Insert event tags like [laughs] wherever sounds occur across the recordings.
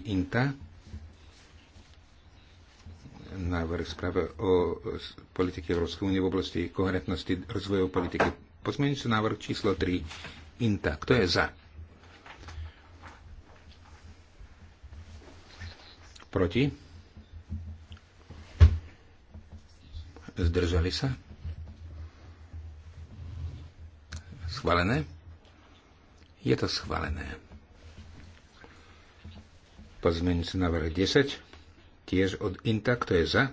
INTA. Návrh správy o politike Európskej únie v oblasti koherentnosti rozvojov politiky. Pozmeňujúci návrh číslo 3 INTA. Kto je za? Proti? Zdržali sa? Schválené? Je to schválené. Pozmeňujúci návrh 10, tiež od INTA, kto je za?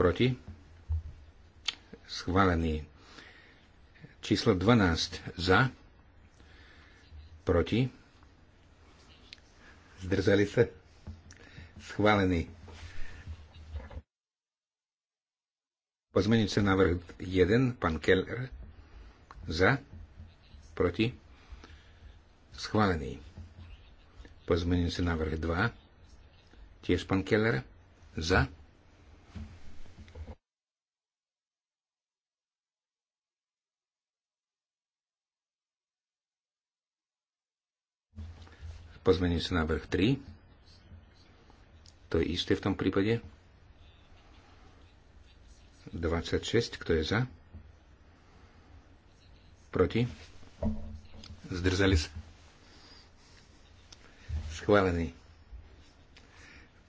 Proti? Schválený. Číslo 12, za? Proti? Zdržali sa? Schválený. Pozmeňujúci návrh 1, pán Keller, za? Proti? Schválený. Pozmenujúci návrh 2. Tiež pán Keller. Za. Pozmenujúci návrh 3. To je isté v tom prípade. 26. Kto je za? Proti? Zdrzali sa? Schválený.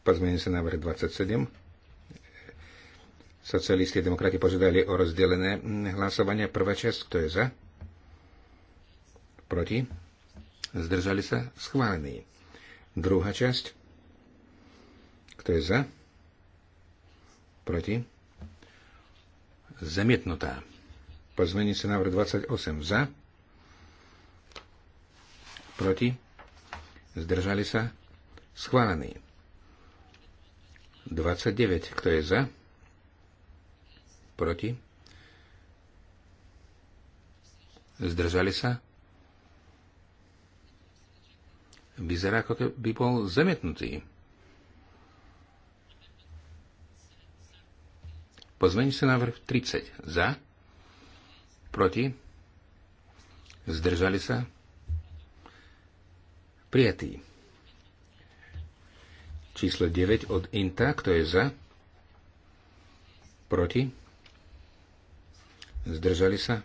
Pozmením sa návrh 27. Socialisti a demokrati požiadali o rozdelené hlasovanie. Prvá časť, kto je za? Proti? Zdržali sa? Schválený. Druhá časť, kto je za? Proti? Zamietnutá. Pozmením sa návrh 28 za. Proti? Zdržali sa? Schválený. 29. Kto je za? Proti? Zdržali sa? Vyzerá, ako keby bol zemetnutý. Pozmeni sa na vrch 30. Za? Proti? Zdržali sa? Prijatý. Číslo 9 od Inta. Kto je za? Proti? Zdržali sa?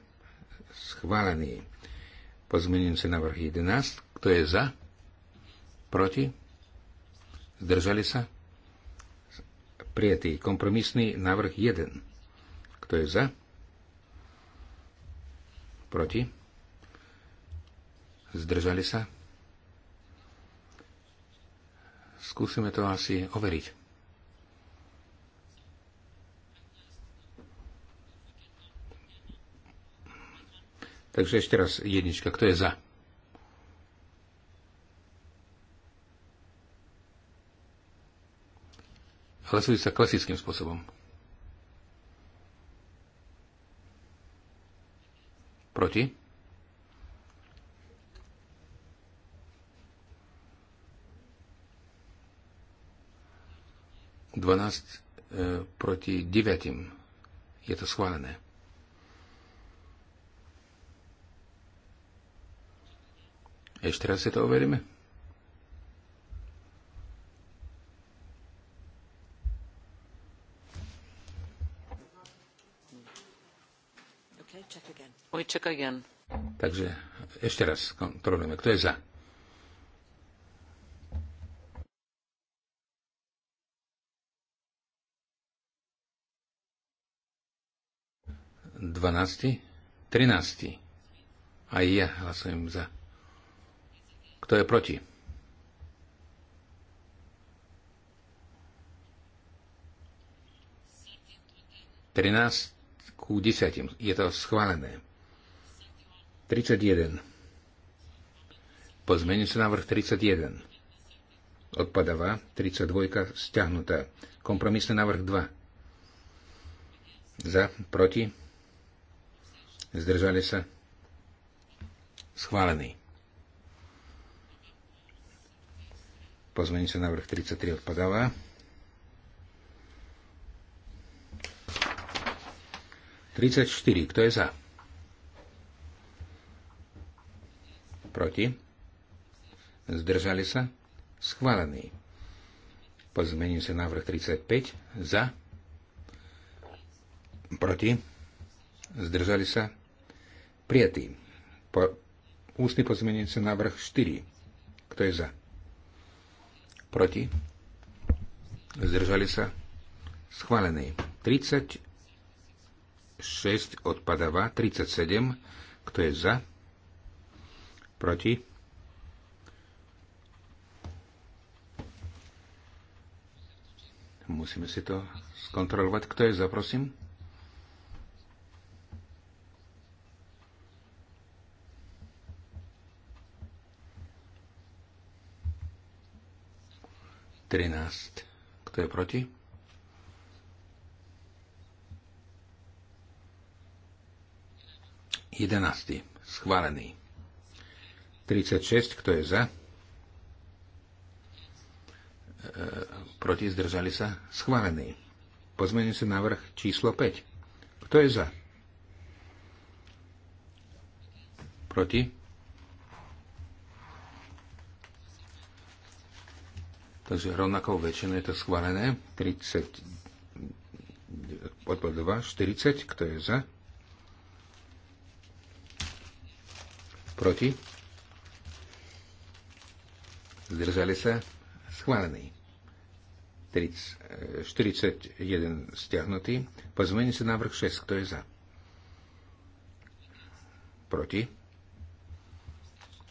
Schválený. Pozmenujúci návrh 11. Kto je za? Proti? Zdržali sa? Prijatý. Kompromisný návrh 1. Kto je za? Proti? Zdržali sa? Skúsime to asi overiť. Takže ešte raz jednička. Kto je za? Hlasujú sa klasickým spôsobom. Proti? 12 e, proti 9. Je to schválené. Ešte raz si to overíme. Okay, check again. Takže ešte raz kontrolujeme. Kto je za? 12. 13. Aj ja hlasujem za. Kto je proti? Trinásť ku desiatim. Je to schválené. 31. Pozmenil sa návrh 31. Odpadáva. 32. Stiahnutá. Kompromisný návrh 2. Za. Proti. Zdržali sa? Schválený. Pozmeňujúci návrh 33 odpadáva. 34. Kto je za? Proti? Zdržali sa? Schválený. Pozmením sa návrh 35. Za? Proti? Zdržali sa? Prijatý. Po, ústny pozmenujúci návrh 4. Kto je za? Proti? Zdržali sa? Schválený. 36 odpadáva. 37. Kto je za? Proti? Musíme si to skontrolovať. Kto je za, prosím? 13. Kto je proti? Jedenáctý. Schválený. 36. Kto je za? E, proti? Zdržali sa? Schválený. Pozmením sa návrh číslo 5. Kto je za? Proti? Takže rovnakou väčšinou je to schválené. 30, odpad 2, 40, kto je za? Proti? Zdržali sa? Schválený. 30, 41 e, stiahnutý. Pozmení sa návrh 6. Kto je za? Proti?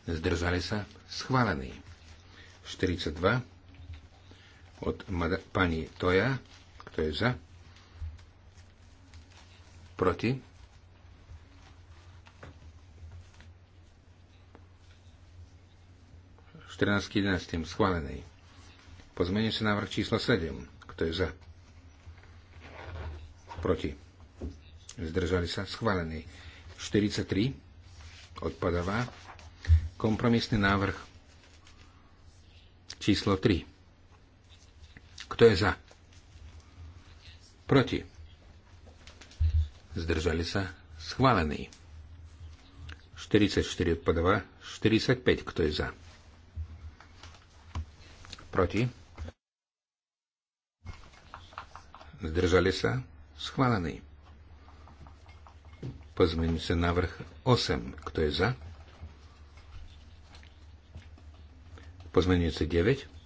Zdržali sa? Schválený. 42 od pani Toja. Kto je za? Proti? k schválenej. Pozmenie sa návrh číslo 7. Kto je za? Proti. Zdržali sa. Schválený. 43. Odpadavá. Kompromisný návrh číslo 3. Kto je za? Proti. Zdržali sa. Schválený. 44 po 2. 45. Kto je za? Proti. Zdržali sa. Schválený. Pozmeňujúci návrh 8. Kto je za? Pozmeňujúci 9.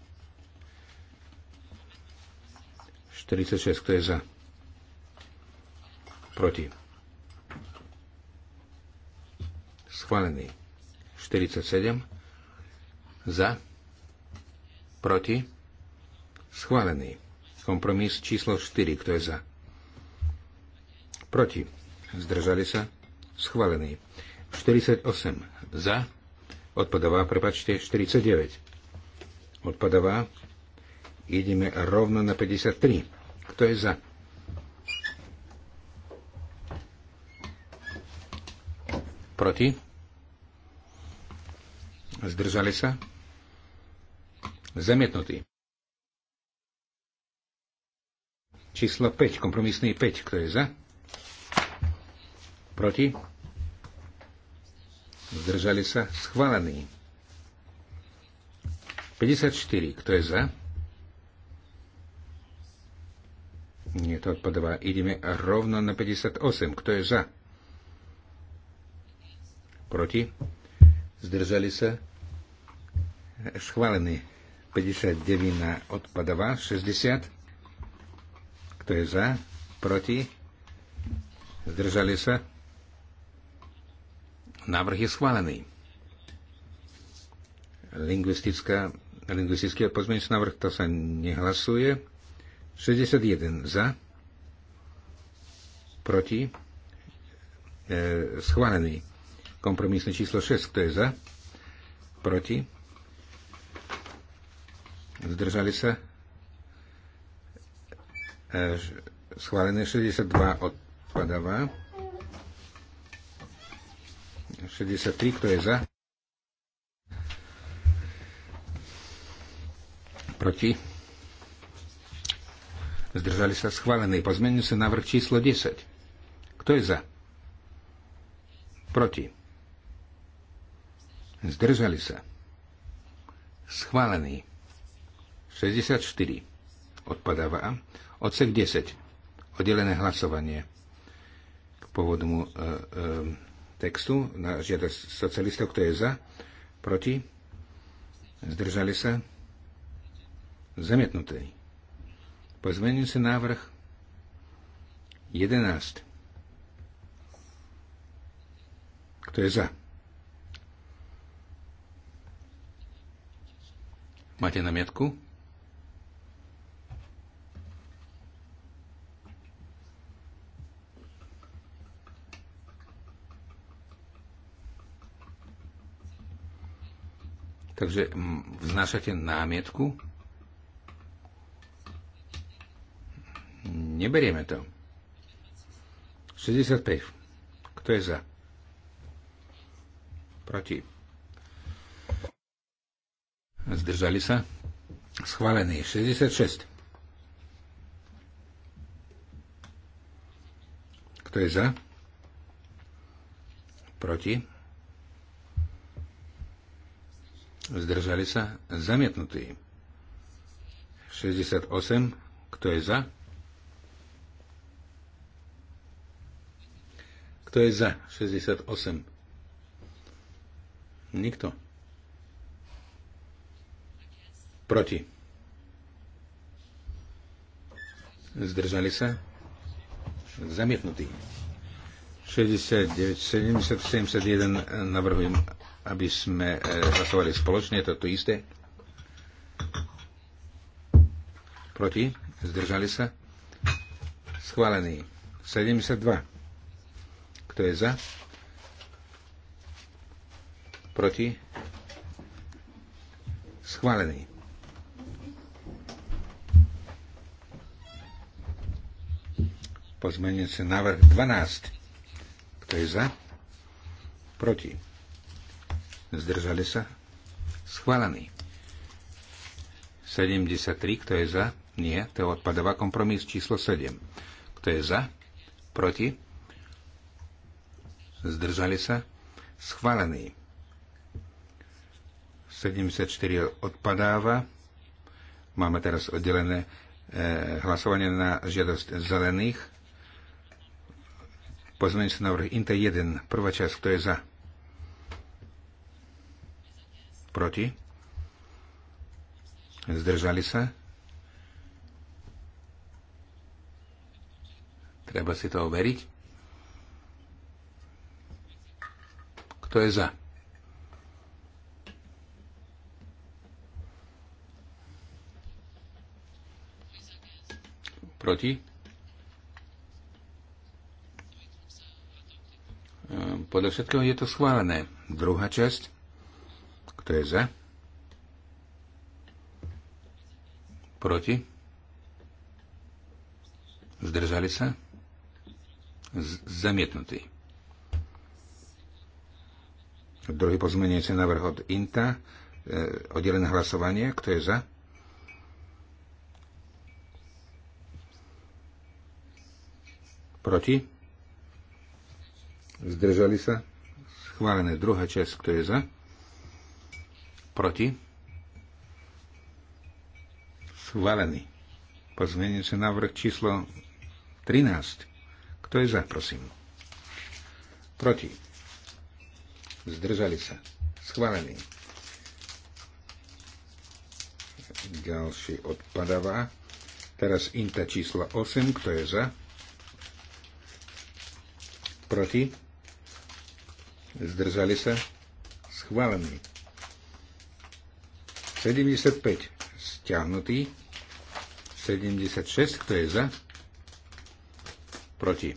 46, kto je za? Proti. Schválený. 47. Za. Proti. Schválený. Kompromis číslo 4. Kto je za? Proti. Zdržali sa. Schválený. 48. Za. Odpadová, prepačte, 49. Odpadová. Ideme rovno na 53. Kto je za? Proti? Zdržali sa? Zamietnutý. Číslo 5, kompromisný 5. Kto je za? Proti? Zdržali sa? Schválený. 54. Kto je za? Nie, to odpadáva. Ideme rovno na 58. Kto je za? Proti? Zdržali sa? Schválený. 59 odpadáva. 60. Kto je za? Proti? Zdržali sa? Návrh je schválený. Lingvistická, lingvistický pozmeňujúci návrh, to sa nehlasuje. 61 za, proti, e, schválený. Kompromisné číslo 6, kto je za, proti, zdržali sa, e, schválené 62 odpadáva. 63, kto je za? Proti? Zdržali sa schválený. Pozmeňujúci návrh číslo 10. Kto je za? Proti. Zdržali sa. Schválený. 64. Odpadáva. Odsek 10. Oddelené hlasovanie. K pôvodnému e, e, textu na žiada socialistov. Kto je za? Proti. Zdržali sa. Zamietnutý sa návrh 11. Kto je za? Máte namietku? Takže vznášate námietku? Neberieme to. 65. Kto je za? Proti. Zdržali sa? Schválený. 66. Kto je za? Proti. Zdržali sa? Zamietnutý. 68. Kto je za? Kto je za 68? Nikto. Proti. Zdržali sa? Zamietnutý. 69, 70, 71 navrhujem, aby sme e, hlasovali spoločne, to to isté. Proti? Zdržali sa? Schválený. 72. Kto je za? Proti? Schválený. Pozmenujúci návrh 12. Kto je za? Proti. Zdržali sa? Schválený. 73. Kto je za? Nie. To je odpadová kompromis číslo 7. Kto je za? Proti? zdržali sa, schválený. 74 odpadáva. Máme teraz oddelené eh, hlasovanie na žiadosť zelených. Pozmeňujúci návrh INTA 1, prvá časť, kto je za? Proti? Zdržali sa? Treba si to overiť. Kto je za? Proti? Ehm, podľa všetkého je to schválené. Druhá časť. Kto je za? Proti? Zdržali sa? Z- zamietnutý. Druhý pozmeňujúci návrh od INTA, e, oddelené hlasovanie, kto je za? Proti? Zdržali sa? Schválené druhá časť, kto je za? Proti? Schválený. Pozmeňujúci návrh číslo 13. Kto je za, prosím? Proti. Zdržali sa. Schválený. Ďalší odpadáva. Teraz inta čísla 8. Kto je za? Proti? Zdržali sa? Schválený. 75. Stiahnutý. 76. Kto je za? Proti.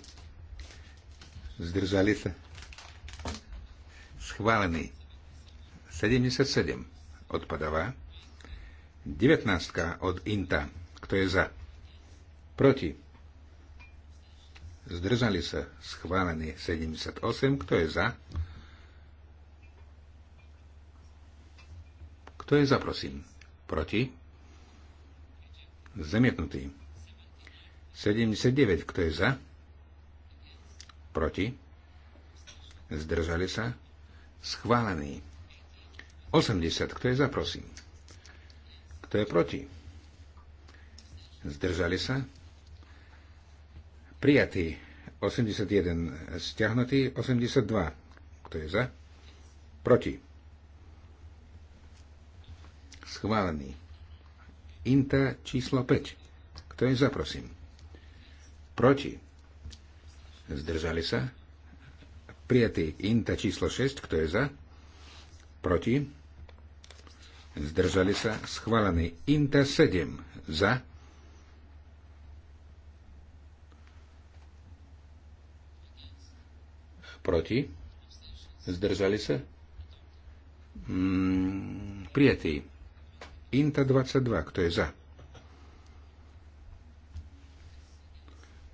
Zdržali sa? Schválený. 77 odpadáva. 19 od Inta. Kto je za? Proti. Zdržali sa. Schválený. 78. Kto je za? Kto je za, prosím? Proti. Zamietnutý. 79. Kto je za? Proti. Zdržali sa. Schválený. 80. Kto je za, prosím? Kto je proti? Zdržali sa? Prijatý. 81. Stiahnutý. 82. Kto je za? Proti. Schválený. Inta číslo 5. Kto je za, prosím? Proti. Zdržali sa? Prijatý INTA číslo 6, kto je za? Proti? Zdržali sa. Schválený INTA 7, za? Proti? Zdržali sa? Mm, prijatý. INTA 22, kto je za?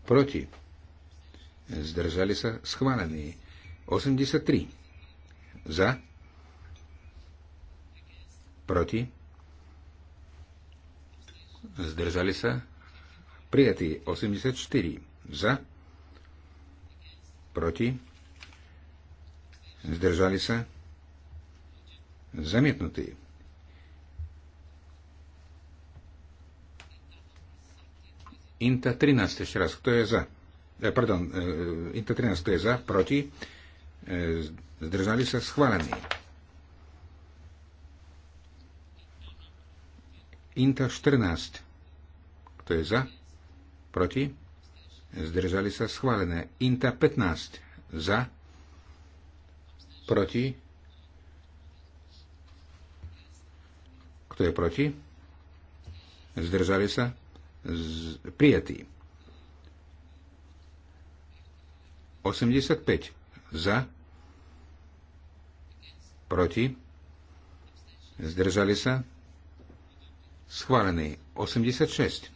Proti. Zdržali sa Schválený 83. Za. Proti. Zdržali sa. Prijatý 84. Za. Proti. Zdržali sa. Zamietnutý. Inta 13 ešte raz. Kto je za? Eh, pardon, eh, Inta 13 to je za, proti, E, zdržali sa schválení. Inta 14. Kto je za? Proti? Zdržali sa schválené. Inta 15. Za? Proti? Kto je proti? Zdržali sa? Z... Prijatý. 85 za, proti, zdržali sa, schválený 86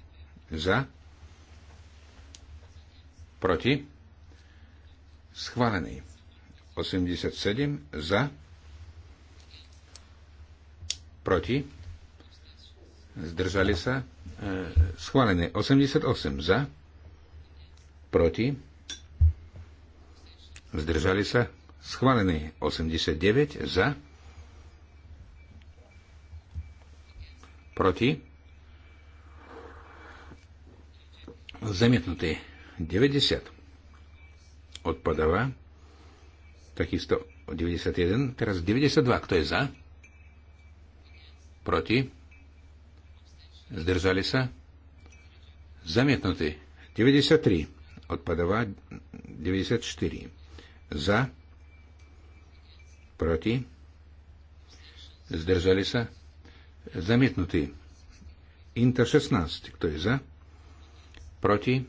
za, proti, schválený 87 za, proti, zdržali sa, e, schválený 88 za, proti, zdržali sa, schválený 89 za, proti, zamietnutý 90 odpadáva, takisto 91, teraz 92, kto je za, proti, zdržali sa, zamietnutý 93 odpadáva 94 za? Proti? Zdržali sa? Zamietnutý. Inter 16. Kto je za? Proti?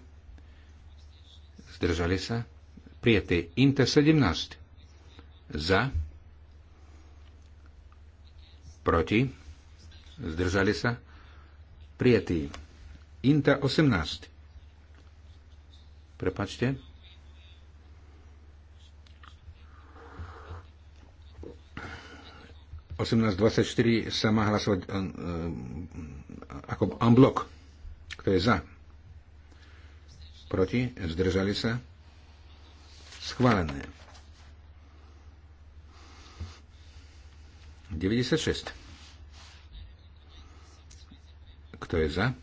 Zdržali sa? Prijatý. Inter 17. Za? Proti? Zdržali sa? Prijatý. Inter 18. Prepačte. 18.24 sa má hlasovať eh, eh, ako unblock. Kto je za? Proti? Zdržali sa? Schválené. 96. Kto je za?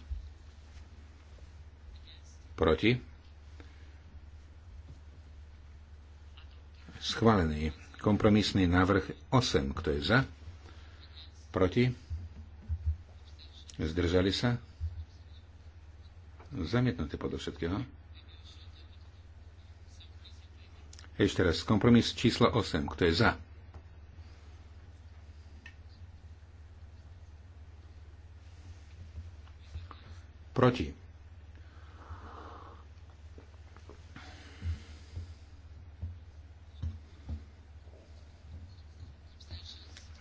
Proti? Schválený kompromisný návrh 8. Kto je za? Proti? Zdržali sa? Zamietnuté podľa všetkého. Ešte raz, kompromis číslo 8. Kto je za? Proti.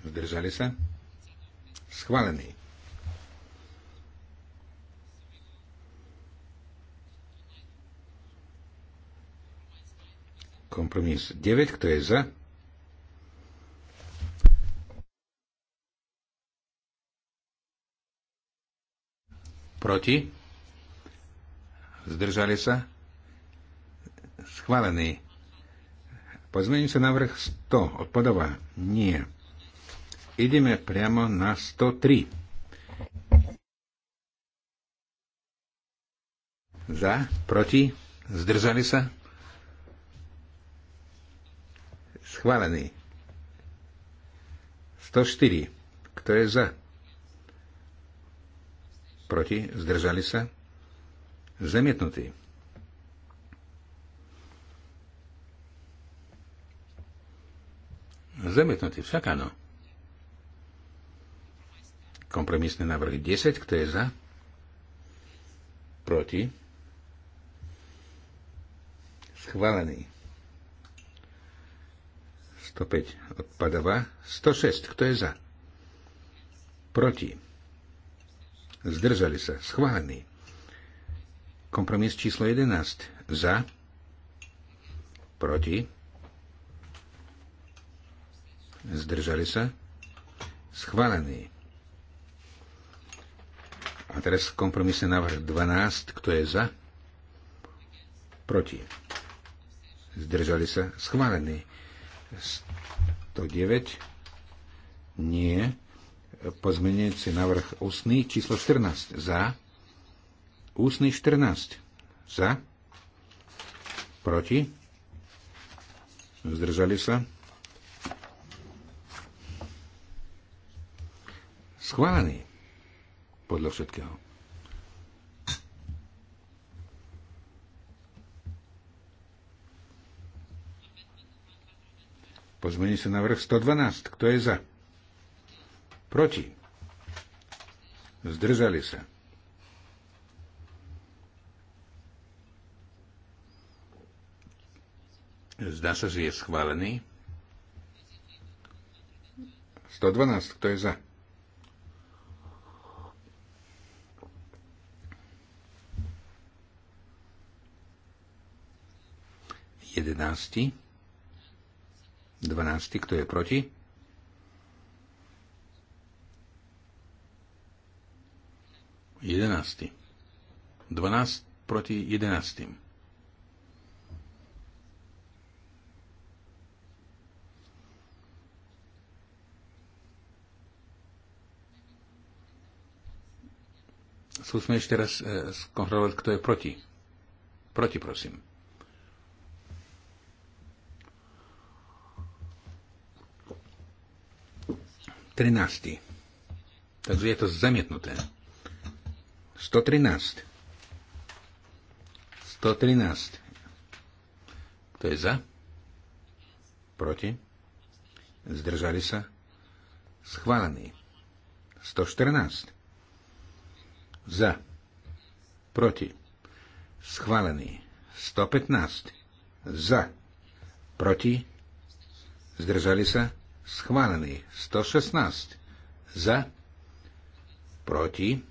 Zdržali sa? Schválený. Kompromis 9, kto je za? Proti? Zdržali sa? Schválený. Pozmením sa návrh 100. Odpadáva? Nie. Ideme priamo na 103. Za, proti, zdržali sa. Schválený. 104. Kto je za? Proti, zdržali sa. Zemietnutý. Zemietnutý, však áno. Kompromisný návrh 10. Kto je za? Proti? Schválený. 105 odpadáva. 106. Kto je za? Proti. Zdržali sa. Schválený. Kompromis číslo 11. Za. Proti. Zdržali sa. Schválený. A teraz kompromisný návrh 12. Kto je za? Proti. Zdržali sa? Schválený. 109. Nie. Pozmenujúci návrh ústny číslo 14. Za. Ústny 14. Za. Proti. Zdržali sa? Schválený podľa všetkého. Pozmení sa vrch 112. Kto je za? Proti. Zdržali sa. Zdá sa, že je schválený. 112. Kto je za? 11. 12. Kto je proti? Jedenácti. Dvanáct proti jedenáctim. Skúsme ešte raz eh, skontrolovať, kto je proti. Proti, prosím. 13. Takže je to zamietnuté. 113. 113. Kto je za? Proti? Zdržali sa? Schválený. 114. Za. Proti. Schválený. 115. Za. Proti. Zdržali sa? schválený. 116 za, proti,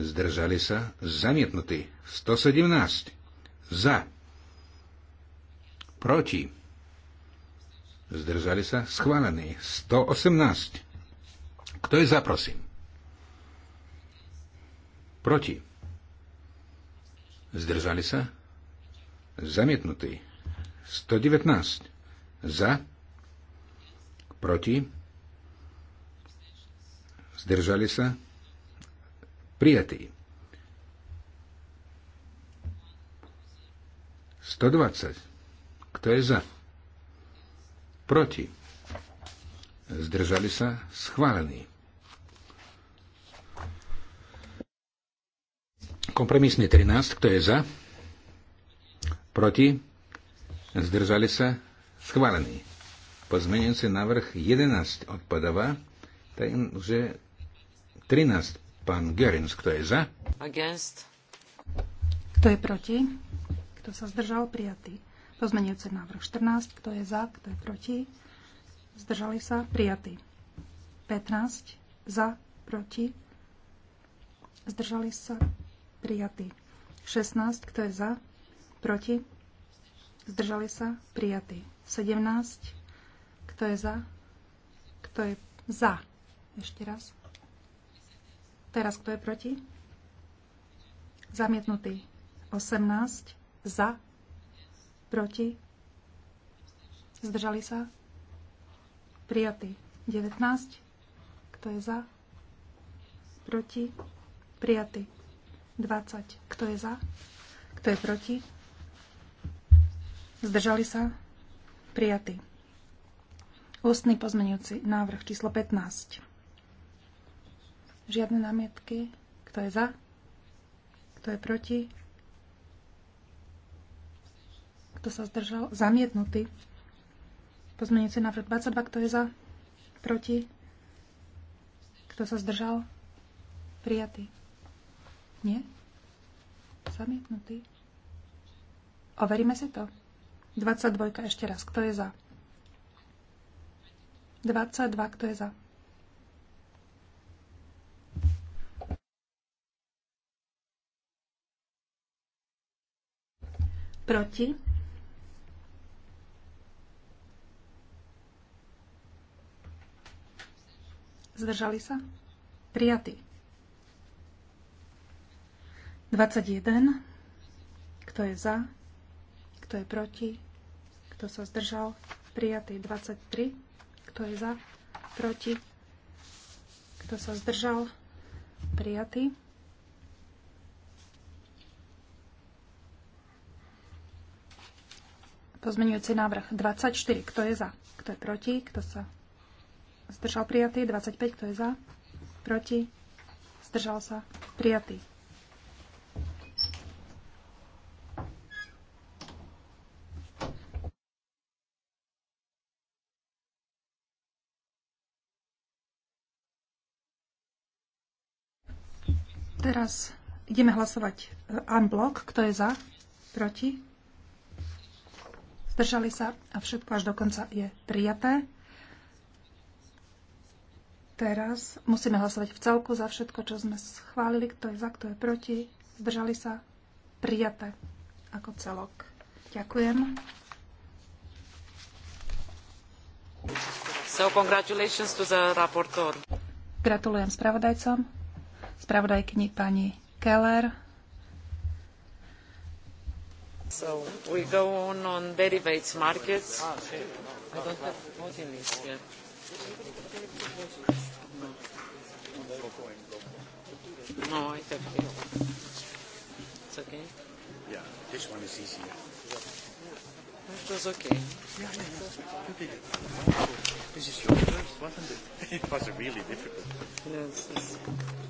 zdržali sa, zamietnutý. 117 za, proti, zdržali sa, schválený. 118. Kto je za, prosím? Proti. Zdržali sa? Zamietnutý. 119. Za? Proti? Zdržali sa? Prijatý. 120. Kto je za? Proti. Zdržali sa? Schválený. Kompromisný 13. Kto je za? Proti? Zdržali sa? Schválený. Pozmenujúci návrh 11 odpadáva, takže 13 pán Gerins, kto je za? Against. Kto je proti? Kto sa zdržal? Prijatý. Pozmenujúci návrh 14, kto je za? Kto je proti? Zdržali sa? Prijatý. 15 za? Proti? Zdržali sa? Prijatý. 16, kto je za? Proti? Zdržali sa? Prijatý. 17. Kto je za? Kto je za? Ešte raz. Teraz kto je proti? Zamietnutý. 18. Za. Proti. Zdržali sa. Prijatý. 19. Kto je za? Proti. Prijatý. 20. Kto je za? Kto je proti? Zdržali sa? prijatý. Ústny pozmenujúci návrh číslo 15. Žiadne námietky. Kto je za? Kto je proti? Kto sa zdržal? Zamietnutý. Pozmenujúci návrh 22. Kto je za? Proti? Kto sa zdržal? Prijatý. Nie? Zamietnutý. Overíme si to. 22 ešte raz. Kto je za? 22, kto je za? Proti? Zdržali sa? Prijatý. 21. Kto je za? Kto je proti? Kto sa zdržal? Prijatý 23. Kto je za? Proti? Kto sa zdržal? Prijatý. Pozmenujúci návrh 24. Kto je za? Kto je proti? Kto sa zdržal? Prijatý. 25. Kto je za? Proti? Zdržal sa? Prijatý. Teraz ideme hlasovať unblock. Eh, kto je za? Proti? Zdržali sa a všetko až do konca je prijaté. Teraz musíme hlasovať v celku za všetko, čo sme schválili, kto je za, kto je proti. Zdržali sa prijaté ako celok. Ďakujem. So congratulations to the rapporteur. Gratulujem spravodajcom spravodajkyni pani Keller. So we go on on derivatives markets. Ah, no, no, I have it. It's okay. Yeah, this one is easier. It okay. This is your first, wasn't [laughs] it? It was really difficult. Yes. yes.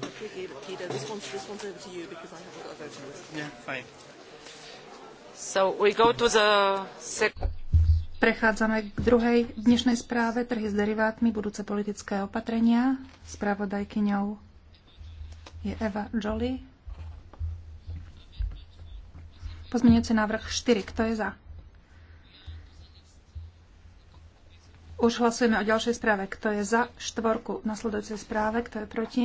Okay, this one's, this one's over to you because I haven't got a Yeah, fine. So we go to the second... Prechádzame k druhej dnešnej správe trhy s derivátmi, budúce politické opatrenia. Spravodajkyňou je Eva Jolie. Pozmeňujúci návrh 4. Kto je za? Už hlasujeme o ďalšej správe. Kto je za štvorku nasledujúcej správe? Kto je proti?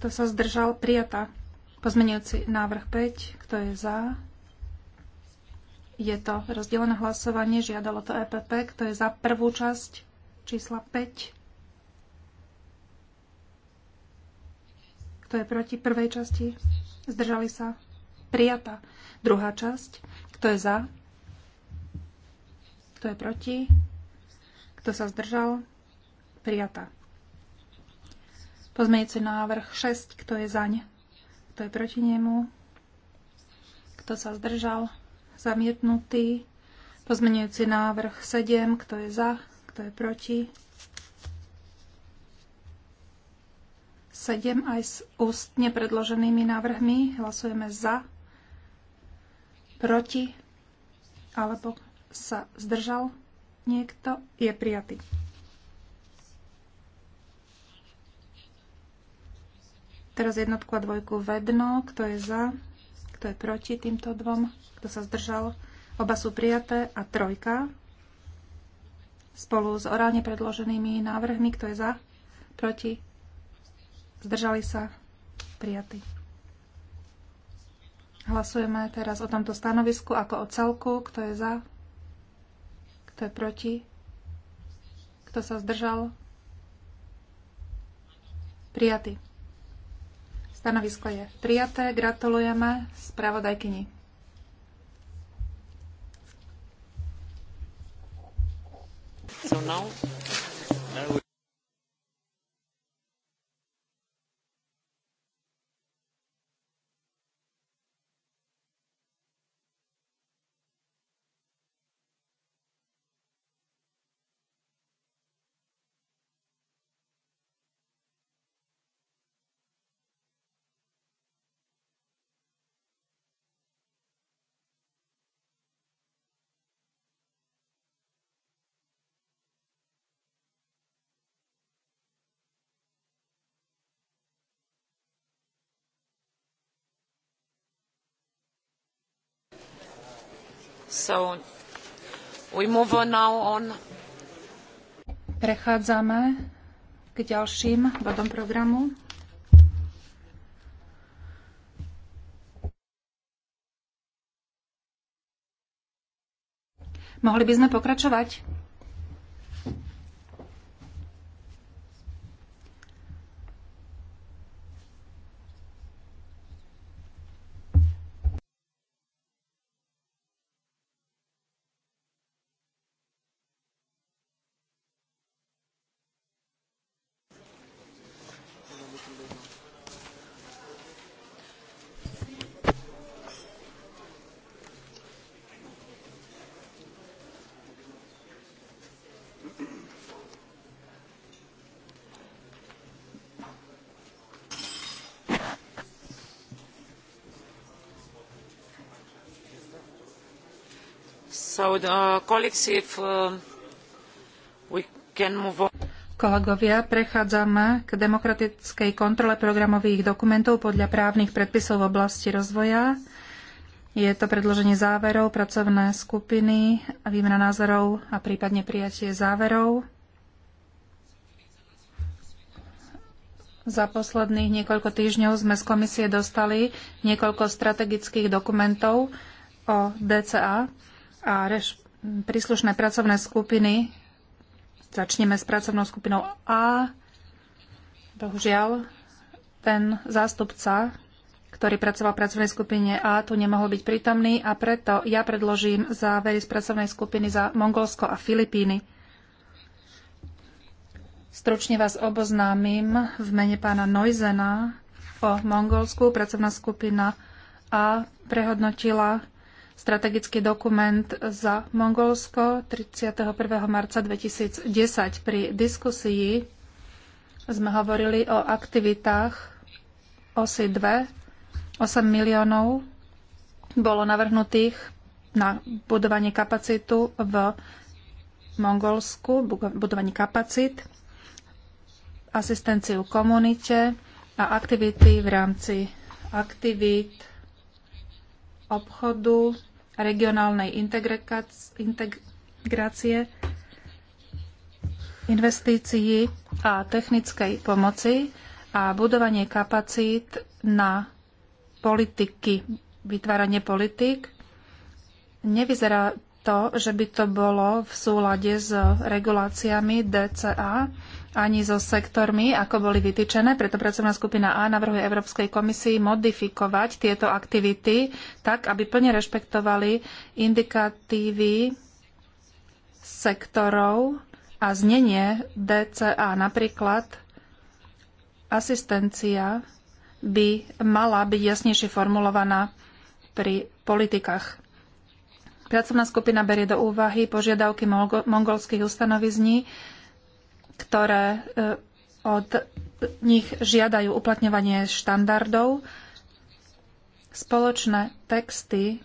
Kto sa zdržal? Prijatá. Pozmenujúci návrh 5. Kto je za? Je to rozdelené hlasovanie. Žiadalo to EPP. Kto je za prvú časť čísla 5? Kto je proti prvej časti? Zdržali sa? Prijatá. Druhá časť. Kto je za? Kto je proti? Kto sa zdržal? Prijatá. Pozmejúci návrh 6. Kto je zaň? Kto je proti nemu? Kto sa zdržal? Zamietnutý. Pozmeňujúci návrh 7. Kto je za? Kto je proti? 7 aj s ústne predloženými návrhmi. Hlasujeme za, proti alebo sa zdržal niekto, je prijatý. Teraz jednotku a dvojku vedno, kto je za, kto je proti týmto dvom, kto sa zdržal. Oba sú prijaté a trojka spolu s orálne predloženými návrhmi, kto je za, proti, zdržali sa, prijatí. Hlasujeme teraz o tomto stanovisku ako o celku, kto je za, kto je proti? Kto sa zdržal? Prijatý. Stanovisko je prijaté. Gratulujeme spravodajkyni. So now, now we Prechádzame k ďalším bodom programu. Mohli by sme pokračovať? Uh, uh, Kolegovia, prechádzame k demokratickej kontrole programových dokumentov podľa právnych predpisov v oblasti rozvoja. Je to predloženie záverov, pracovné skupiny, a výmena názorov a prípadne prijatie záverov. Za posledných niekoľko týždňov sme z komisie dostali niekoľko strategických dokumentov o DCA a reš- príslušné pracovné skupiny. Začneme s pracovnou skupinou A. Bohužiaľ, ten zástupca, ktorý pracoval v pracovnej skupine A, tu nemohol byť prítomný a preto ja predložím závery z pracovnej skupiny za Mongolsko a Filipíny. Stručne vás oboznámim v mene pána Noizena o Mongolsku. Pracovná skupina A prehodnotila strategický dokument za Mongolsko 31. marca 2010. Pri diskusii sme hovorili o aktivitách osy 2. 8 miliónov bolo navrhnutých na budovanie kapacitu v Mongolsku, budovanie kapacit, asistenciu komunite a aktivity v rámci aktivít obchodu, regionálnej integrácie, investícií a technickej pomoci a budovanie kapacít na politiky, vytváranie politik. Nevyzerá to, že by to bolo v súlade s reguláciami DCA, ani so sektormi, ako boli vytýčené. Preto pracovná skupina A navrhuje Európskej komisii modifikovať tieto aktivity tak, aby plne rešpektovali indikatívy sektorov a znenie DCA. Napríklad asistencia by mala byť jasnejšie formulovaná pri politikách. Pracovná skupina berie do úvahy požiadavky mongolských ustanovizní, ktoré e, od nich žiadajú uplatňovanie štandardov. Spoločné texty,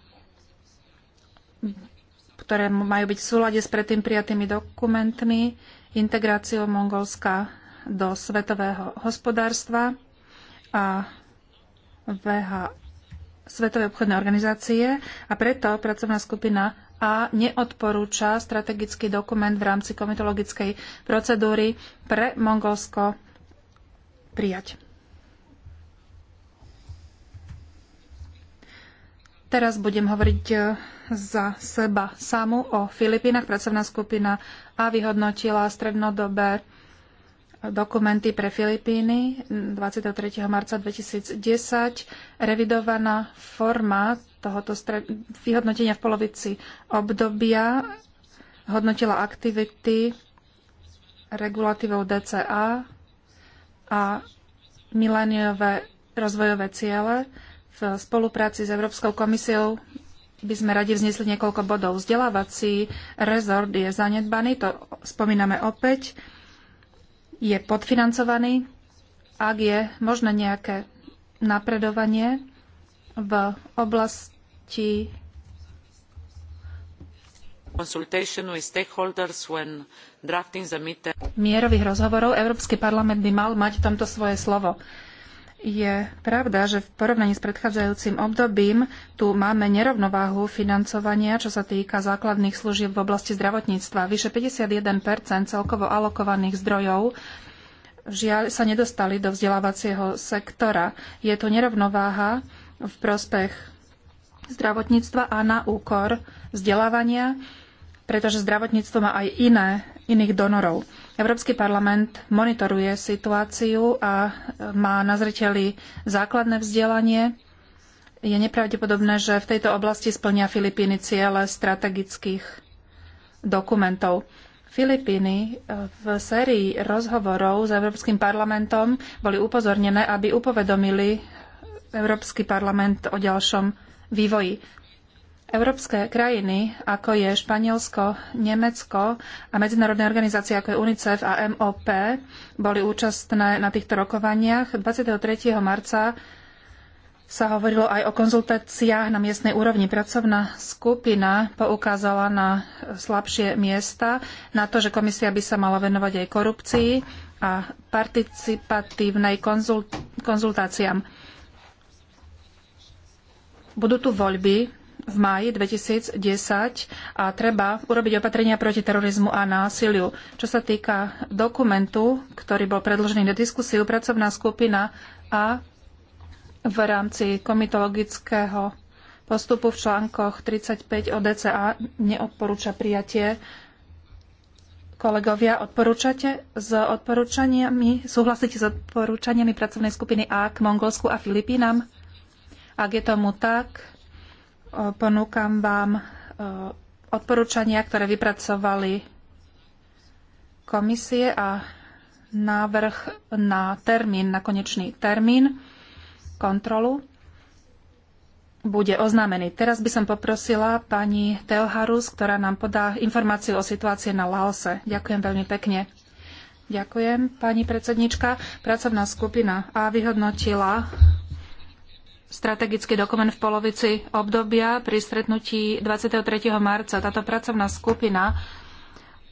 ktoré majú byť v súlade s predtým prijatými dokumentmi, integráciou Mongolska do svetového hospodárstva a VH, Svetovej obchodnej organizácie a preto pracovná skupina a neodporúča strategický dokument v rámci komitologickej procedúry pre Mongolsko prijať. Teraz budem hovoriť eh, za seba samu o Filipínach. Pracovná skupina A vyhodnotila strednodobé dokumenty pre Filipíny 23. marca 2010, revidovaná forma tohoto vyhodnotenia v polovici obdobia hodnotila aktivity regulatívou DCA a mileniové rozvojové ciele. V spolupráci s Európskou komisiou by sme radi vznesli niekoľko bodov. Vzdelávací rezort je zanedbaný, to spomíname opäť je podfinancovaný, ak je možné nejaké napredovanie v oblasti mierových rozhovorov, Európsky parlament by mal mať v tomto svoje slovo. Je pravda, že v porovnaní s predchádzajúcim obdobím tu máme nerovnováhu financovania, čo sa týka základných služieb v oblasti zdravotníctva. Vyše 51 celkovo alokovaných zdrojov žiaľ sa nedostali do vzdelávacieho sektora. Je tu nerovnováha v prospech zdravotníctva a na úkor vzdelávania, pretože zdravotníctvo má aj iné, iných donorov. Európsky parlament monitoruje situáciu a e, má na zreteli základné vzdelanie. Je nepravdepodobné, že v tejto oblasti splnia Filipíny ciele strategických dokumentov. Filipíny e, v sérii rozhovorov s Európskym parlamentom boli upozornené, aby upovedomili Európsky parlament o ďalšom vývoji. Európske krajiny, ako je Španielsko, Nemecko a medzinárodné organizácie, ako je UNICEF a MOP, boli účastné na týchto rokovaniach. 23. marca sa hovorilo aj o konzultáciách na miestnej úrovni. Pracovná skupina poukázala na slabšie miesta, na to, že komisia by sa mala venovať aj korupcii a participatívnej konzult- konzultáciám. Budú tu voľby v máji 2010 a treba urobiť opatrenia proti terorizmu a násiliu. Čo sa týka dokumentu, ktorý bol predložený do diskusiu, pracovná skupina a v rámci komitologického postupu v článkoch 35 ODCA neodporúča prijatie kolegovia, odporúčate s odporúčaniami, súhlasíte s odporúčaniami pracovnej skupiny A k Mongolsku a Filipínam? Ak je tomu tak, ponúkam vám e, odporúčania, ktoré vypracovali komisie a návrh na termín, na konečný termín kontrolu bude oznámený. Teraz by som poprosila pani Teoharus, ktorá nám podá informáciu o situácii na Laose. Ďakujem veľmi pekne. Ďakujem, pani predsednička. Pracovná skupina A vyhodnotila strategický dokument v polovici obdobia pri stretnutí 23. marca. Táto pracovná skupina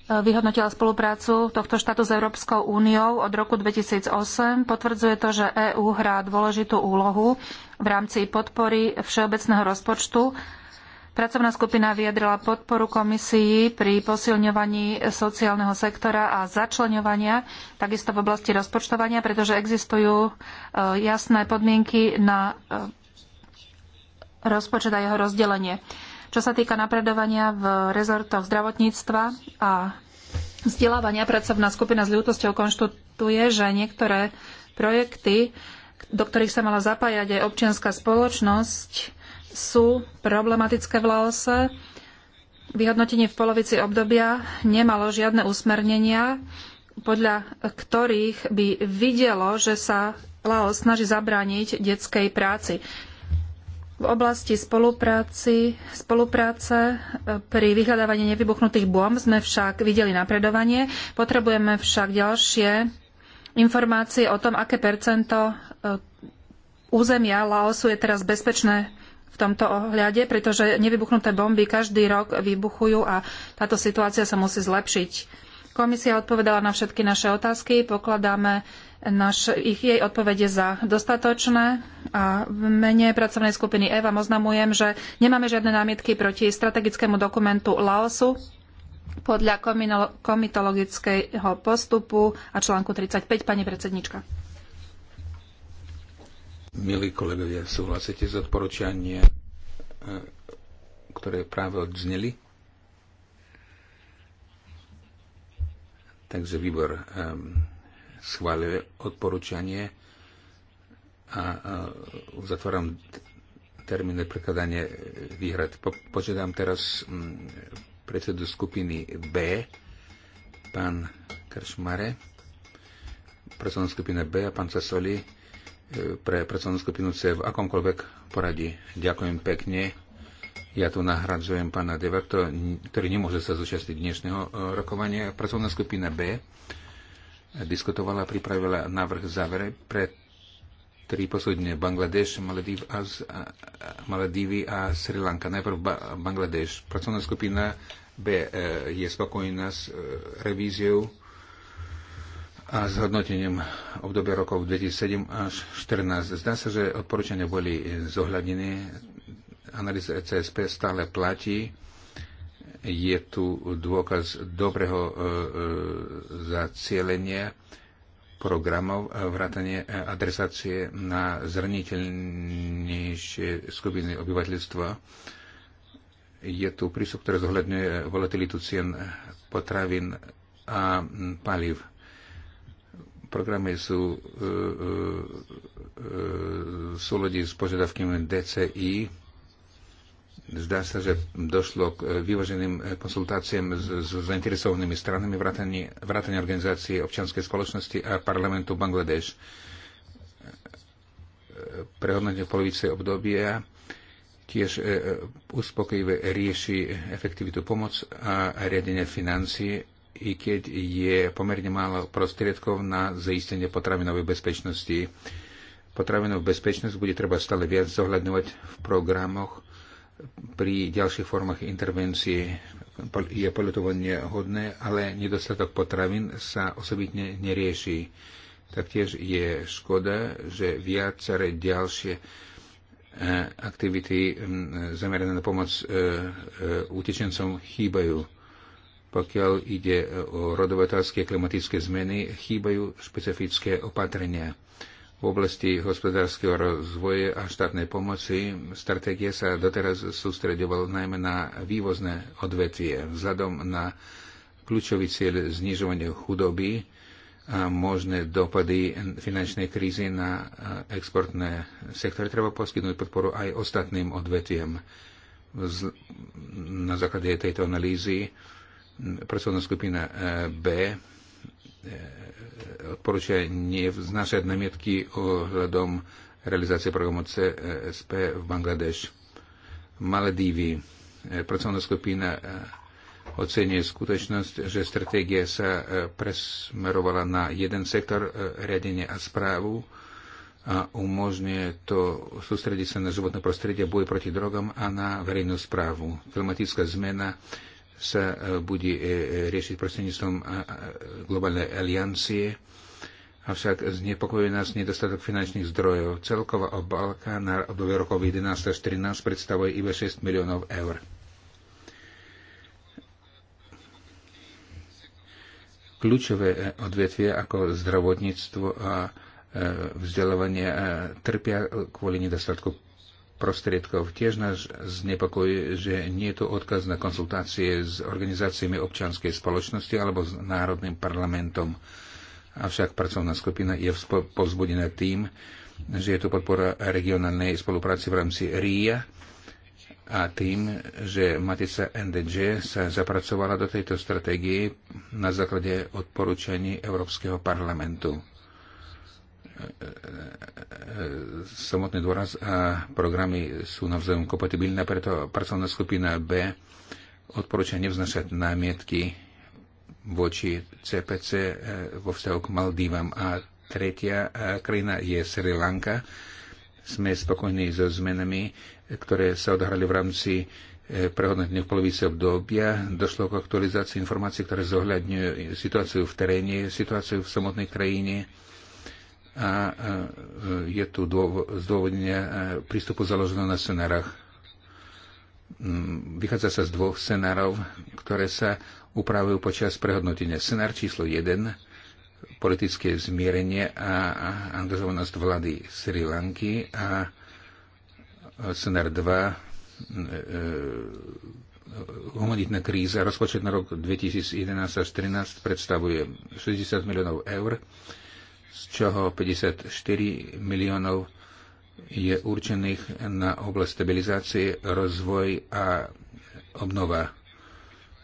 e, vyhodnotila spoluprácu tohto štátu s Európskou úniou od roku 2008. Potvrdzuje to, že EÚ hrá dôležitú úlohu v rámci podpory všeobecného rozpočtu Pracovná skupina vyjadrila podporu komisii pri posilňovaní sociálneho sektora a začleňovania, takisto v oblasti rozpočtovania, pretože existujú e, jasné podmienky na e, rozpočet a jeho rozdelenie. Čo sa týka napredovania v rezortoch zdravotníctva a vzdelávania, pracovná skupina s ľútosťou konštatuje, že niektoré projekty, do ktorých sa mala zapájať aj občianská spoločnosť, sú problematické v Laose. Vyhodnotenie v polovici obdobia nemalo žiadne usmernenia, podľa ktorých by videlo, že sa Laos snaží zabrániť detskej práci. V oblasti spolupráci, spolupráce e, pri vyhľadávaní nevybuchnutých bomb sme však videli napredovanie. Potrebujeme však ďalšie informácie o tom, aké percento e, územia Laosu je teraz bezpečné v tomto ohľade, pretože nevybuchnuté bomby každý rok vybuchujú a táto situácia sa musí zlepšiť. Komisia odpovedala na všetky naše otázky, pokladáme naš, ich jej odpovede za dostatočné a v mene pracovnej skupiny EVA oznamujem, že nemáme žiadne námietky proti strategickému dokumentu Laosu podľa komitologického postupu a článku 35, pani predsednička. Milí kolegovia, súhlasíte s odporúčania, e, ktoré práve odzneli? Takže výbor um, schválil odporúčanie a uh, uzatváram termín prekladania výhrad. Po, požiadam teraz um, predsedu skupiny B, pán Kršmare, predsedu skupiny B a pán Sasoli pre pracovnú skupinu C v akomkoľvek poradí. Ďakujem pekne. Ja tu nahradzujem pána Deva, ktorý nemôže sa zúčastniť dnešného e, rokovania. Pracovná skupina B diskutovala a pripravila návrh závere pre tri posledne Bangladeš, Malediv a, Maledivy a Sri Lanka. Najprv ba- Bangladeš. Pracovná skupina B e, je spokojná s e, revíziou a s hodnotením obdobia rokov 2007 až 2014. Zdá sa, že odporúčania boli zohľadnené. Analýza ECSP stále platí. Je tu dôkaz dobrého e, e zacielenia programov e, vrátanie e, adresácie na zraniteľnejšie skupiny obyvateľstva. Je tu prístup, ktorý zohľadňuje volatilitu cien potravín a paliv Programy sú v e, e, e, súlade s požiadavkami DCI. Zdá sa, že došlo k vyvoženým konsultáciám s, s zainteresovanými stranami vrátane, vrátane organizácie občianskej spoločnosti a parlamentu Bangladeš. Prehodnotenie v polovice obdobia tiež uspokojivé rieši efektivitu pomoc a riadenie financií i keď je pomerne málo prostriedkov na zaistenie potravinovej bezpečnosti. Potravinovú bezpečnosť bude treba stále viac zohľadňovať v programoch pri ďalších formách intervencie je poľutovanie hodné, ale nedostatok potravín sa osobitne nerieši. Taktiež je škoda, že viaceré ďalšie e, aktivity zamerané na pomoc e, e, utečencom chýbajú pokiaľ ide o rodovateľské a klimatické zmeny, chýbajú špecifické opatrenia. V oblasti hospodárskeho rozvoja a štátnej pomoci stratégia sa doteraz sústredovala najmä na vývozné odvetvie. Vzhľadom na kľúčový cieľ znižovania chudoby a možné dopady finančnej krízy na exportné sektory treba poskytnúť podporu aj ostatným odvetiem. Na základe tejto analýzy pracovná skupina eh, B eh, odporúča nevznášať namietky ohľadom realizácie programu CSP v Bangladeš. Maledívy. Eh, pracovná skupina ocenie skutočnosť, že stratégia sa presmerovala na jeden sektor riadenie a správu a umožňuje to sústrediť sa na životné prostredie, boj proti drogom a na verejnú správu. Klimatická zmena sa e, bude e, riešiť prostredníctvom e, globálnej aliancie, avšak znepokojuje nás nedostatok finančných zdrojov. Celková obálka na obdobie rokov 11 až 13 predstavuje iba 6 miliónov eur. Kľúčové odvetvie ako zdravotníctvo a vzdelávanie trpia kvôli nedostatku prostriedkov. Tiež nás znepokojuje, že nie je to odkaz na konsultácie s organizáciami občianskej spoločnosti alebo s Národným parlamentom. Avšak pracovná skupina je povzbudená tým, že je tu podpora regionálnej spolupráci v rámci RIA a tým, že Matica NDG sa zapracovala do tejto stratégie na základe odporúčaní Európskeho parlamentu samotný dôraz a programy sú navzájom kompatibilné, preto pracovná skupina B odporúča nevznašať námietky voči CPC e, vo vzťahu k Maldívam. A tretia e, krajina je Sri Lanka. Sme spokojní so zmenami, ktoré sa odhrali v rámci e, prehodnotenie v polovici obdobia. Došlo k aktualizácii informácií, ktoré zohľadňujú situáciu v teréne, situáciu v samotnej krajine a e, je tu zdôvodnenie e, prístupu založeného na scenárach. Mm, vychádza sa z dvoch scenárov, ktoré sa upravujú počas prehodnotenia. Scenár číslo 1, politické zmierenie a angažovanosť vlády Sri Lanky a e, scenár 2, mm, humanitná kríza, rozpočet na rok 2011 až 2013 predstavuje 60 miliónov eur z čoho 54 miliónov je určených na oblasť stabilizácie, rozvoj a obnova.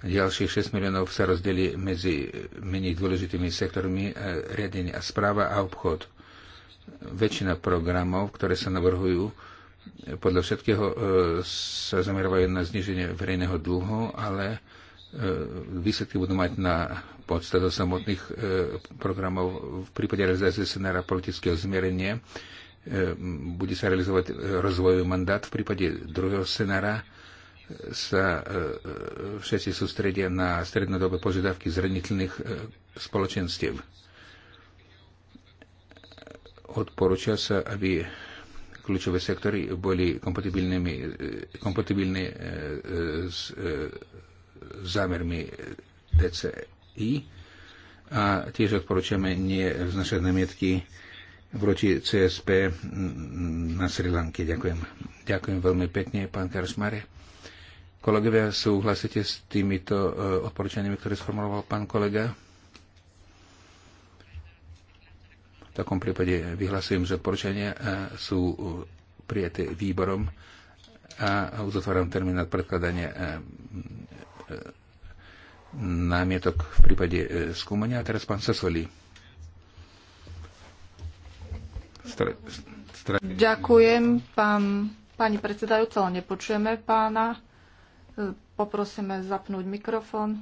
Ďalších 6 miliónov sa rozdelí medzi menej dôležitými sektormi e, riadenia a správa a obchod. Väčšina programov, ktoré sa navrhujú, podľa všetkého e, sa zamerajú na zniženie verejného dlhu, ale e, výsledky budú mať na podstatu samotných e, programov v prípade realizácie scenára politického zmierenia e, bude sa realizovať rozvojový mandát. V prípade druhého scenára e, sa všetci sústredia na strednodobé požiadavky zraniteľných spoločenstiev. Odporúča sa, aby kľúčové sektory boli kompatibilné s zámermi DCE. I a tiež odporúčame nie vznašať namietky voči CSP na Sri Lanke. Ďakujem. Ďakujem veľmi pekne, pán Karšmare. Kolegovia, súhlasíte s týmito e, odporúčaniami, ktoré sformuloval pán kolega? V takom prípade vyhlasujem, že odporúčania e, sú e, prijaté výborom a uzatváram termín na predkladanie námietok v prípade e, skúmania. A teraz pán Sasoli. Stre, stre... Ďakujem, pán, pani predsedajúca, ale nepočujeme pána. E, poprosíme zapnúť mikrofón.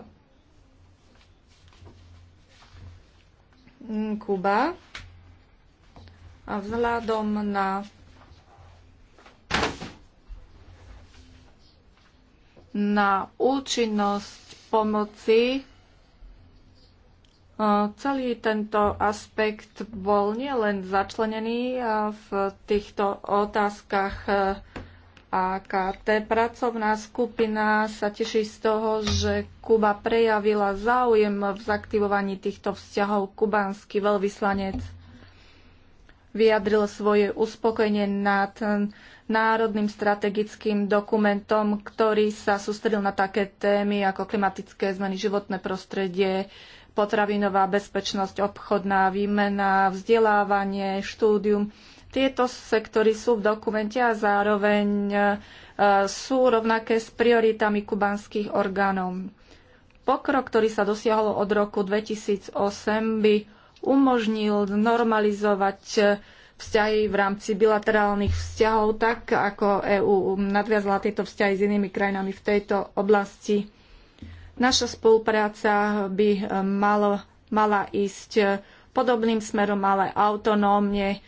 Mm, Kuba. A vzhľadom na na účinnosť pomoci. E, celý tento aspekt bol nielen začlenený e, v týchto otázkach e, AKT. Pracovná skupina sa teší z toho, že Kuba prejavila záujem v zaktivovaní týchto vzťahov kubánsky veľvyslanec vyjadril svoje uspokojenie nad národným strategickým dokumentom, ktorý sa sústredil na také témy ako klimatické zmeny, životné prostredie, potravinová bezpečnosť, obchodná výmena, vzdelávanie, štúdium. Tieto sektory sú v dokumente a zároveň e, sú rovnaké s prioritami kubanských orgánov. Pokrok, ktorý sa dosiahol od roku 2008, by umožnil normalizovať eh, vzťahy v rámci bilaterálnych vzťahov, tak ako EÚ nadviazla tieto vzťahy s inými krajinami v tejto oblasti. Naša spolupráca by eh, malo, mala ísť eh, podobným smerom, ale autonómne,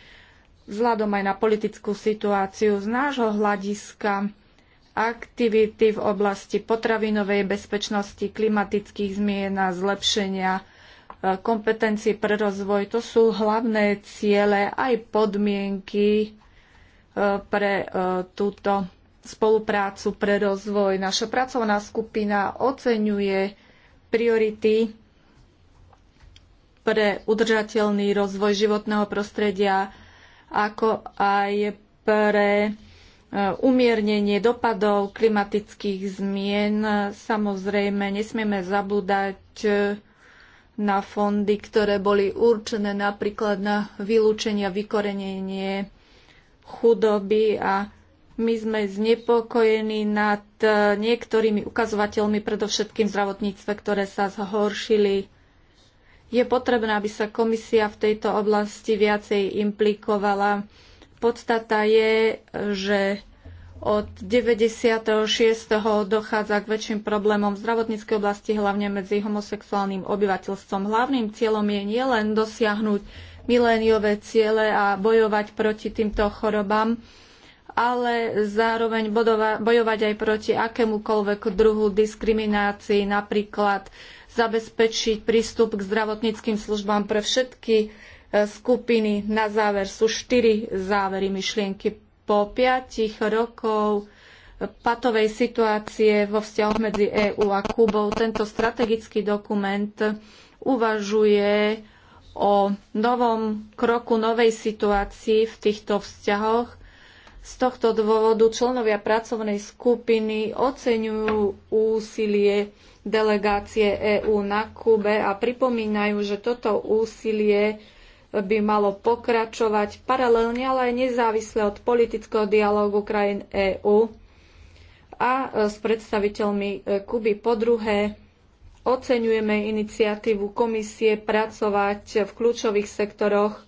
vzhľadom aj na politickú situáciu z nášho hľadiska aktivity v oblasti potravinovej bezpečnosti, klimatických zmien a zlepšenia kompetencií pre rozvoj. To sú hlavné ciele aj podmienky e, pre e, túto spoluprácu pre rozvoj. Naša pracovná skupina oceňuje priority pre udržateľný rozvoj životného prostredia, ako aj pre e, umiernenie dopadov klimatických zmien. Samozrejme, nesmieme zabúdať na fondy, ktoré boli určené napríklad na vylúčenie a vykorenenie chudoby a my sme znepokojení nad e, niektorými ukazovateľmi, predovšetkým zdravotníctve, ktoré sa zhoršili. Je potrebné, aby sa komisia v tejto oblasti viacej implikovala. Podstata je, že od 96. dochádza k väčším problémom v zdravotníckej oblasti, hlavne medzi homosexuálnym obyvateľstvom. Hlavným cieľom je nielen dosiahnuť miléniové ciele a bojovať proti týmto chorobám, ale zároveň bojovať aj proti akémukoľvek druhu diskriminácii, napríklad zabezpečiť prístup k zdravotníckým službám pre všetky e, skupiny. Na záver sú štyri závery myšlienky po piatich rokov patovej situácie vo vzťahoch medzi EÚ a Kubou tento strategický dokument uvažuje o novom kroku, novej situácii v týchto vzťahoch. Z tohto dôvodu členovia pracovnej skupiny oceňujú úsilie delegácie EÚ na Kube a pripomínajú, že toto úsilie by malo pokračovať paralelne, ale aj nezávisle od politického dialógu krajín EÚ a e, s predstaviteľmi e, Kuby. Po druhé, oceňujeme iniciatívu komisie pracovať v kľúčových sektoroch,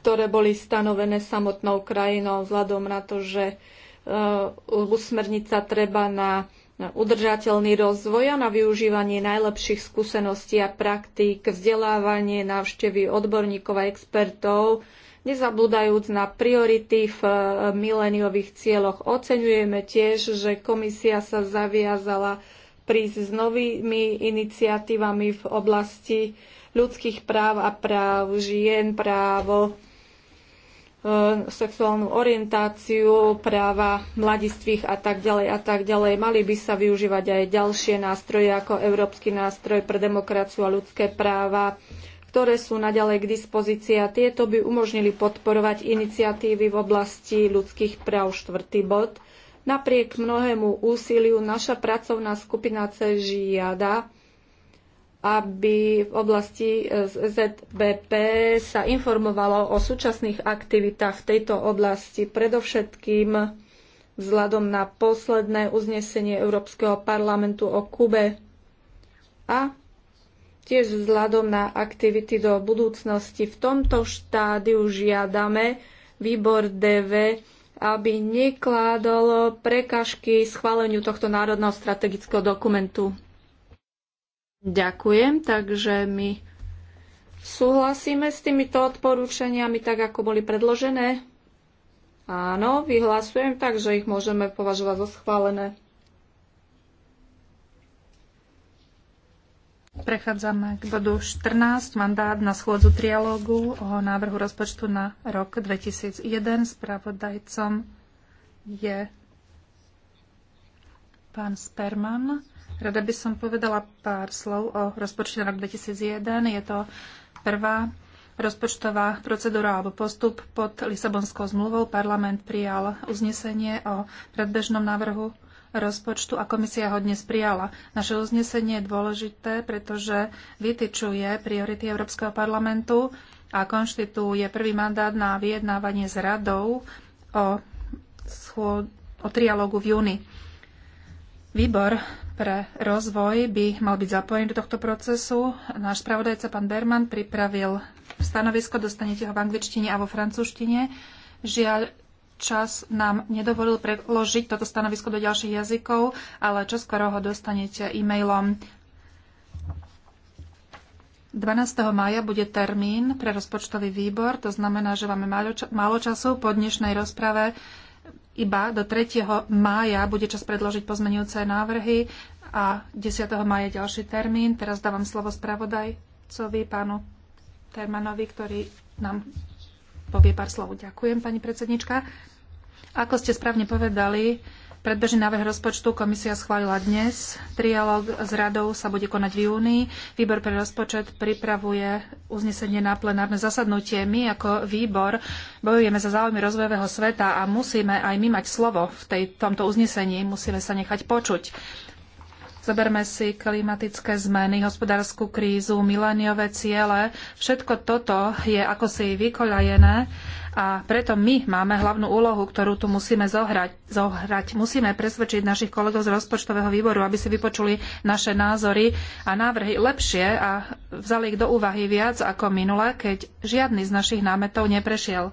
ktoré boli stanovené samotnou krajinou vzhľadom na to, že e, usmerniť sa treba na na udržateľný rozvoj a na využívanie najlepších skúseností a praktík, vzdelávanie, návštevy odborníkov a expertov, nezabúdajúc na priority v eh, mileniových cieľoch. Oceňujeme tiež, že komisia sa zaviazala prísť s novými iniciatívami v oblasti ľudských práv a práv žien, právo E, sexuálnu orientáciu, práva mladistvých a tak ďalej a tak ďalej. Mali by sa využívať aj ďalšie nástroje ako Európsky nástroj pre demokraciu a ľudské práva, ktoré sú naďalej k dispozícii a tieto by umožnili podporovať iniciatívy v oblasti ľudských práv štvrtý bod. Napriek mnohému úsiliu naša pracovná skupina CEŽ žiada, aby v oblasti e, ZBP sa informovalo o súčasných aktivitách v tejto oblasti, predovšetkým vzhľadom na posledné uznesenie Európskeho parlamentu o Kube a tiež vzhľadom na aktivity do budúcnosti. V tomto štádiu žiadame výbor DV, aby nekládol prekažky schváleniu tohto národného strategického dokumentu. Ďakujem, takže my súhlasíme s týmito odporúčaniami tak, ako boli predložené. Áno, vyhlasujem, takže ich môžeme považovať za schválené. Prechádzame k bodu 14, mandát na schôdzu trialógu o návrhu rozpočtu na rok 2001. Spravodajcom je pán Sperman. Rada by som povedala pár slov o rozpočte rok 2001. Je to prvá rozpočtová procedúra alebo postup pod Lisabonskou zmluvou. Parlament prijal uznesenie o predbežnom návrhu rozpočtu a komisia ho dnes prijala. Naše uznesenie je dôležité, pretože vytyčuje priority Európskeho parlamentu a konštituje prvý mandát na vyjednávanie s radou o, schôd, o trialógu v júni. Výbor pre rozvoj by mal byť zapojený do tohto procesu. Náš spravodajca, pán Berman, pripravil stanovisko, dostanete ho v angličtine a vo francúzštine. Žiaľ, čas nám nedovolil preložiť toto stanovisko do ďalších jazykov, ale čoskoro ho dostanete e-mailom. 12. maja bude termín pre rozpočtový výbor, to znamená, že máme málo času po dnešnej rozprave iba do 3. mája bude čas predložiť pozmenujúce návrhy a 10. mája ďalší termín. Teraz dávam slovo spravodajcovi, pánu Termanovi, ktorý nám povie pár slov. Ďakujem, pani predsednička. Ako ste správne povedali, Predbežný návrh rozpočtu komisia schválila dnes. Trialóg s radou sa bude konať v júni. Výbor pre rozpočet pripravuje uznesenie na plenárne zasadnutie. My ako výbor bojujeme za záujmy rozvojového sveta a musíme aj my mať slovo v tej, tomto uznesení. Musíme sa nechať počuť. Zoberme si klimatické zmeny, hospodárskú krízu, mileniové ciele. Všetko toto je ako si vykoľajené a preto my máme hlavnú úlohu, ktorú tu musíme zohrať. zohrať. Musíme presvedčiť našich kolegov z rozpočtového výboru, aby si vypočuli naše názory a návrhy lepšie a vzali ich do úvahy viac ako minule, keď žiadny z našich námetov neprešiel.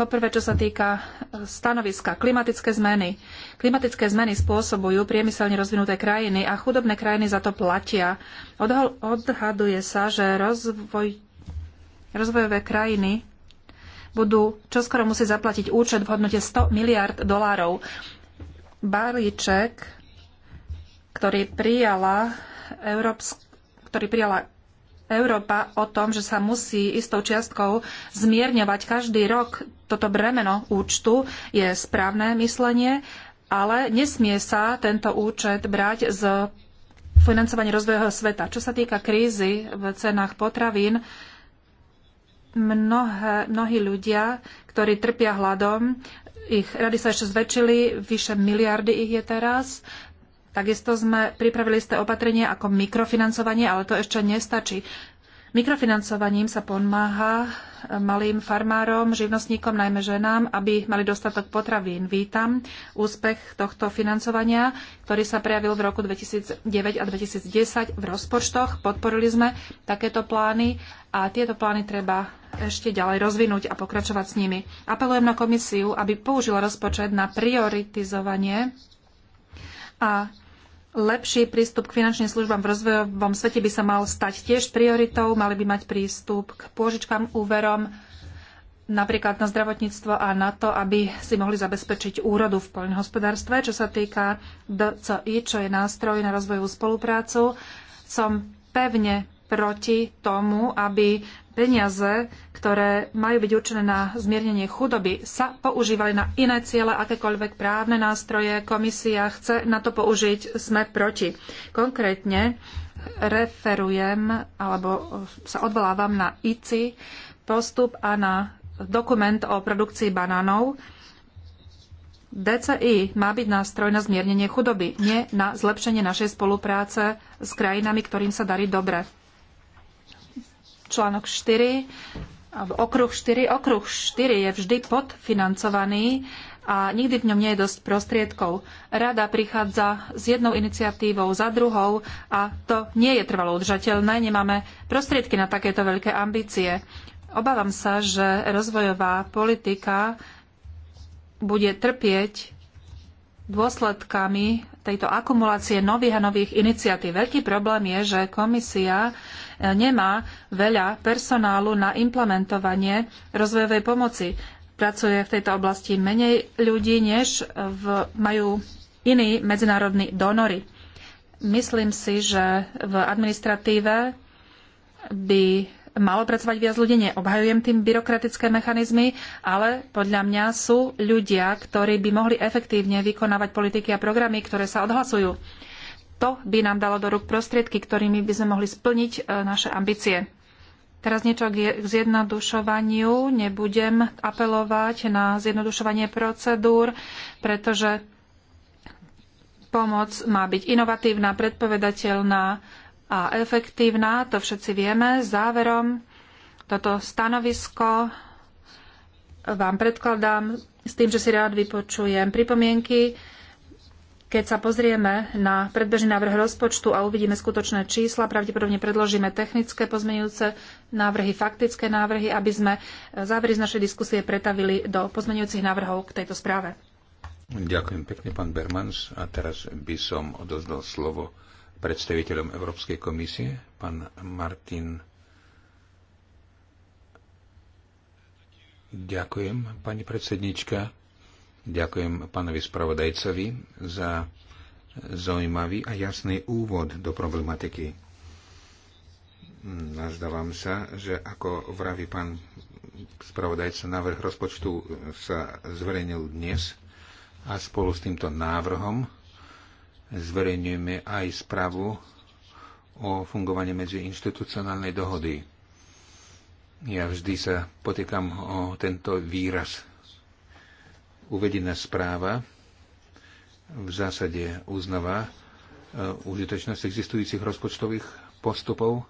Poprvé, čo sa týka e, stanoviska, klimatické zmeny. Klimatické zmeny spôsobujú priemyselne rozvinuté krajiny a chudobné krajiny za to platia. odhaduje sa, že rozvoj, rozvojové krajiny budú čoskoro musí zaplatiť účet v hodnote 100 miliard dolárov. Balíček, ktorý prijala Európska ktorý prijala Európa o tom, že sa musí istou čiastkou zmierňovať každý rok toto bremeno účtu, je správne myslenie, ale nesmie sa tento účet brať z financovania rozvojového sveta. Čo sa týka krízy v cenách potravín, mnohé, mnohí ľudia, ktorí trpia hladom, ich rady sa ešte zväčšili, vyše miliardy ich je teraz. Takisto sme pripravili isté opatrenie ako mikrofinancovanie, ale to ešte nestačí. Mikrofinancovaním sa pomáha eh, malým farmárom, živnostníkom, najmä ženám, aby mali dostatok potravín. Vítam úspech tohto financovania, ktorý sa prejavil v roku 2009 a 2010 v rozpočtoch. Podporili sme takéto plány a tieto plány treba ešte ďalej rozvinúť a pokračovať s nimi. Apelujem na komisiu, aby použila rozpočet na prioritizovanie a Lepší prístup k finančným službám v rozvojovom svete by sa mal stať tiež prioritou. Mali by mať prístup k pôžičkám, úverom, napríklad na zdravotníctvo a na to, aby si mohli zabezpečiť úrodu v poľnohospodárstve. Čo sa týka DCI, čo je nástroj na rozvojovú spoluprácu, som pevne proti tomu, aby peniaze, ktoré majú byť určené na zmiernenie chudoby, sa používali na iné ciele, akékoľvek právne nástroje komisia chce na to použiť, sme proti. Konkrétne referujem alebo sa odvolávam na ICI postup a na dokument o produkcii banánov. DCI má byť nástroj na zmiernenie chudoby, nie na zlepšenie našej spolupráce s krajinami, ktorým sa darí dobre článok 4, okruh 4. Okruh 4 je vždy podfinancovaný a nikdy v ňom nie je dosť prostriedkov. Rada prichádza s jednou iniciatívou za druhou a to nie je trvalo udržateľné. Nemáme prostriedky na takéto veľké ambície. Obávam sa, že rozvojová politika bude trpieť dôsledkami tejto akumulácie nových a nových iniciatív. Veľký problém je, že komisia e, nemá veľa personálu na implementovanie rozvojovej pomoci. Pracuje v tejto oblasti menej ľudí, než v, majú iní medzinárodní donory. Myslím si, že v administratíve by malo pracovať viac ľudí. Neobhajujem tým byrokratické mechanizmy, ale podľa mňa sú ľudia, ktorí by mohli efektívne vykonávať politiky a programy, ktoré sa odhlasujú. To by nám dalo do rúk prostriedky, ktorými by sme mohli splniť e, naše ambície. Teraz niečo k zjednodušovaniu. Nebudem apelovať na zjednodušovanie procedúr, pretože pomoc má byť inovatívna, predpovedateľná a efektívna, to všetci vieme. Záverom toto stanovisko vám predkladám s tým, že si rád vypočujem pripomienky. Keď sa pozrieme na predbežný návrh rozpočtu a uvidíme skutočné čísla, pravdepodobne predložíme technické pozmeňujúce návrhy, faktické návrhy, aby sme závery z našej diskusie pretavili do pozmeňujúcich návrhov k tejto správe. Ďakujem pekne, pán Bermans. A teraz by som odozdal slovo predstaviteľom Európskej komisie, pán Martin. Ďakujem, pani predsednička. Ďakujem pánovi spravodajcovi za zaujímavý a jasný úvod do problematiky. Nazdávam sa, že ako vraví pán spravodajca, návrh rozpočtu sa zverejnil dnes a spolu s týmto návrhom zverejňujeme aj správu o fungovaní medziinstitucionálnej dohody. Ja vždy sa potýkam o tento výraz. Uvedená správa v zásade uznáva e, užitočnosť existujúcich rozpočtových postupov,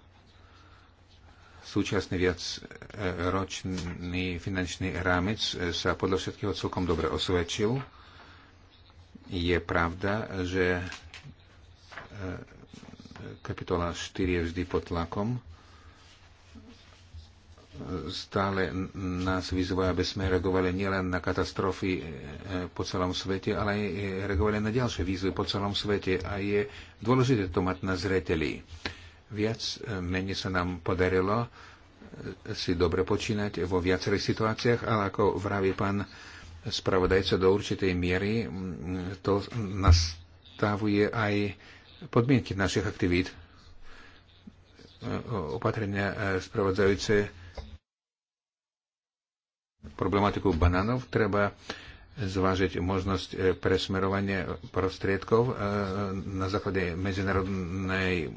súčasný viacročný e, finančný rámec e, sa podľa všetkého celkom dobre osvedčil je pravda, že e, kapitola 4 je vždy pod tlakom. Stále nás vyzvoja, aby sme reagovali nielen na katastrofy e, e, po celom svete, ale aj reagovali na ďalšie výzvy po celom svete. A je dôležité to mať na zreteli. Viac menej sa nám podarilo si dobre počínať vo viacerých situáciách, ale ako vraví pán spravodajca do určitej miery mm, to nastavuje aj podmienky našich aktivít. E, opatrenia e, spravodajúce problematiku banánov treba zvážiť možnosť e, presmerovania prostriedkov na základe medzinárodnej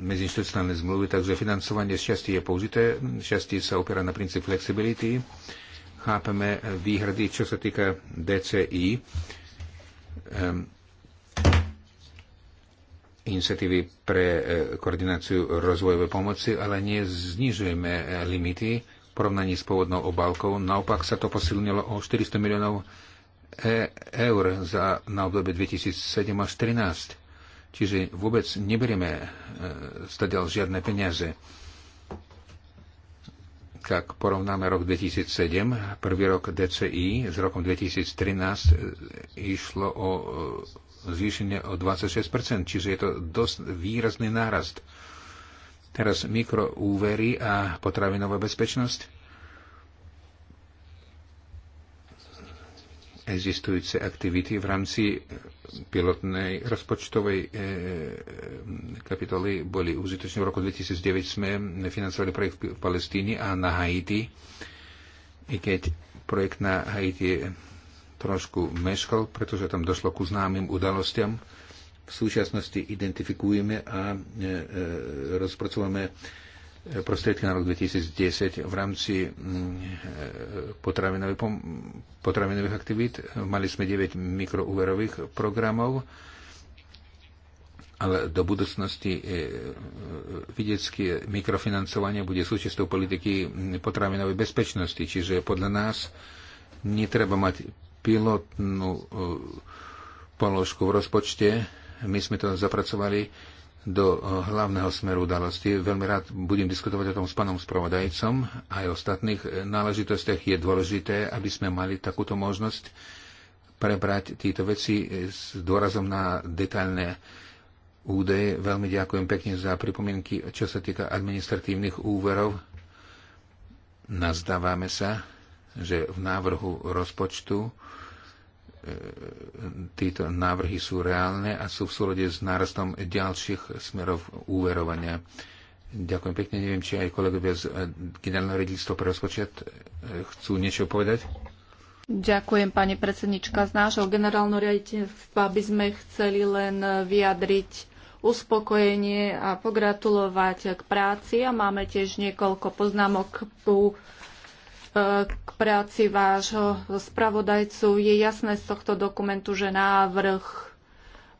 medzinstitucionálnej zmluvy, takže financovanie z je použité, z sa opiera na princíp flexibility, chápeme výhrady, čo sa týka DCI, ehm, iniciatívy pre eh, koordináciu rozvojovej pomoci, ale neznižujeme eh, limity v porovnaní s pôvodnou obálkou. Naopak sa to posilnilo o 400 miliónov eh, eur za, na obdobie 2007 až 2013. Čiže vôbec neberieme stadiaľ žiadne peniaze tak porovnáme rok 2007, prvý rok DCI s rokom 2013 e, išlo o e, zvýšenie o 26%, čiže je to dosť výrazný nárast. Teraz mikroúvery a potravinová bezpečnosť. Existujúce aktivity v rámci pilotnej rozpočtovej e, e, kapitoly boli užitočné. V roku 2009 sme financovali projekt v Palestíne a na Haiti. I keď projekt na Haiti trošku meškol, pretože tam došlo ku známym udalostiam, v súčasnosti identifikujeme a e, rozpracovame prostriedky na rok 2010 v rámci mm, e, potravinových, potravinových aktivít. Mali sme 9 mikroúverových programov, ale do budúcnosti e, vidiecky mikrofinancovanie bude súčasťou politiky mm, potravinovej bezpečnosti, čiže podľa nás netreba mať pilotnú e, položku v rozpočte. My sme to zapracovali do eh, hlavného smeru udalosti. Veľmi rád budem diskutovať o tom s pánom spravodajcom aj o ostatných eh, náležitostiach. Je dôležité, aby sme mali takúto možnosť prebrať tieto veci eh, s dôrazom na detailné údaje. Veľmi ďakujem pekne za pripomienky, čo sa týka administratívnych úverov. Nazdávame sa, že v návrhu rozpočtu E, tieto návrhy sú reálne a sú v súlade s nárastom ďalších smerov úverovania. Ďakujem pekne. Neviem, či aj kolegovia z e, generálneho riaditeľstva pre rozpočet e, chcú niečo povedať. Ďakujem, pani predsednička. Z nášho generálneho riaditeľstva by sme chceli len vyjadriť uspokojenie a pogratulovať k práci a máme tiež niekoľko poznámok ku k práci vášho spravodajcu. Je jasné z tohto dokumentu, že návrh,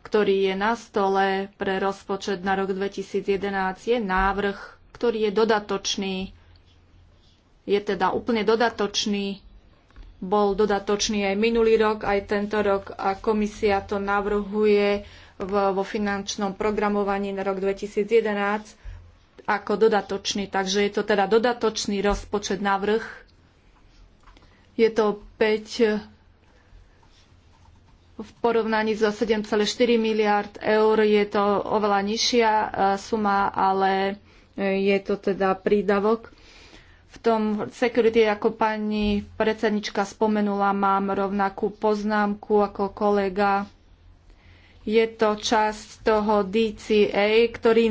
ktorý je na stole pre rozpočet na rok 2011, je návrh, ktorý je dodatočný. Je teda úplne dodatočný. Bol dodatočný aj minulý rok, aj tento rok a komisia to navrhuje vo finančnom programovaní na rok 2011 ako dodatočný. Takže je to teda dodatočný rozpočet návrh je to 5 eh, v porovnaní so 7,4 miliard eur je to oveľa nižšia eh, suma, ale eh, je to teda prídavok. V tom security, ako pani predsednička spomenula, mám rovnakú poznámku ako kolega. Je to časť toho DCA, ktorý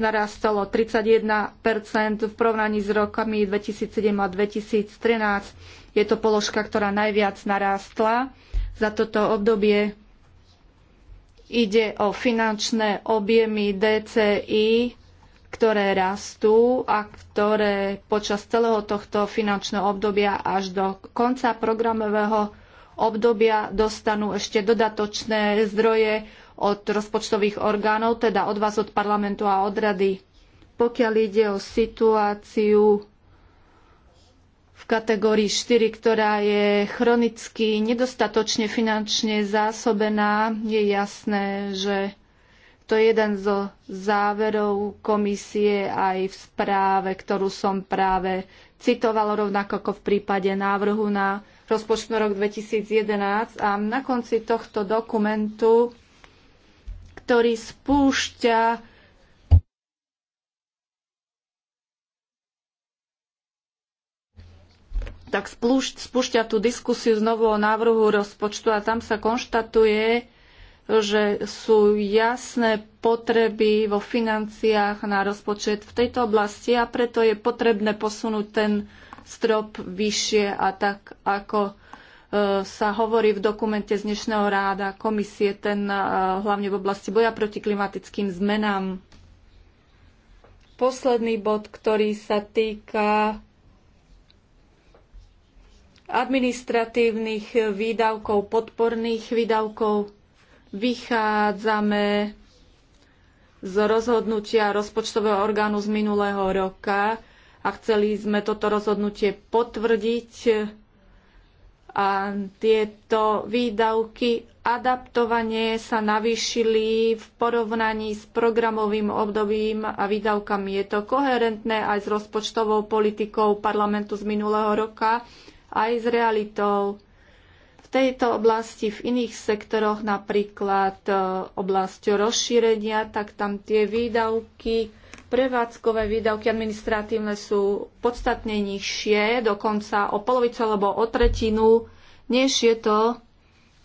narastol o 31 v porovnaní s rokami 2007 a 2013 je to položka, ktorá najviac narástla za toto obdobie. Ide o finančné objemy DCI, ktoré rastú a ktoré počas celého tohto finančného obdobia až do konca programového obdobia dostanú ešte dodatočné zdroje od rozpočtových orgánov, teda od vás, od parlamentu a od rady. Pokiaľ ide o situáciu v kategórii 4, ktorá je chronicky nedostatočne finančne zásobená, je jasné, že to je jeden zo záverov komisie aj v správe, ktorú som práve citoval, rovnako ako v prípade návrhu na rozpočtu rok 2011. A na konci tohto dokumentu, ktorý spúšťa tak spúšťa tú diskusiu znovu o návrhu rozpočtu a tam sa konštatuje, že sú jasné potreby vo financiách na rozpočet v tejto oblasti a preto je potrebné posunúť ten strop vyššie a tak ako e, sa hovorí v dokumente z dnešného ráda komisie, ten e, hlavne v oblasti boja proti klimatickým zmenám. Posledný bod, ktorý sa týka administratívnych výdavkov, podporných výdavkov. Vychádzame z rozhodnutia rozpočtového orgánu z minulého roka a chceli sme toto rozhodnutie potvrdiť a tieto výdavky adaptovanie sa navýšili v porovnaní s programovým obdobím a výdavkami. Je to koherentné aj s rozpočtovou politikou parlamentu z minulého roka aj s realitou. V tejto oblasti, v iných sektoroch, napríklad e, oblasť rozšírenia, tak tam tie výdavky, prevádzkové výdavky administratívne sú podstatne nižšie, dokonca o polovicu alebo o tretinu, než je to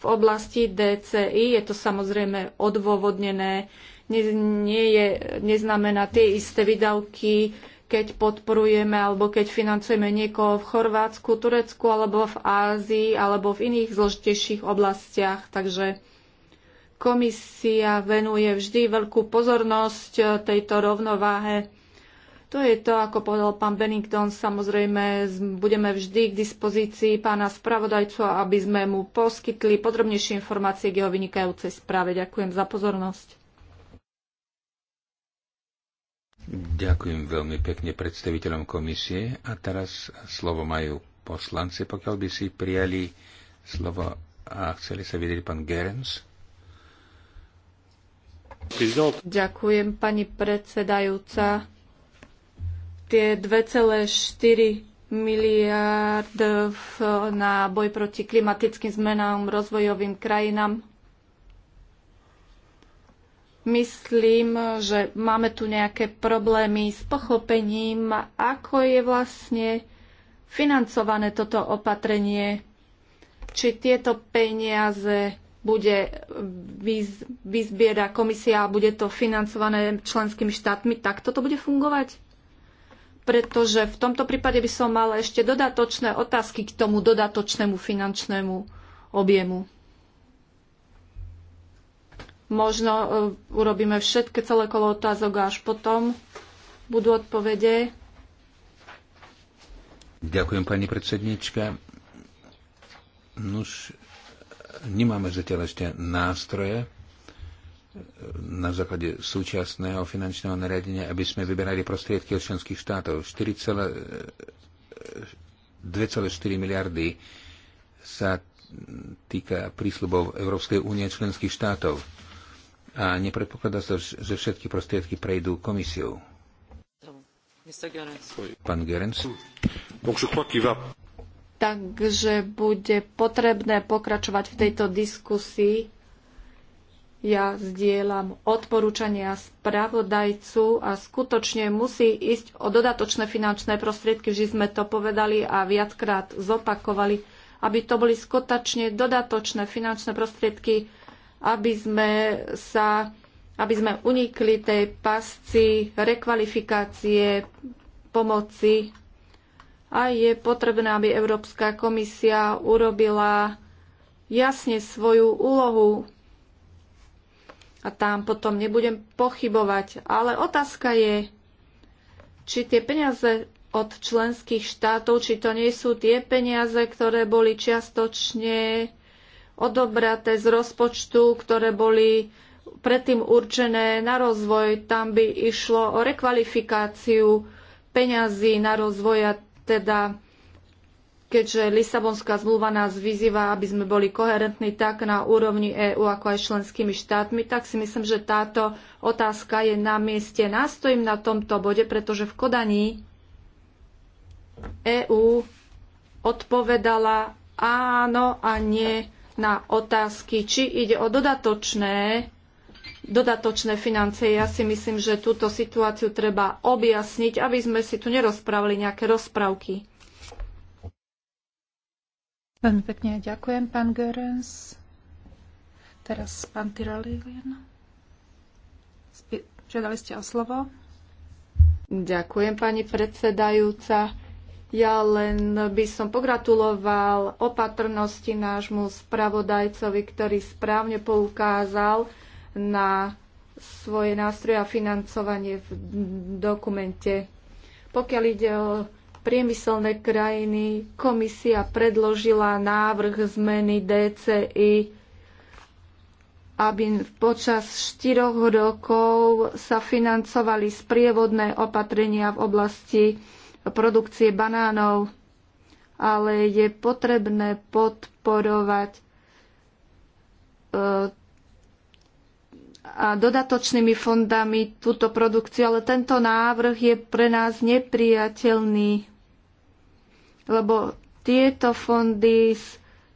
v oblasti DCI. Je to samozrejme odôvodnené, nie, nie je, neznamená tie isté výdavky, keď podporujeme alebo keď financujeme niekoho v Chorvátsku, Turecku alebo v Ázii alebo v iných zložitejších oblastiach. Takže komisia venuje vždy veľkú pozornosť e, tejto rovnováhe. To je to, ako povedal pán Bennington, samozrejme budeme vždy k dispozícii pána spravodajcu, aby sme mu poskytli podrobnejšie informácie k jeho vynikajúcej správe. Ďakujem za pozornosť. Ďakujem veľmi pekne predstaviteľom komisie a teraz slovo majú poslanci, pokiaľ by si prijali slovo a chceli sa vidieť pán Gerens. Ďakujem, pani predsedajúca. Tie 2,4 miliard na boj proti klimatickým zmenám rozvojovým krajinám Myslím, že máme tu nejaké problémy s pochopením, ako je vlastne financované toto opatrenie, či tieto peniaze bude vyzbiera komisia a bude to financované členskými štátmi, tak toto bude fungovať? Pretože v tomto prípade by som mala ešte dodatočné otázky k tomu dodatočnému finančnému objemu. Možno e, urobíme všetky celé kolo otázok a až potom budú odpovede. Ďakujem, pani predsednička. Nuž, nemáme zatiaľ ešte nástroje e, na základe súčasného finančného nariadenia, aby sme vyberali prostriedky od členských štátov. 2,4 e, miliardy sa týka prísľubov Európskej únie členských štátov a nepredpokladá sa, že všetky prostriedky prejdú komisiou. Pán Gerens. Takže bude potrebné pokračovať v tejto diskusii. Ja zdieľam odporúčania spravodajcu a skutočne musí ísť o dodatočné finančné prostriedky, že sme to povedali a viackrát zopakovali, aby to boli skutočne dodatočné finančné prostriedky, aby sme sa aby sme unikli tej pasci rekvalifikácie pomoci a je potrebné, aby Európska komisia urobila jasne svoju úlohu a tam potom nebudem pochybovať. Ale otázka je, či tie peniaze od členských štátov, či to nie sú tie peniaze, ktoré boli čiastočne odobraté z rozpočtu, ktoré boli predtým určené na rozvoj. Tam by išlo o rekvalifikáciu peňazí na rozvoj a teda keďže Lisabonská zmluva nás vyzýva, aby sme boli koherentní tak na úrovni EÚ, ako aj členskými štátmi, tak si myslím, že táto otázka je na mieste. Nástojím na tomto bode, pretože v Kodaní EÚ odpovedala áno a nie na otázky, či ide o dodatočné, dodatočné financie. Ja si myslím, že túto situáciu treba objasniť, aby sme si tu nerozprávali nejaké rozprávky. Veľmi pekne ďakujem, pán Görens. Teraz pán Tyrolien. Žiadali ste o slovo. Ďakujem, pani predsedajúca. Ja len by som pogratuloval opatrnosti nášmu spravodajcovi, ktorý správne poukázal na svoje nástroje a financovanie v dokumente. Pokiaľ ide o priemyselné krajiny, komisia predložila návrh zmeny DCI, aby počas štyroch rokov sa financovali sprievodné opatrenia v oblasti produkcie banánov, ale je potrebné podporovať eh, a dodatočnými fondami túto produkciu, ale tento návrh je pre nás nepriateľný, lebo tieto fondy z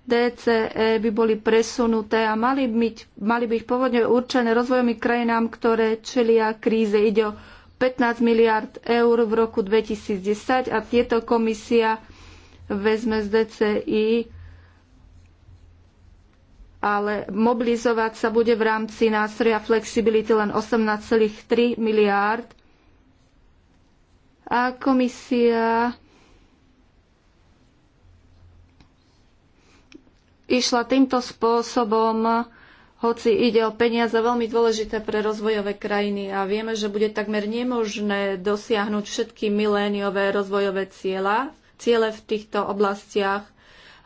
DCE by boli presunuté a mali by, mali ich pôvodne určené rozvojovým krajinám, ktoré čelia kríze. Ide o 15 miliard eur v roku 2010 a tieto komisia vezme z DCI, ale mobilizovať sa bude v rámci nástroja flexibility len 18,3 miliárd. A komisia išla týmto spôsobom hoci ide o peniaze veľmi dôležité pre rozvojové krajiny a vieme, že bude takmer nemožné dosiahnuť všetky miléniové rozvojové cieľa, ciele v týchto oblastiach.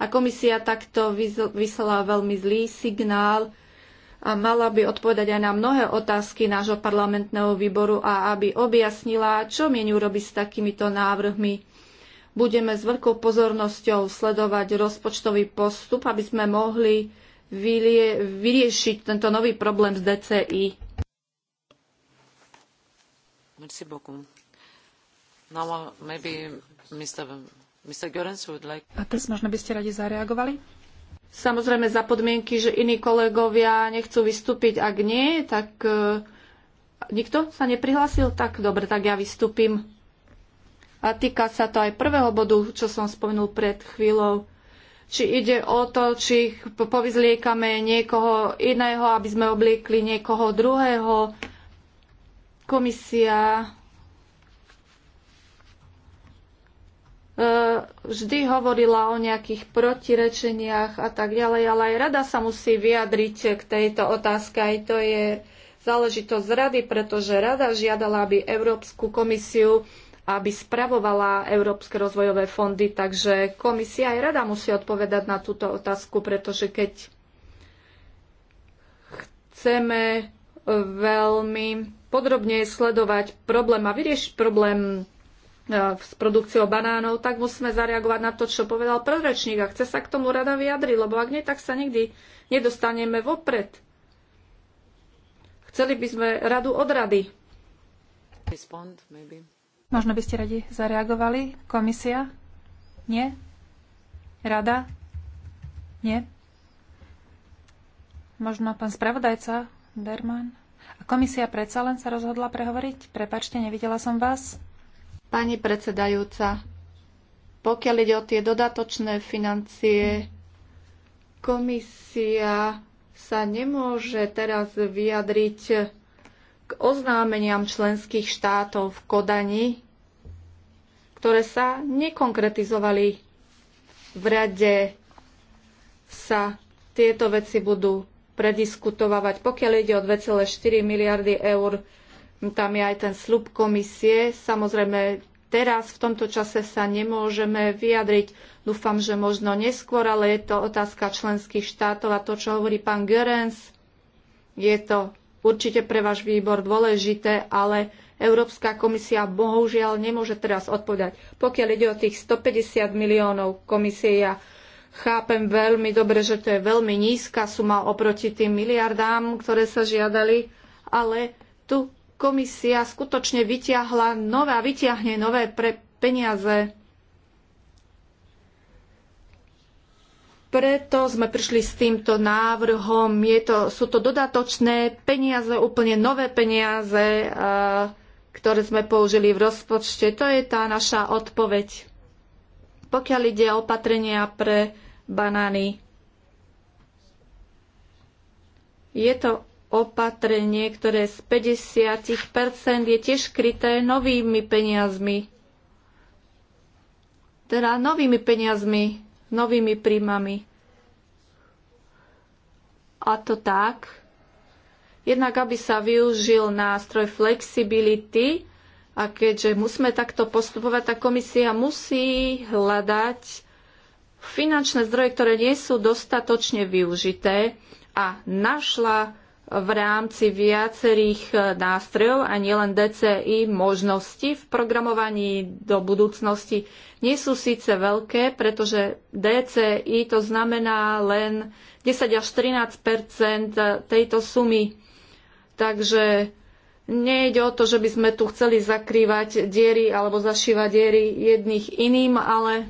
A komisia takto vyslala veľmi zlý signál a mala by odpovedať aj na mnohé otázky nášho parlamentného výboru a aby objasnila, čo mieni urobiť s takýmito návrhmi. Budeme s veľkou pozornosťou sledovať rozpočtový postup, aby sme mohli vylie, vyriešiť tento nový problém z DCI. Merci beaucoup. Now, uh, maybe Mr. Mr. Görens would like... A teraz možno by ste radi zareagovali? Samozrejme za podmienky, že iní kolegovia nechcú vystúpiť. Ak nie, tak uh, nikto sa neprihlásil? Tak dobre, tak ja vystúpim. A týka sa to aj prvého bodu, čo som spomenul pred chvíľou či ide o to, či povyzliekame niekoho iného, aby sme obliekli niekoho druhého. Komisia e, vždy hovorila o nejakých protirečeniach a tak ďalej, ale aj rada sa musí vyjadriť k tejto otázke. Aj to je záležitosť rady, pretože rada žiadala, aby Európsku komisiu aby spravovala Európske rozvojové fondy. Takže komisia aj rada musí odpovedať na túto otázku, pretože keď chceme eh, veľmi podrobne sledovať problém a vyriešiť problém eh, s produkciou banánov, tak musíme zareagovať na to, čo povedal predrečník a chce sa k tomu rada vyjadriť, lebo ak nie, tak sa nikdy nedostaneme vopred. Chceli by sme radu od rady. Respond, maybe. Možno by ste radi zareagovali. Komisia? Nie? Rada? Nie? Možno pán spravodajca Berman? A komisia predsa len sa rozhodla prehovoriť? Prepačte, nevidela som vás. Pani predsedajúca, pokiaľ ide o tie dodatočné financie, komisia sa nemôže teraz vyjadriť k oznámeniam členských štátov v Kodani, ktoré sa nekonkretizovali. V rade sa tieto veci budú prediskutovať. Pokiaľ ide o 2,4 miliardy eur, tam je aj ten slub komisie. Samozrejme, teraz v tomto čase sa nemôžeme vyjadriť. Dúfam, že možno neskôr, ale je to otázka členských štátov a to, čo hovorí pán Görens, je to určite pre váš výbor dôležité, ale Európska komisia bohužiaľ nemôže teraz odpovedať. Pokiaľ ide o tých 150 miliónov komisie, ja chápem veľmi dobre, že to je veľmi nízka suma oproti tým miliardám, ktoré sa žiadali, ale tu komisia skutočne vyťahla nové a vyťahne nové pre peniaze Preto sme prišli s týmto návrhom. Je to, sú to dodatočné peniaze, úplne nové peniaze, ktoré sme použili v rozpočte. To je tá naša odpoveď. Pokiaľ ide o opatrenia pre banány, je to opatrenie, ktoré z 50% je tiež kryté novými peniazmi. Teda novými peniazmi novými príjmami. A to tak, jednak aby sa využil nástroj flexibility a keďže musíme takto postupovať, tá komisia musí hľadať finančné zdroje, ktoré nie sú dostatočne využité a našla v rámci viacerých e, nástrojov a nielen DCI možnosti v programovaní do budúcnosti nie sú síce veľké, pretože DCI to znamená len 10 až 13 e, tejto sumy. Takže nejde o to, že by sme tu chceli zakrývať diery alebo zašívať diery jedných iným, ale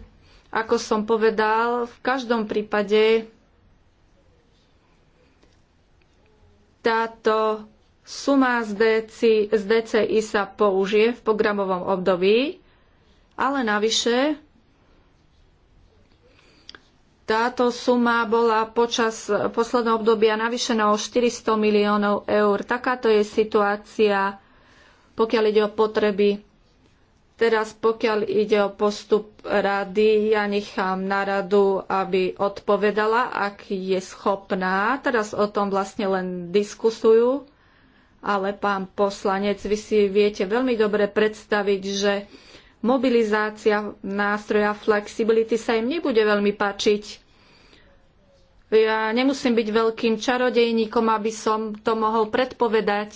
ako som povedal, v každom prípade Táto suma z, DC, z DCI sa použije v programovom období, ale navyše táto suma bola počas posledného obdobia navyšená o 400 miliónov eur. Takáto je situácia, pokiaľ ide o potreby Teraz pokiaľ ide o postup rady, ja nechám na radu, aby odpovedala, ak je schopná. Teraz o tom vlastne len diskusujú, ale pán poslanec, vy si viete veľmi dobre predstaviť, že mobilizácia nástroja flexibility sa im nebude veľmi páčiť. Ja nemusím byť veľkým čarodejníkom, aby som to mohol predpovedať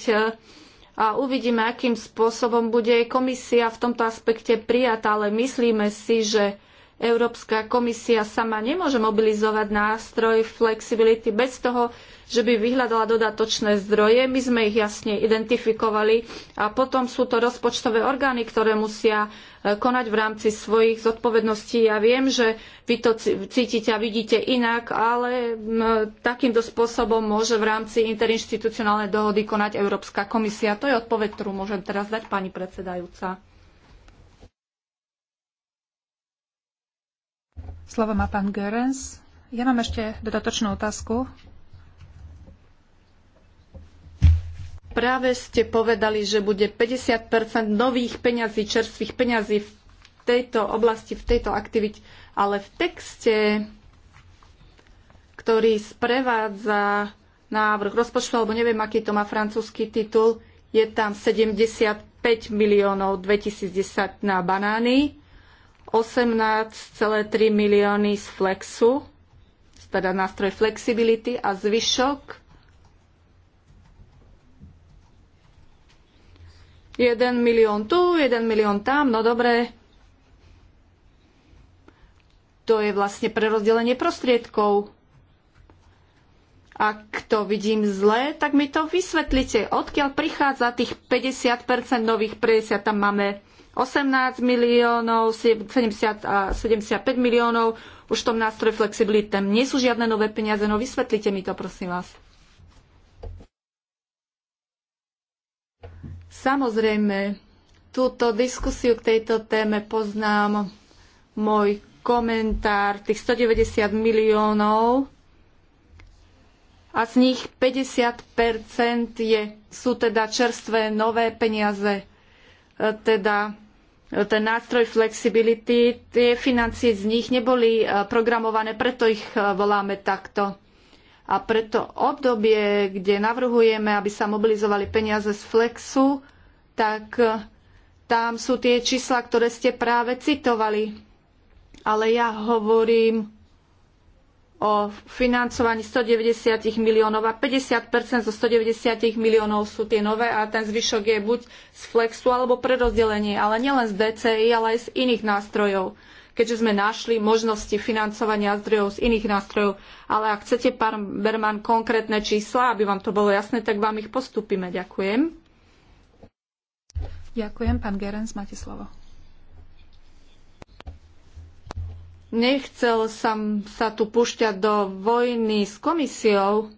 a uvidíme, akým spôsobom bude komisia v tomto aspekte prijatá, ale myslíme si, že Európska komisia sama nemôže mobilizovať nástroj flexibility bez toho, že by vyhľadala dodatočné zdroje. My sme ich jasne identifikovali a potom sú to rozpočtové orgány, ktoré musia e, konať v rámci svojich zodpovedností. Ja viem, že vy to cítite a vidíte inak, ale takýmto spôsobom môže v rámci interinštitucionálnej dohody konať Európska komisia. To je odpoveď, ktorú môžem teraz dať pani predsedajúca. Slovo má pán Görens. Ja mám ešte dodatočnú otázku. Práve ste povedali, že bude 50 nových peňazí, čerstvých peňazí v tejto oblasti, v tejto aktivite, ale v texte, ktorý sprevádza návrh rozpočtu, alebo neviem, aký to má francúzsky titul, je tam 75 miliónov 2010 na banány 18,3 milióny z Flexu, teda nástroj flexibility a zvyšok 1 milión tu, 1 milión tam, no dobre. To je vlastne prerozdelenie prostriedkov. Ak to vidím zle, tak mi to vysvetlite. Odkiaľ prichádza tých 50% nových 50, tam máme 18 miliónov, 70 a 75 miliónov už v tom nástroj flexibility. nie sú žiadne nové peniaze, no vysvetlite mi to, prosím vás. Samozrejme, túto diskusiu k tejto téme poznám môj komentár tých 190 miliónov a z nich 50% je, sú teda čerstvé nové peniaze e, teda ten nástroj flexibility, tie financie z nich neboli e, programované, preto ich e, voláme takto. A preto obdobie, kde navrhujeme, aby sa mobilizovali peniaze z Flexu, tak e, tam sú tie čísla, ktoré ste práve citovali. Ale ja hovorím o financovaní 190 miliónov a 50 zo 190 miliónov sú tie nové a ten zvyšok je buď z Flexu alebo prerozdelenie, ale nielen z DCI, ale aj z iných nástrojov keďže sme našli možnosti financovania zdrojov z iných nástrojov. Ale ak chcete, pán Berman, konkrétne čísla, aby vám to bolo jasné, tak vám ich postupíme. Ďakujem. Ďakujem. Pán Gerens, máte slovo. Nechcel som sa tu púšťať do vojny s komisiou.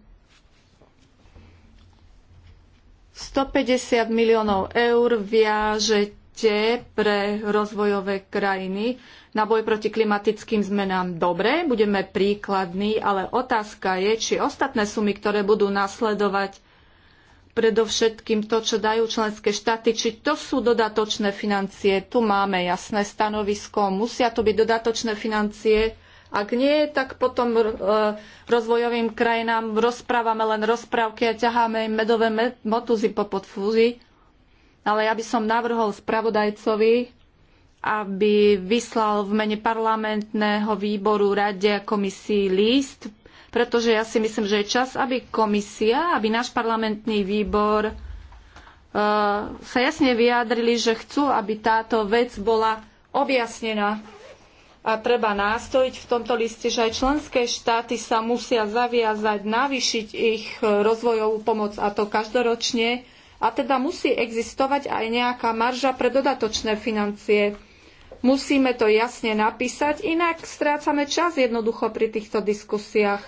150 miliónov eur viažete pre rozvojové krajiny na boj proti klimatickým zmenám. Dobre, budeme príkladní, ale otázka je, či ostatné sumy, ktoré budú nasledovať, predovšetkým to, čo dajú členské štáty, či to sú dodatočné financie. Tu máme jasné stanovisko, musia to byť dodatočné financie. Ak nie, tak potom e, rozvojovým krajinám rozprávame len rozprávky a ťaháme im medové motúzy po podfúzi. Ale ja by som navrhol spravodajcovi, aby vyslal v mene parlamentného výboru Rade a komisii list pretože ja si myslím, že je čas, aby komisia, aby náš parlamentný výbor e, sa jasne vyjadrili, že chcú, aby táto vec bola objasnená. A treba nástojiť v tomto liste, že aj členské štáty sa musia zaviazať, navýšiť ich e, rozvojovú pomoc a to každoročne. A teda musí existovať aj nejaká marža pre dodatočné financie. Musíme to jasne napísať, inak strácame čas jednoducho pri týchto diskusiách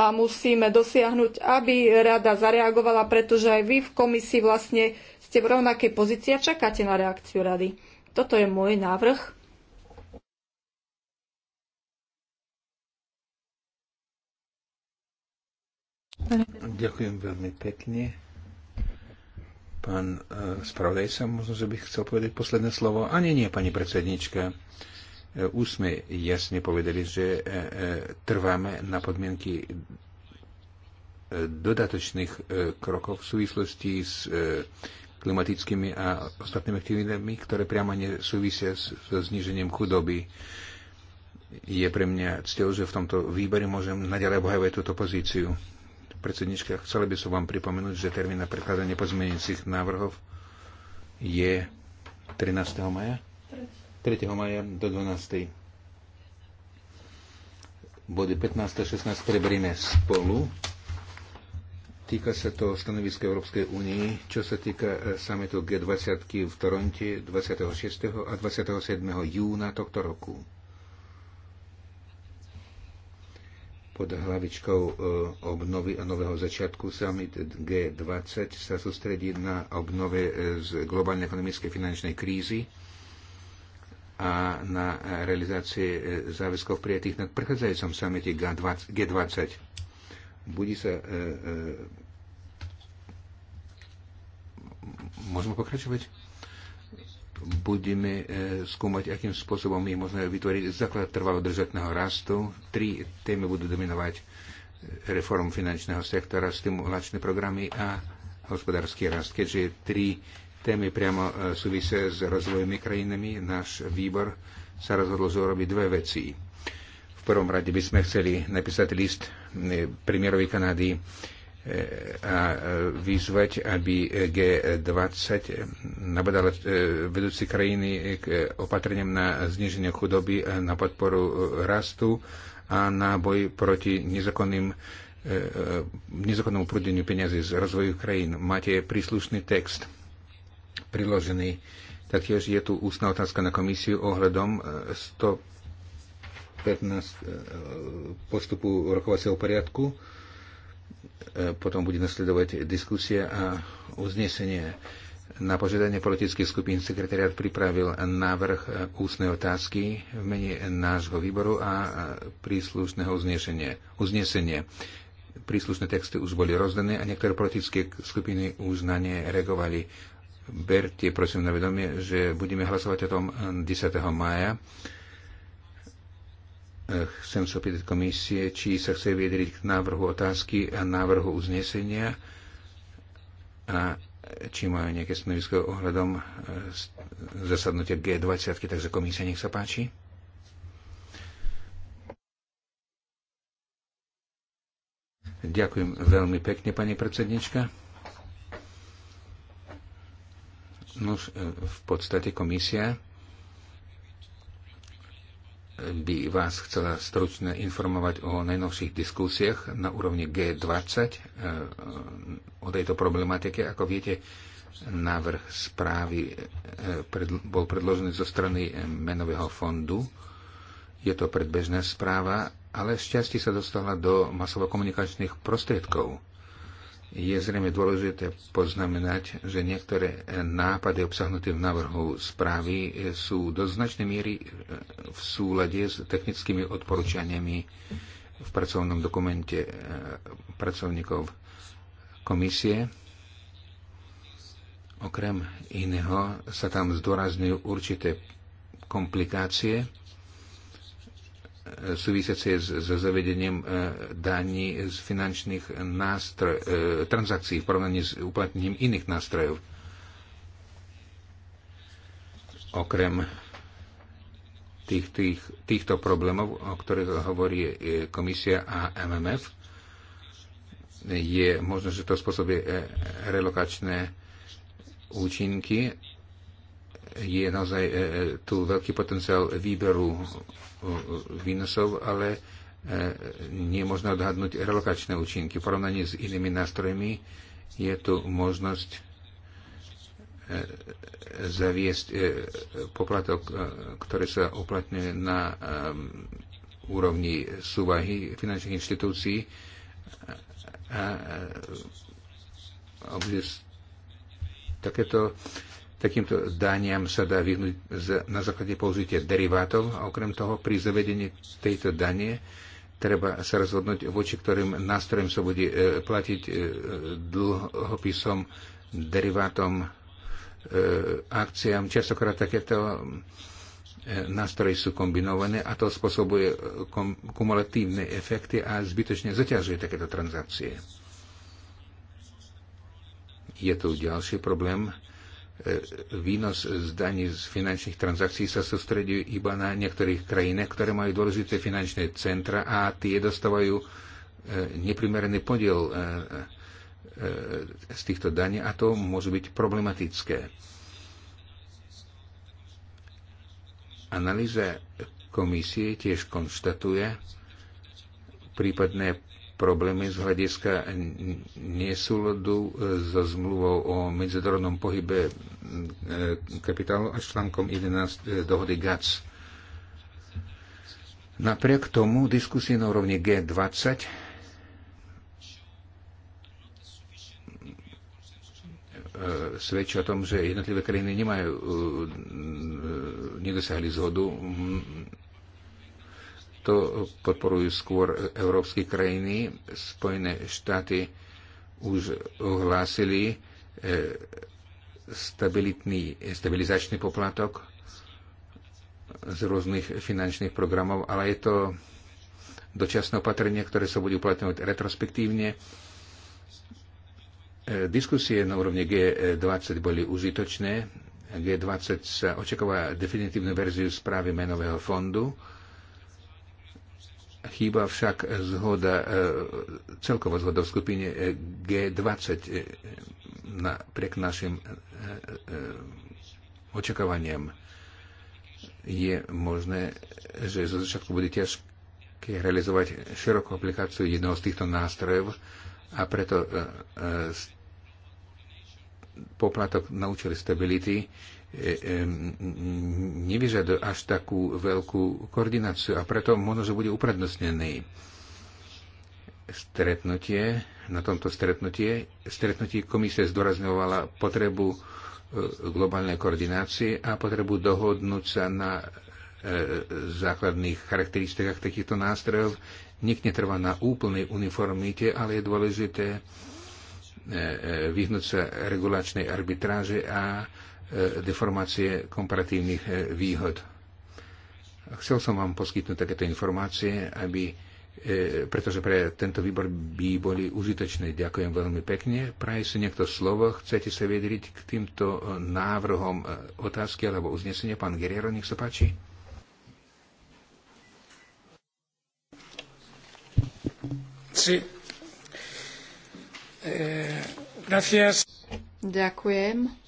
a musíme dosiahnuť, aby rada zareagovala, pretože aj vy v komisii vlastne ste v rovnakej pozícii a čakáte na reakciu rady. Toto je môj návrh. Ďakujem veľmi pekne. Pán e, eh, spravodajca, možno, že bych chcel povedať posledné slovo. Ani nie, pani predsednička. E, už sme jasne povedali, že e, e, trváme na podmienky e, dodatočných krokov v súvislosti s klimatickými a ostatnými aktivitami, ktoré priamo nesúvisia so znižením chudoby. Je pre mňa cťou, že v tomto výbere môžem naďalej obhajovať túto pozíciu. Predsednička, chcela by som vám pripomenúť, že termín na prekladanie pozmeniacich návrhov je 13. maja. 3. 3. maja do 12. Body 15 a 16 preberieme spolu. Týka sa to stanoviska Európskej únie, čo sa týka e, samitu G20 v Toronte 26. a 27. júna tohto roku. Pod hlavičkou e, obnovy a nového začiatku summit G20 sa sústredí na obnove e, z globálnej ekonomickej finančnej krízy a na realizácie záväzkov prijatých na prechádzajúcom samete G20. Bude sa... E, e, môžeme pokračovať? Budeme e, skúmať, akým spôsobom je možné vytvoriť základ trvalo držatného rastu. Tri témy budú dominovať e, reform finančného sektora, stimulačné programy a hospodársky rast, keďže tri témy priamo e, súvisia s rozvojmi krajinami. Náš výbor sa rozhodol urobiť dve veci. V prvom rade by sme chceli napísať list e, premiérovi Kanady e, a vyzvať, aby G20 nabadala vedúci krajiny k opatreniam na zniženie chudoby, na podporu rastu a na boj proti nezakonným nezakonnému prúdeniu peniazy z rozvoju krajín. Máte príslušný text priložený. Taktiež je tu ústna otázka na komisiu ohľadom 115 e, e, postupu rokovacieho poriadku. E, potom bude nasledovať diskusia a uznesenie. Na požiadanie politických skupín sekretariat pripravil návrh ústnej otázky v mene nášho výboru a príslušného uznesenie. uznesenie. Príslušné texty už boli rozdané a niektoré politické skupiny už na ne reagovali berte prosím na vedomie, že budeme hlasovať o tom 10. Eh, maja. Eh, chcem sa opýtať komisie, či sa chce vyjadriť k návrhu otázky a návrhu uznesenia a či majú nejaké stanovisko ohľadom eh, zasadnutia G20, takže komisia nech sa páči. Ďakujem veľmi pekne, pani predsednička. No, v podstate komisia by vás chcela stručne informovať o najnovších diskusiách na úrovni G20 e, o tejto problematike. Ako viete, návrh správy e, bol predložený zo strany Menového fondu. Je to predbežná správa, ale šťastie sa dostala do masovo komunikačných prostriedkov je zrejme dôležité poznamenať, že niektoré nápady obsahnuté v návrhu správy sú do značnej miery e, v súlade s technickými odporúčaniami v pracovnom dokumente e, pracovníkov komisie. Okrem iného sa tam zdôrazňujú určité komplikácie, súvisiace so zavedením e, daní z finančných nástroj, e, transakcií v porovnaní s uplatnením iných nástrojov. Okrem tých, tých, týchto problémov, o ktorých hovorí e, komisia a MMF, je možno, že to spôsobí relokačné účinky je naozaj tu veľký potenciál výberu výnosov, ale nie je možné odhadnúť relokačné účinky. V porovnaní s inými nástrojmi je tu možnosť zaviesť poplatok, ktorý sa uplatňuje na úrovni súvahy finančných inštitúcií a, a, a, a takéto Takýmto daniam sa dá vyhnúť na základe použitia derivátov a okrem toho pri zavedení tejto danie treba sa rozhodnúť, voči ktorým nástrojom sa bude e, platiť e, dlhopisom, derivátom, e, akciám. Častokrát takéto nástroje sú kombinované a to spôsobuje kumulatívne efekty a zbytočne zaťažuje takéto transakcie. Je tu ďalší problém E, výnos z daní z finančných transakcií sa sústredí iba na niektorých krajinách, ktoré majú dôležité finančné centra a tie dostávajú e, neprimerený podiel e, z týchto daní a to môže byť problematické. Analýza komisie tiež konštatuje prípadné problémy z hľadiska nesúladu e, so zmluvou o medzinárodnom pohybe e, kapitálu a článkom 11 e, dohody GATS. Napriek tomu diskusie na úrovni G20 svedčí o tom, že jednotlivé krajiny nemajú, nedosiahli zhodu to podporujú skôr európske krajiny. Spojené štáty už ohlásili e, stabilitný, stabilizačný poplatok z rôznych finančných programov, ale je to dočasné opatrenie, ktoré sa bude uplatňovať retrospektívne. E, diskusie na úrovni G20 boli užitočné. G20 sa očakáva definitívnu verziu správy menového fondu Chýba však zhoda, e, celková zhoda v skupine e, G20 e, napriek našim očakávaniam. Je možné, že zo začiatku bude ťažké realizovať širokú aplikáciu jedného z týchto nástrojov a preto poplatok na účely stability E, nevyžaduje až takú veľkú koordináciu a preto možno, že bude uprednostnený stretnutie, na tomto stretnutie, stretnutí komisie zdôrazňovala potrebu e, globálnej koordinácie a potrebu dohodnúť sa na e, základných charakteristikách takýchto nástrojov. Nik netrvá na úplnej uniformite, ale je dôležité vyhnúť sa regulačnej arbitráže a E, deformácie komparatívnych e, výhod. Chcel som vám poskytnúť takéto informácie, aby, e, pretože pre tento výbor by boli užitočné. Ďakujem veľmi pekne. Praje si niekto slovo. Chcete sa vyjadriť k týmto návrhom otázky alebo uznesenia? Pán Guerrero, nech sa páči. Sí. Eh, gracias. Ďakujem.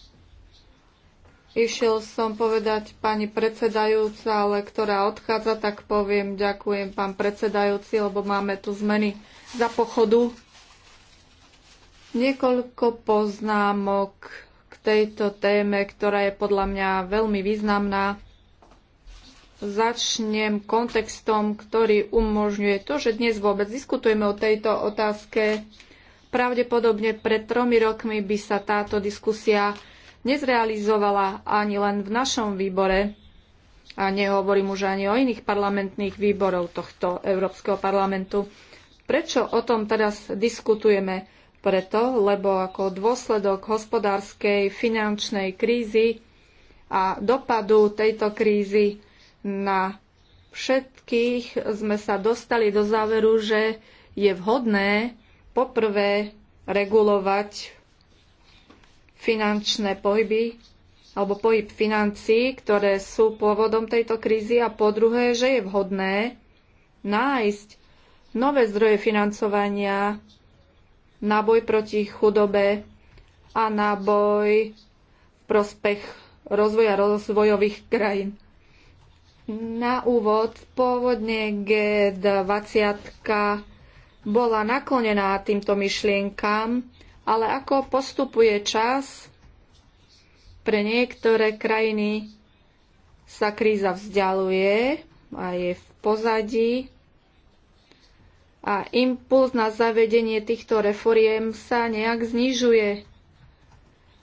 Išiel som povedať pani predsedajúca, ale ktorá odchádza, tak poviem ďakujem pán predsedajúci, lebo máme tu zmeny za pochodu. Niekoľko poznámok k tejto téme, ktorá je podľa mňa veľmi významná. Začnem kontextom, ktorý umožňuje to, že dnes vôbec diskutujeme o tejto otázke. Pravdepodobne pred tromi rokmi by sa táto diskusia nezrealizovala ani len v našom výbore. A nehovorím už ani o iných parlamentných výborov tohto Európskeho parlamentu. Prečo o tom teraz diskutujeme? Preto, lebo ako dôsledok hospodárskej finančnej krízy a dopadu tejto krízy na všetkých sme sa dostali do záveru, že je vhodné poprvé regulovať finančné pohyby alebo pohyb financií, ktoré sú pôvodom tejto krízy a po druhé, že je vhodné nájsť nové zdroje financovania na boj proti chudobe a na boj v prospech rozvoja rozvojových krajín. Na úvod pôvodne G20 bola naklonená týmto myšlienkam, ale ako postupuje čas, pre niektoré krajiny sa kríza vzdialuje a je v pozadí a impuls na zavedenie týchto reforiem sa nejak znižuje.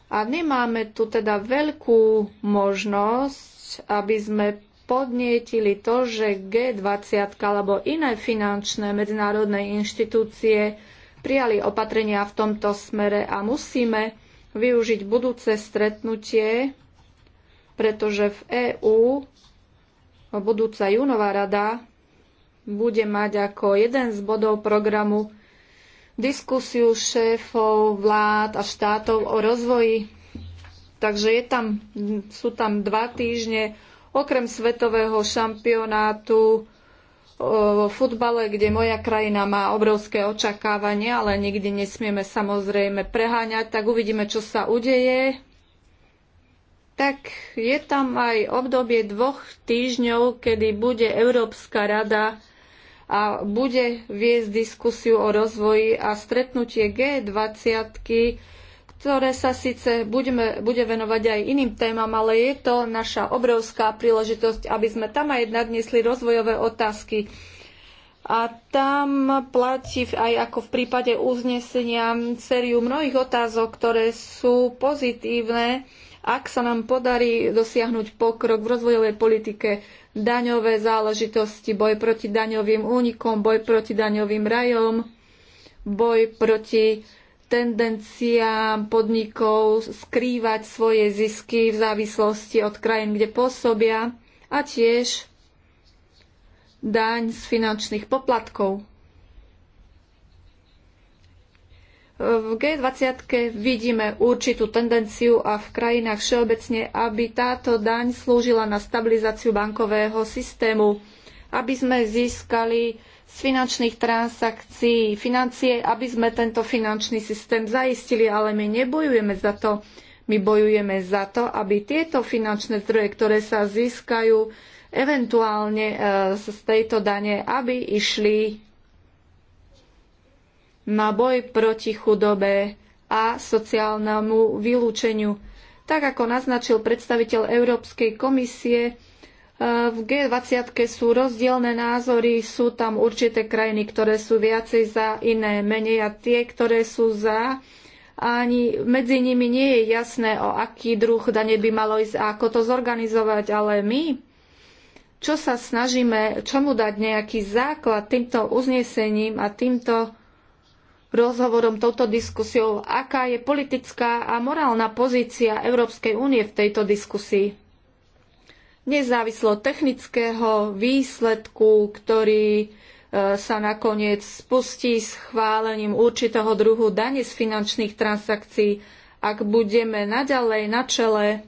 A nemáme tu teda veľkú možnosť, aby sme podnietili to, že G20 alebo iné finančné medzinárodné inštitúcie prijali opatrenia v tomto smere a musíme využiť budúce stretnutie, pretože v EÚ budúca júnová rada bude mať ako jeden z bodov programu diskusiu šéfov vlád a štátov o rozvoji. Takže je tam, sú tam dva týždne okrem svetového šampionátu o futbale, kde moja krajina má obrovské očakávania, ale nikdy nesmieme samozrejme preháňať, tak uvidíme, čo sa udeje. Tak je tam aj obdobie dvoch týždňov, kedy bude Európska rada a bude viesť diskusiu o rozvoji a stretnutie G20 ktoré sa síce budeme, bude venovať aj iným témam, ale je to naša obrovská príležitosť, aby sme tam aj nadniesli rozvojové otázky. A tam platí aj ako v prípade uznesenia sériu mnohých otázok, ktoré sú pozitívne, ak sa nám podarí dosiahnuť pokrok v rozvojovej politike, daňové záležitosti, boj proti daňovým únikom, boj proti daňovým rajom, boj proti tendencia podnikov skrývať svoje zisky v závislosti od krajín, kde pôsobia a tiež daň z finančných poplatkov. V G20 vidíme určitú tendenciu a v krajinách všeobecne, aby táto daň slúžila na stabilizáciu bankového systému, aby sme získali z finančných transakcií financie, aby sme tento finančný systém zaistili, ale my nebojujeme za to. My bojujeme za to, aby tieto finančné zdroje, ktoré sa získajú eventuálne e, z tejto dane, aby išli na boj proti chudobe a sociálnemu vylúčeniu. Tak ako naznačil predstaviteľ Európskej komisie, v G20 sú rozdielne názory, sú tam určité krajiny, ktoré sú viacej za, iné menej a tie, ktoré sú za, ani medzi nimi nie je jasné, o aký druh dane by malo ísť a ako to zorganizovať, ale my, čo sa snažíme, čomu dať nejaký základ týmto uznesením a týmto rozhovorom, touto diskusiou, aká je politická a morálna pozícia Európskej únie v tejto diskusii nezávislo technického výsledku, ktorý e, sa nakoniec spustí schválením určitého druhu dane z finančných transakcií, ak budeme naďalej na čele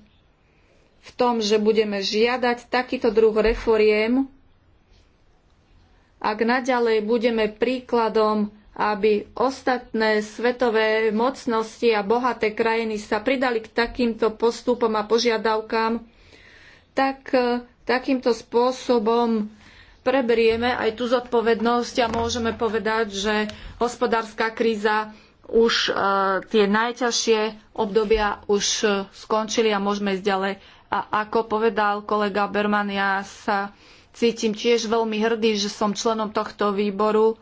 v tom, že budeme žiadať takýto druh reforiem, ak naďalej budeme príkladom, aby ostatné svetové mocnosti a bohaté krajiny sa pridali k takýmto postupom a požiadavkám, tak e, takýmto spôsobom preberieme aj tú zodpovednosť a môžeme povedať, že hospodárska kríza už e, tie najťažšie obdobia už e, skončili a môžeme ísť ďalej. A ako povedal kolega Berman, ja sa cítim tiež veľmi hrdý, že som členom tohto výboru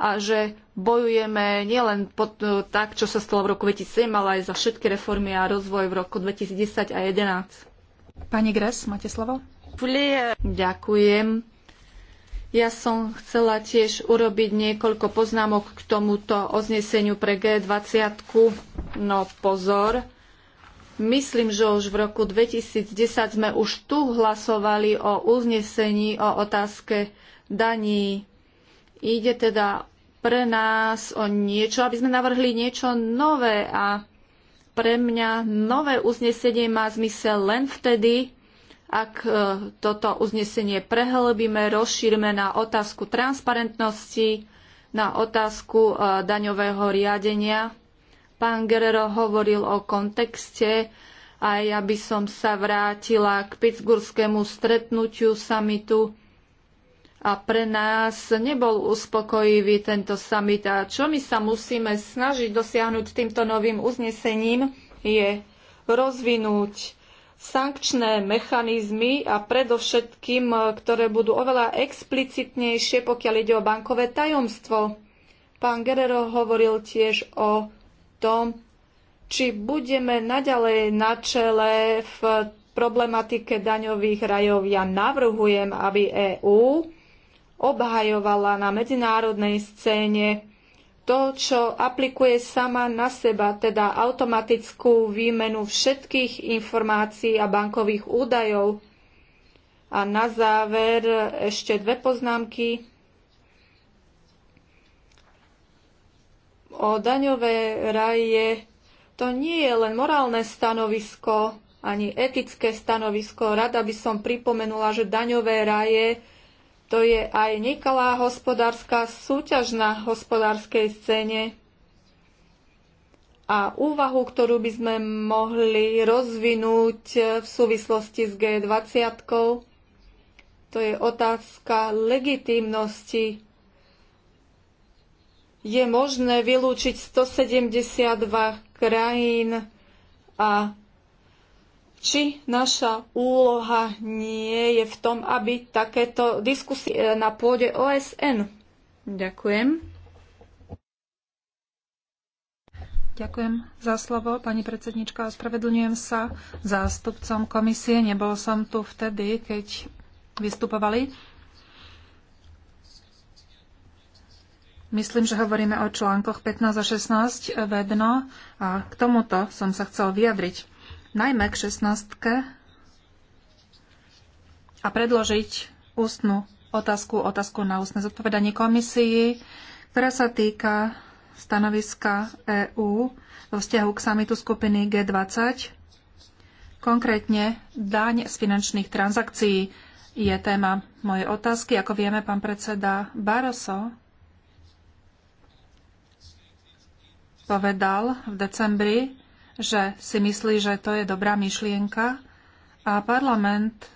a že bojujeme nielen pod, tak, čo sa stalo v roku 2007, ale aj za všetky reformy a rozvoj v roku 2010 a 2011. Pani Gres, máte slovo? Ďakujem. Ja som chcela tiež urobiť niekoľko poznámok k tomuto ozneseniu pre G20. No pozor, Myslím, že už v roku 2010 sme už tu hlasovali o uznesení o otázke daní. Ide teda pre nás o niečo, aby sme navrhli niečo nové a pre mňa nové uznesenie má zmysel len vtedy, ak e, toto uznesenie prehlbíme, rozšírme na otázku transparentnosti, na otázku e, daňového riadenia. Pán Guerrero hovoril o kontexte a ja by som sa vrátila k Pittsburghskému stretnutiu samitu a pre nás nebol uspokojivý tento summit. A čo my sa musíme snažiť dosiahnuť týmto novým uznesením je rozvinúť sankčné mechanizmy a predovšetkým, ktoré budú oveľa explicitnejšie, pokiaľ ide o bankové tajomstvo. Pán Guerrero hovoril tiež o tom, či budeme naďalej na čele v problematike daňových rajov. Ja navrhujem, aby EÚ obhajovala na medzinárodnej scéne to, čo aplikuje sama na seba, teda automatickú výmenu všetkých informácií a bankových údajov. A na záver ešte dve poznámky o daňové raje. To nie je len morálne stanovisko, ani etické stanovisko. Rada by som pripomenula, že daňové raje to je aj nekalá hospodárska súťaž na hospodárskej scéne. A úvahu, ktorú by sme mohli rozvinúť v súvislosti s G20, to je otázka legitímnosti. Je možné vylúčiť 172 krajín a či naša úloha nie je v tom, aby takéto diskusie na pôde OSN. Ďakujem. Ďakujem za slovo, pani predsednička. Ospravedlňujem sa zástupcom komisie. Nebol som tu vtedy, keď vystupovali. Myslím, že hovoríme o článkoch 15 a 16 vedno a k tomuto som sa chcel vyjadriť najmä k 16 a predložiť ústnu otázku, otázku na ústne zodpovedanie komisii, ktorá sa týka stanoviska EÚ vo vzťahu k samitu skupiny G20. Konkrétne daň z finančných transakcií je téma mojej otázky. Ako vieme, pán predseda Barroso povedal v decembri, že si myslí, že to je dobrá myšlienka a parlament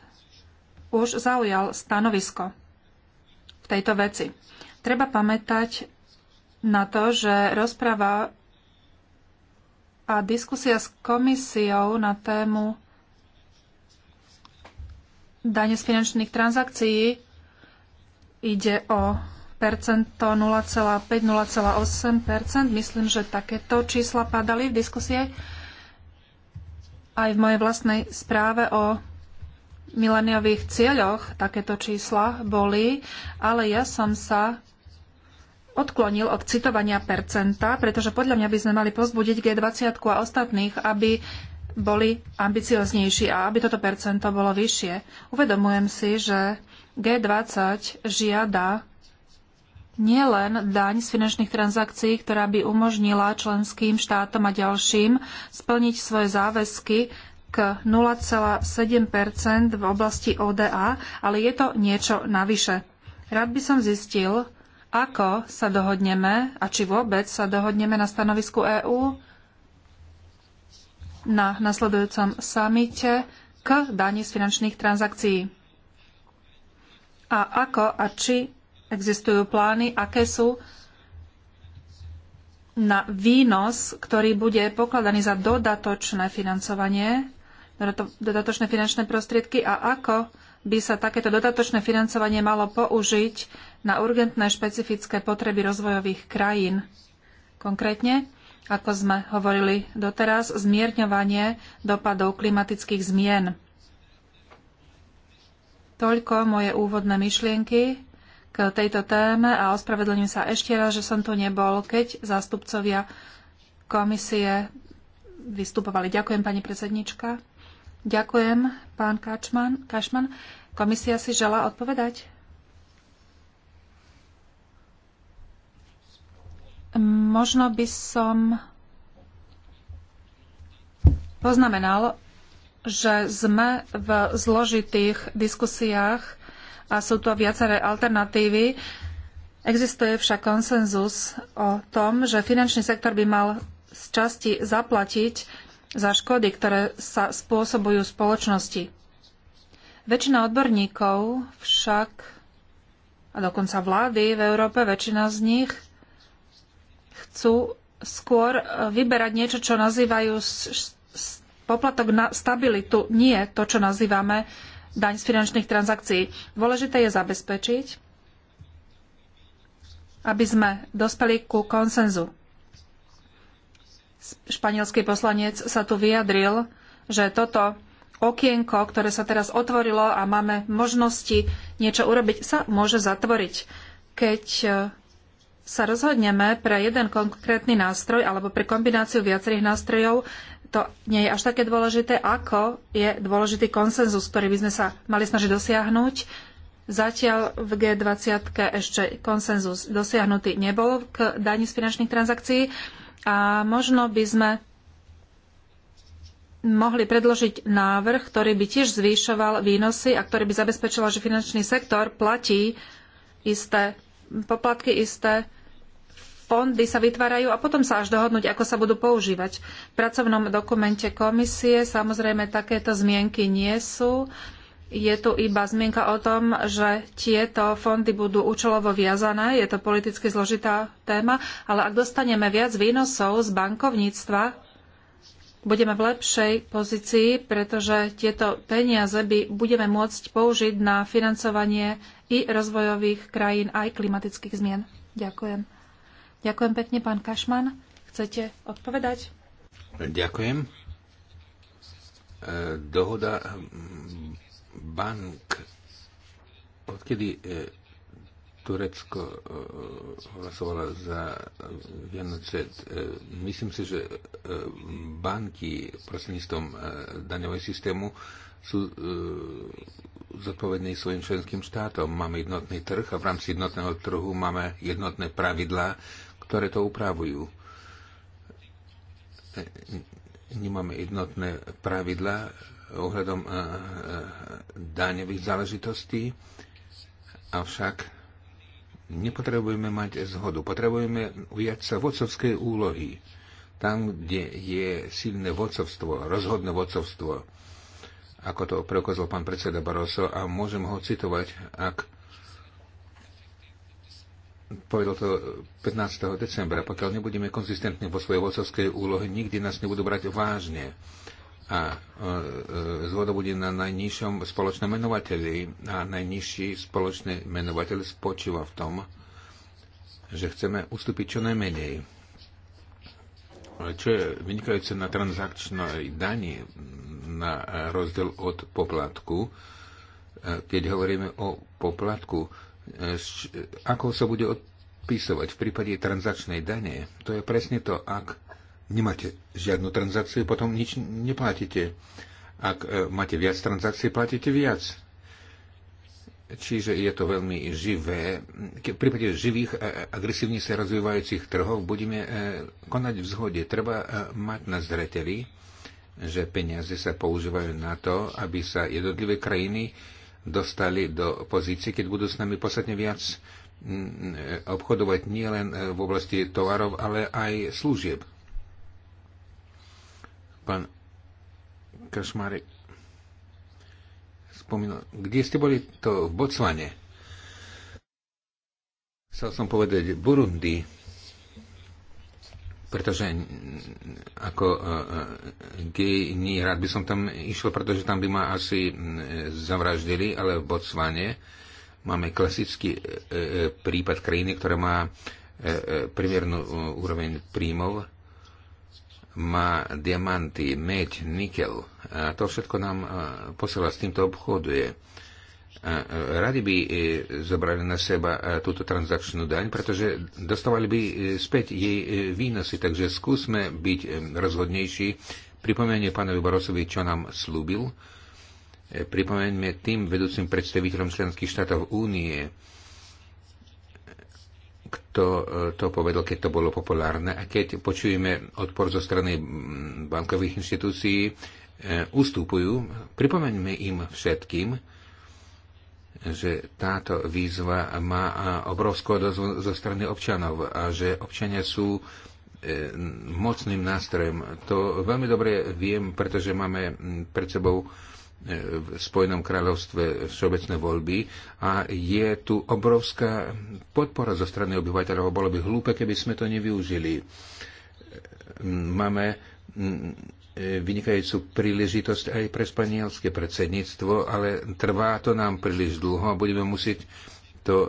už zaujal stanovisko v tejto veci. Treba pamätať na to, že rozprava a diskusia s komisiou na tému dane z finančných transakcií ide o percento 0,5-0,8%. Myslím, že takéto čísla padali v diskusie aj v mojej vlastnej správe o mileniových cieľoch takéto čísla boli, ale ja som sa odklonil od citovania percenta, pretože podľa mňa by sme mali pozbudiť G20 a ostatných, aby boli ambicioznejší a aby toto percento bolo vyššie. Uvedomujem si, že G20 žiada nielen daň z finančných transakcií, ktorá by umožnila členským štátom a ďalším splniť svoje záväzky k 0,7 v oblasti ODA, ale je to niečo navyše. Rád by som zistil, ako sa dohodneme a či vôbec sa dohodneme na stanovisku EÚ na nasledujúcom samite k dani z finančných transakcií. A ako a či Existujú plány, aké sú na výnos, ktorý bude pokladaný za dodatočné financovanie, dodatočné finančné prostriedky a ako by sa takéto dodatočné financovanie malo použiť na urgentné špecifické potreby rozvojových krajín. Konkrétne, ako sme hovorili doteraz, zmierňovanie dopadov klimatických zmien. Toľko moje úvodné myšlienky k tejto téme a ospravedlňujem sa ešte raz, že som tu nebol, keď zástupcovia komisie vystupovali. Ďakujem, pani predsednička. Ďakujem, pán Kačman. Kašman. Komisia si žela odpovedať? Možno by som poznamenal, že sme v zložitých diskusiách a sú tu viaceré alternatívy. Existuje však konsenzus o tom, že finančný sektor by mal z časti zaplatiť za škody, ktoré sa spôsobujú spoločnosti. Väčšina odborníkov však, a dokonca vlády v Európe, väčšina z nich chcú skôr vyberať niečo, čo nazývajú poplatok na stabilitu, nie to, čo nazývame daň z finančných transakcií. Dôležité je zabezpečiť, aby sme dospeli ku konsenzu. Španielský poslanec sa tu vyjadril, že toto okienko, ktoré sa teraz otvorilo a máme možnosti niečo urobiť, sa môže zatvoriť. Keď e, sa rozhodneme pre jeden konkrétny nástroj alebo pre kombináciu viacerých nástrojov, to nie je až také dôležité, ako je dôležitý konsenzus, ktorý by sme sa mali snažiť dosiahnuť. Zatiaľ v G20 ešte konsenzus dosiahnutý nebol k daní z finančných transakcií a možno by sme mohli predložiť návrh, ktorý by tiež zvýšoval výnosy a ktorý by zabezpečoval, že finančný sektor platí isté poplatky, isté fondy sa vytvárajú a potom sa až dohodnúť, ako sa budú používať. V pracovnom dokumente komisie samozrejme takéto zmienky nie sú. Je tu iba zmienka o tom, že tieto fondy budú účelovo viazané. Je to politicky zložitá téma, ale ak dostaneme viac výnosov z bankovníctva, budeme v lepšej pozícii, pretože tieto peniaze by budeme môcť použiť na financovanie i rozvojových krajín, aj klimatických zmien. Ďakujem. Ďakujem pekne, pán Kašman. Chcete odpovedať? Ďakujem. E, dohoda hm, bank, odkedy e, Turecko e, hlasovalo za Vianoce, myslím si, že banky prostredníctvom daňového systému sú zodpovední svojim členským štátom. Máme jednotný trh a v rámci jednotného trhu máme jednotné pravidlá ktoré to upravujú. E, nemáme jednotné pravidla ohľadom e, e, daňových záležitostí, avšak nepotrebujeme mať zhodu. Potrebujeme ujať sa vodcovskej úlohy. Tam, kde je silné vodcovstvo, rozhodné vodcovstvo, ako to preukázal pán predseda Barroso, a môžem ho citovať, ak povedal to 15. decembra, pokiaľ nebudeme konzistentní vo svojej vocovskej úlohe, nikdy nás nebudú brať vážne. A e, e, zvoda bude na najnižšom spoločnom menovateli. A najnižší spoločný menovateľ spočíva v tom, že chceme ustúpiť čo najmenej. Čo je vynikajúce na transakčnej dani, na rozdiel od poplatku, e, keď hovoríme o poplatku, E, ako sa bude odpisovať v prípade transakčnej dane. To je presne to, ak nemáte žiadnu transakciu, potom nič neplatíte. Ak e, máte viac transakcií, platíte viac. Čiže je to veľmi živé. V prípade živých, e, agresívne sa rozvíjajúcich trhov budeme konať v zhode. Treba mať na zreteli, že peniaze sa používajú na to, aby sa jednotlivé krajiny dostali do pozície, keď budú s nami podstatne viac mm, eh, obchodovať nielen eh, v oblasti tovarov, ale aj služieb. Pán Kašmarek spomínal, kde ste boli to v Bocvane? Chcel som povedať Burundi, pretože ako e, e, gej nie rád by som tam išiel, pretože tam by ma asi zavraždili, ale v Botsvane máme klasický e, prípad krajiny, ktorá má primernú úroveň príjmov, má diamanty, meď, nikel. A to všetko nám posiela, s týmto obchoduje rady by e, zobrali na seba e, túto transakčnú daň, pretože dostávali by e, späť jej výnosy. Takže skúsme byť rozhodnejší. Pripomenie pánovi Barosovi, čo nám slúbil. Pripomeňme tým vedúcim predstaviteľom členských štátov únie, kto to povedal, keď to bolo populárne. A keď počujeme odpor zo strany bankových inštitúcií, ustupujú. Pripomeňme im všetkým, že táto výzva má obrovskú odozvu zo strany občanov a že občania sú e, mocným nástrojem. To veľmi dobre viem, pretože máme pred sebou e, v Spojenom kráľovstve všeobecné voľby a je tu obrovská podpora zo strany obyvateľov. Bolo by hlúpe, keby sme to nevyužili. E, máme E, vynikajúcu príležitosť aj pre španielské predsedníctvo, ale trvá to nám príliš dlho a budeme musieť to e,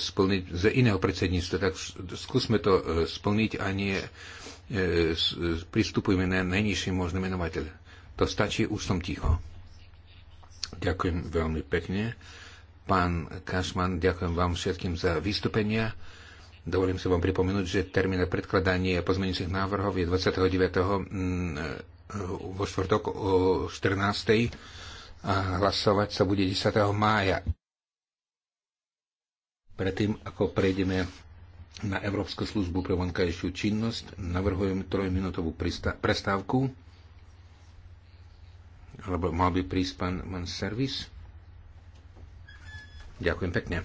splniť z iného predsedníctva. Tak skúsme to e, splniť a nie e, s, e, pristupujme na najnižší možný menovateľ. To stačí, už som ticho. Ďakujem veľmi pekne. Pán Kašman, ďakujem vám všetkým za vystúpenia. Dovolím sa vám pripomenúť, že termín na predkladanie pozmeňujúcich návrhov je 29 vo štvrtok o 14. a hlasovať sa bude 10. mája. Predtým, ako prejdeme na Európsku službu pre vonkajšiu činnosť, navrhujem trojminútovú prestávku, alebo mal by prísť pán, pán servis. Ďakujem pekne.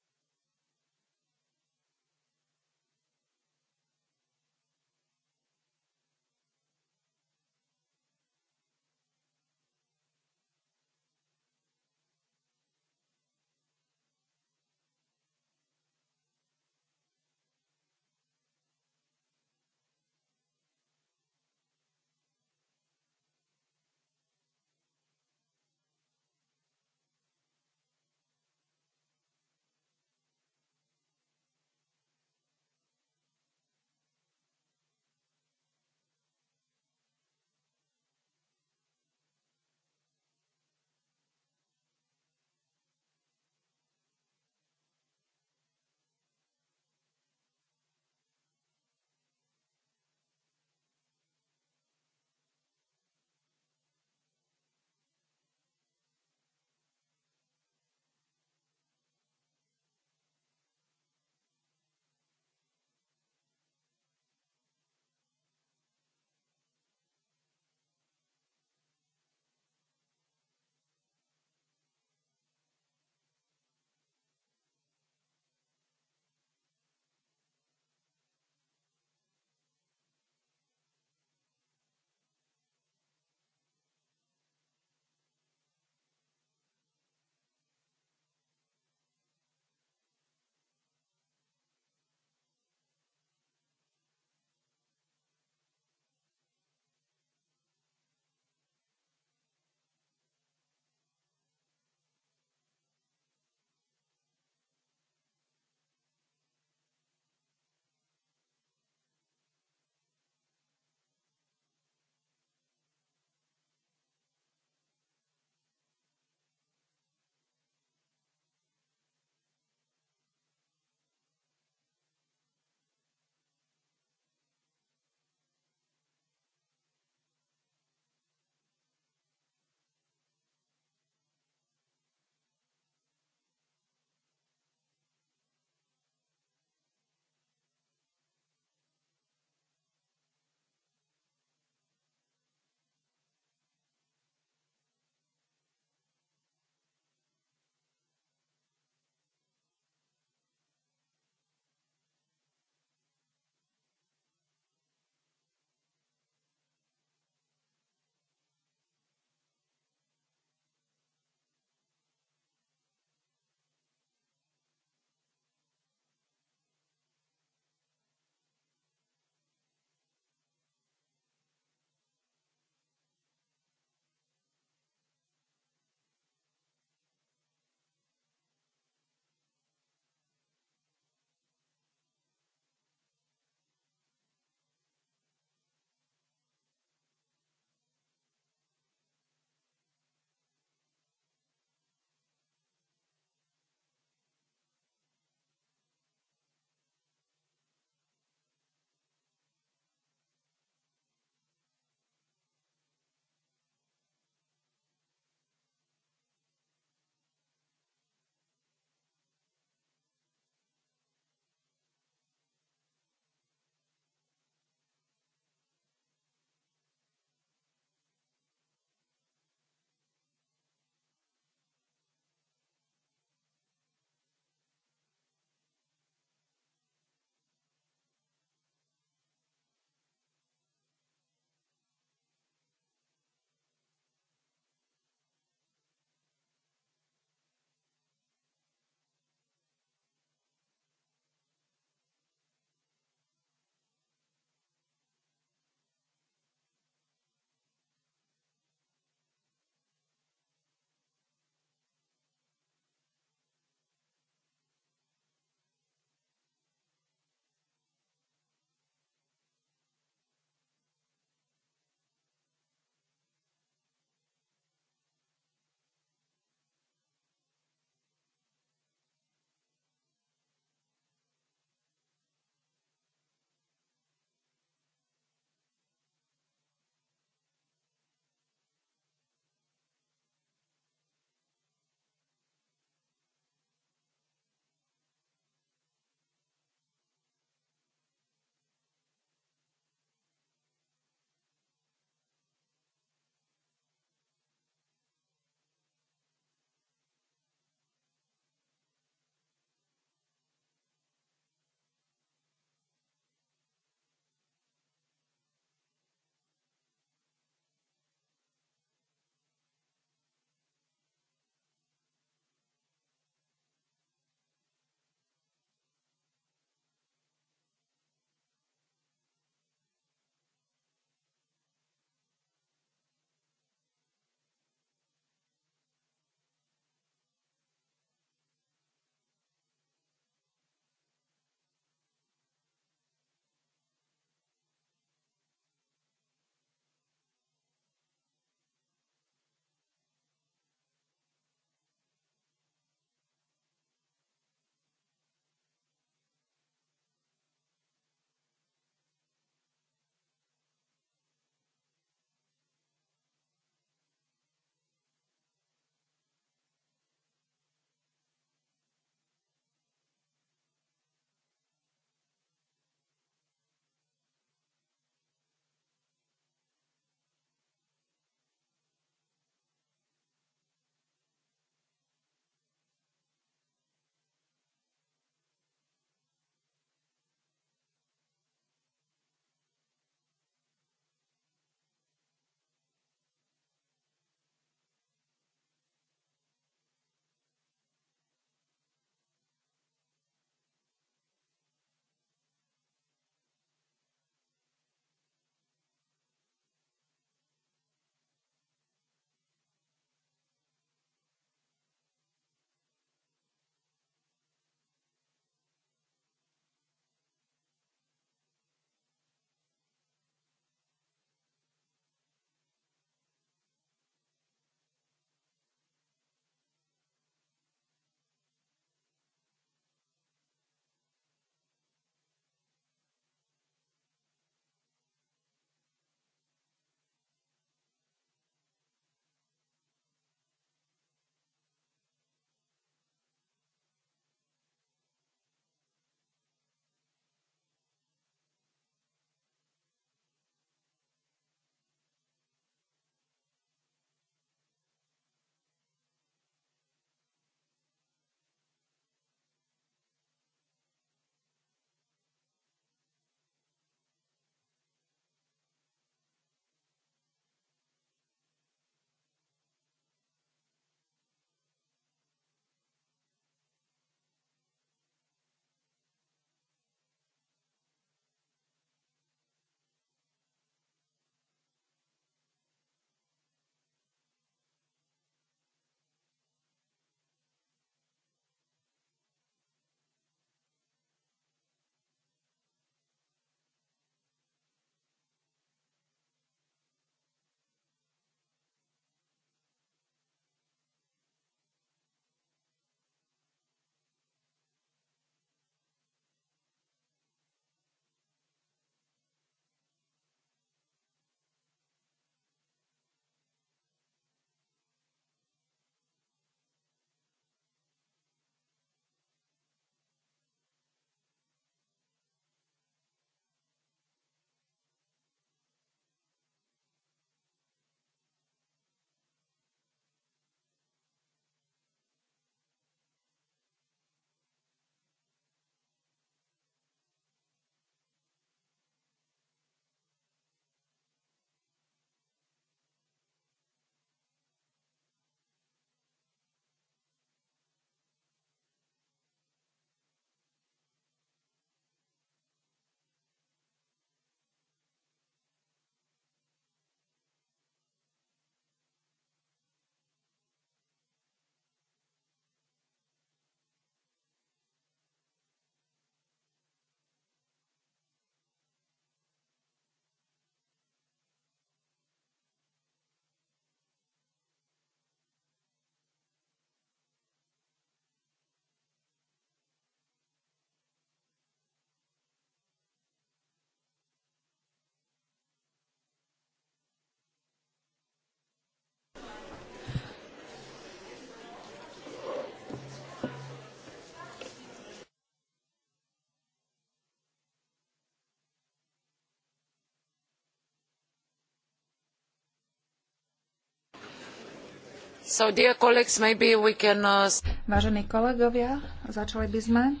So, can... Uh, Vážení kolegovia, začali by sme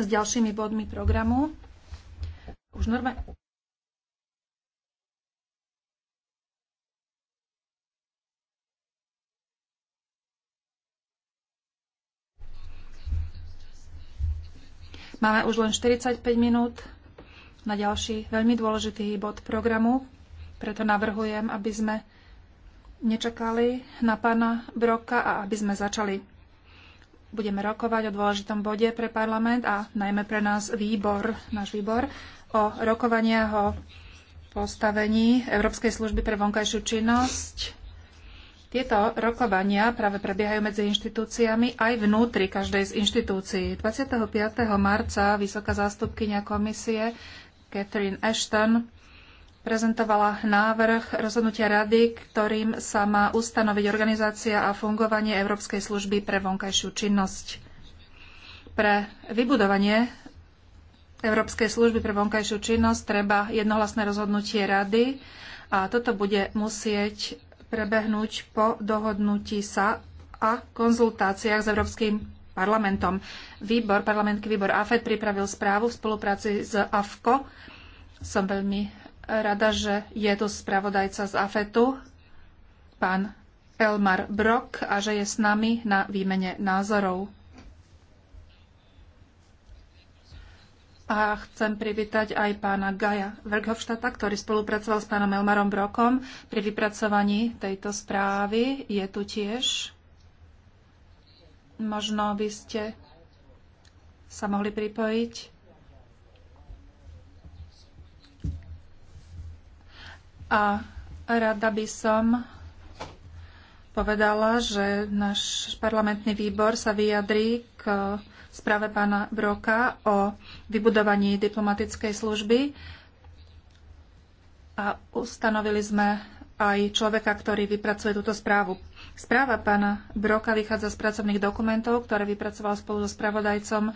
s ďalšími bodmi programu. Už normálne... Máme už len 45 minút na ďalší veľmi dôležitý bod programu, preto navrhujem, aby sme nečakali na pána Broka a aby sme začali. Budeme rokovať o dôležitom bode pre parlament a najmä pre nás výbor, náš výbor, o rokovania o postavení Európskej služby pre vonkajšiu činnosť. Tieto rokovania práve prebiehajú medzi inštitúciami aj vnútri každej z inštitúcií. 25. marca vysoká zástupkynia komisie Catherine Ashton prezentovala návrh rozhodnutia rady, ktorým sa má ustanoviť organizácia a fungovanie Európskej služby pre vonkajšiu činnosť. Pre vybudovanie Európskej služby pre vonkajšiu činnosť treba jednohlasné rozhodnutie rady a toto bude musieť prebehnúť po dohodnutí sa a konzultáciách s Európskym parlamentom. Výbor, parlamentný výbor AFED pripravil správu v spolupráci s AFKO. Som veľmi rada, že je tu spravodajca z AFETu, pán Elmar Brok, a že je s nami na výmene názorov. A chcem privítať aj pána Gaja Verghofštata, ktorý spolupracoval s pánom Elmarom Brokom pri vypracovaní tejto správy. Je tu tiež. Možno by ste sa mohli pripojiť. A rada by som povedala, že náš parlamentný výbor sa vyjadrí k správe pána Broka o vybudovaní diplomatickej služby a ustanovili sme aj človeka, ktorý vypracuje túto správu. Správa pána Broka vychádza z pracovných dokumentov, ktoré vypracoval spolu so spravodajcom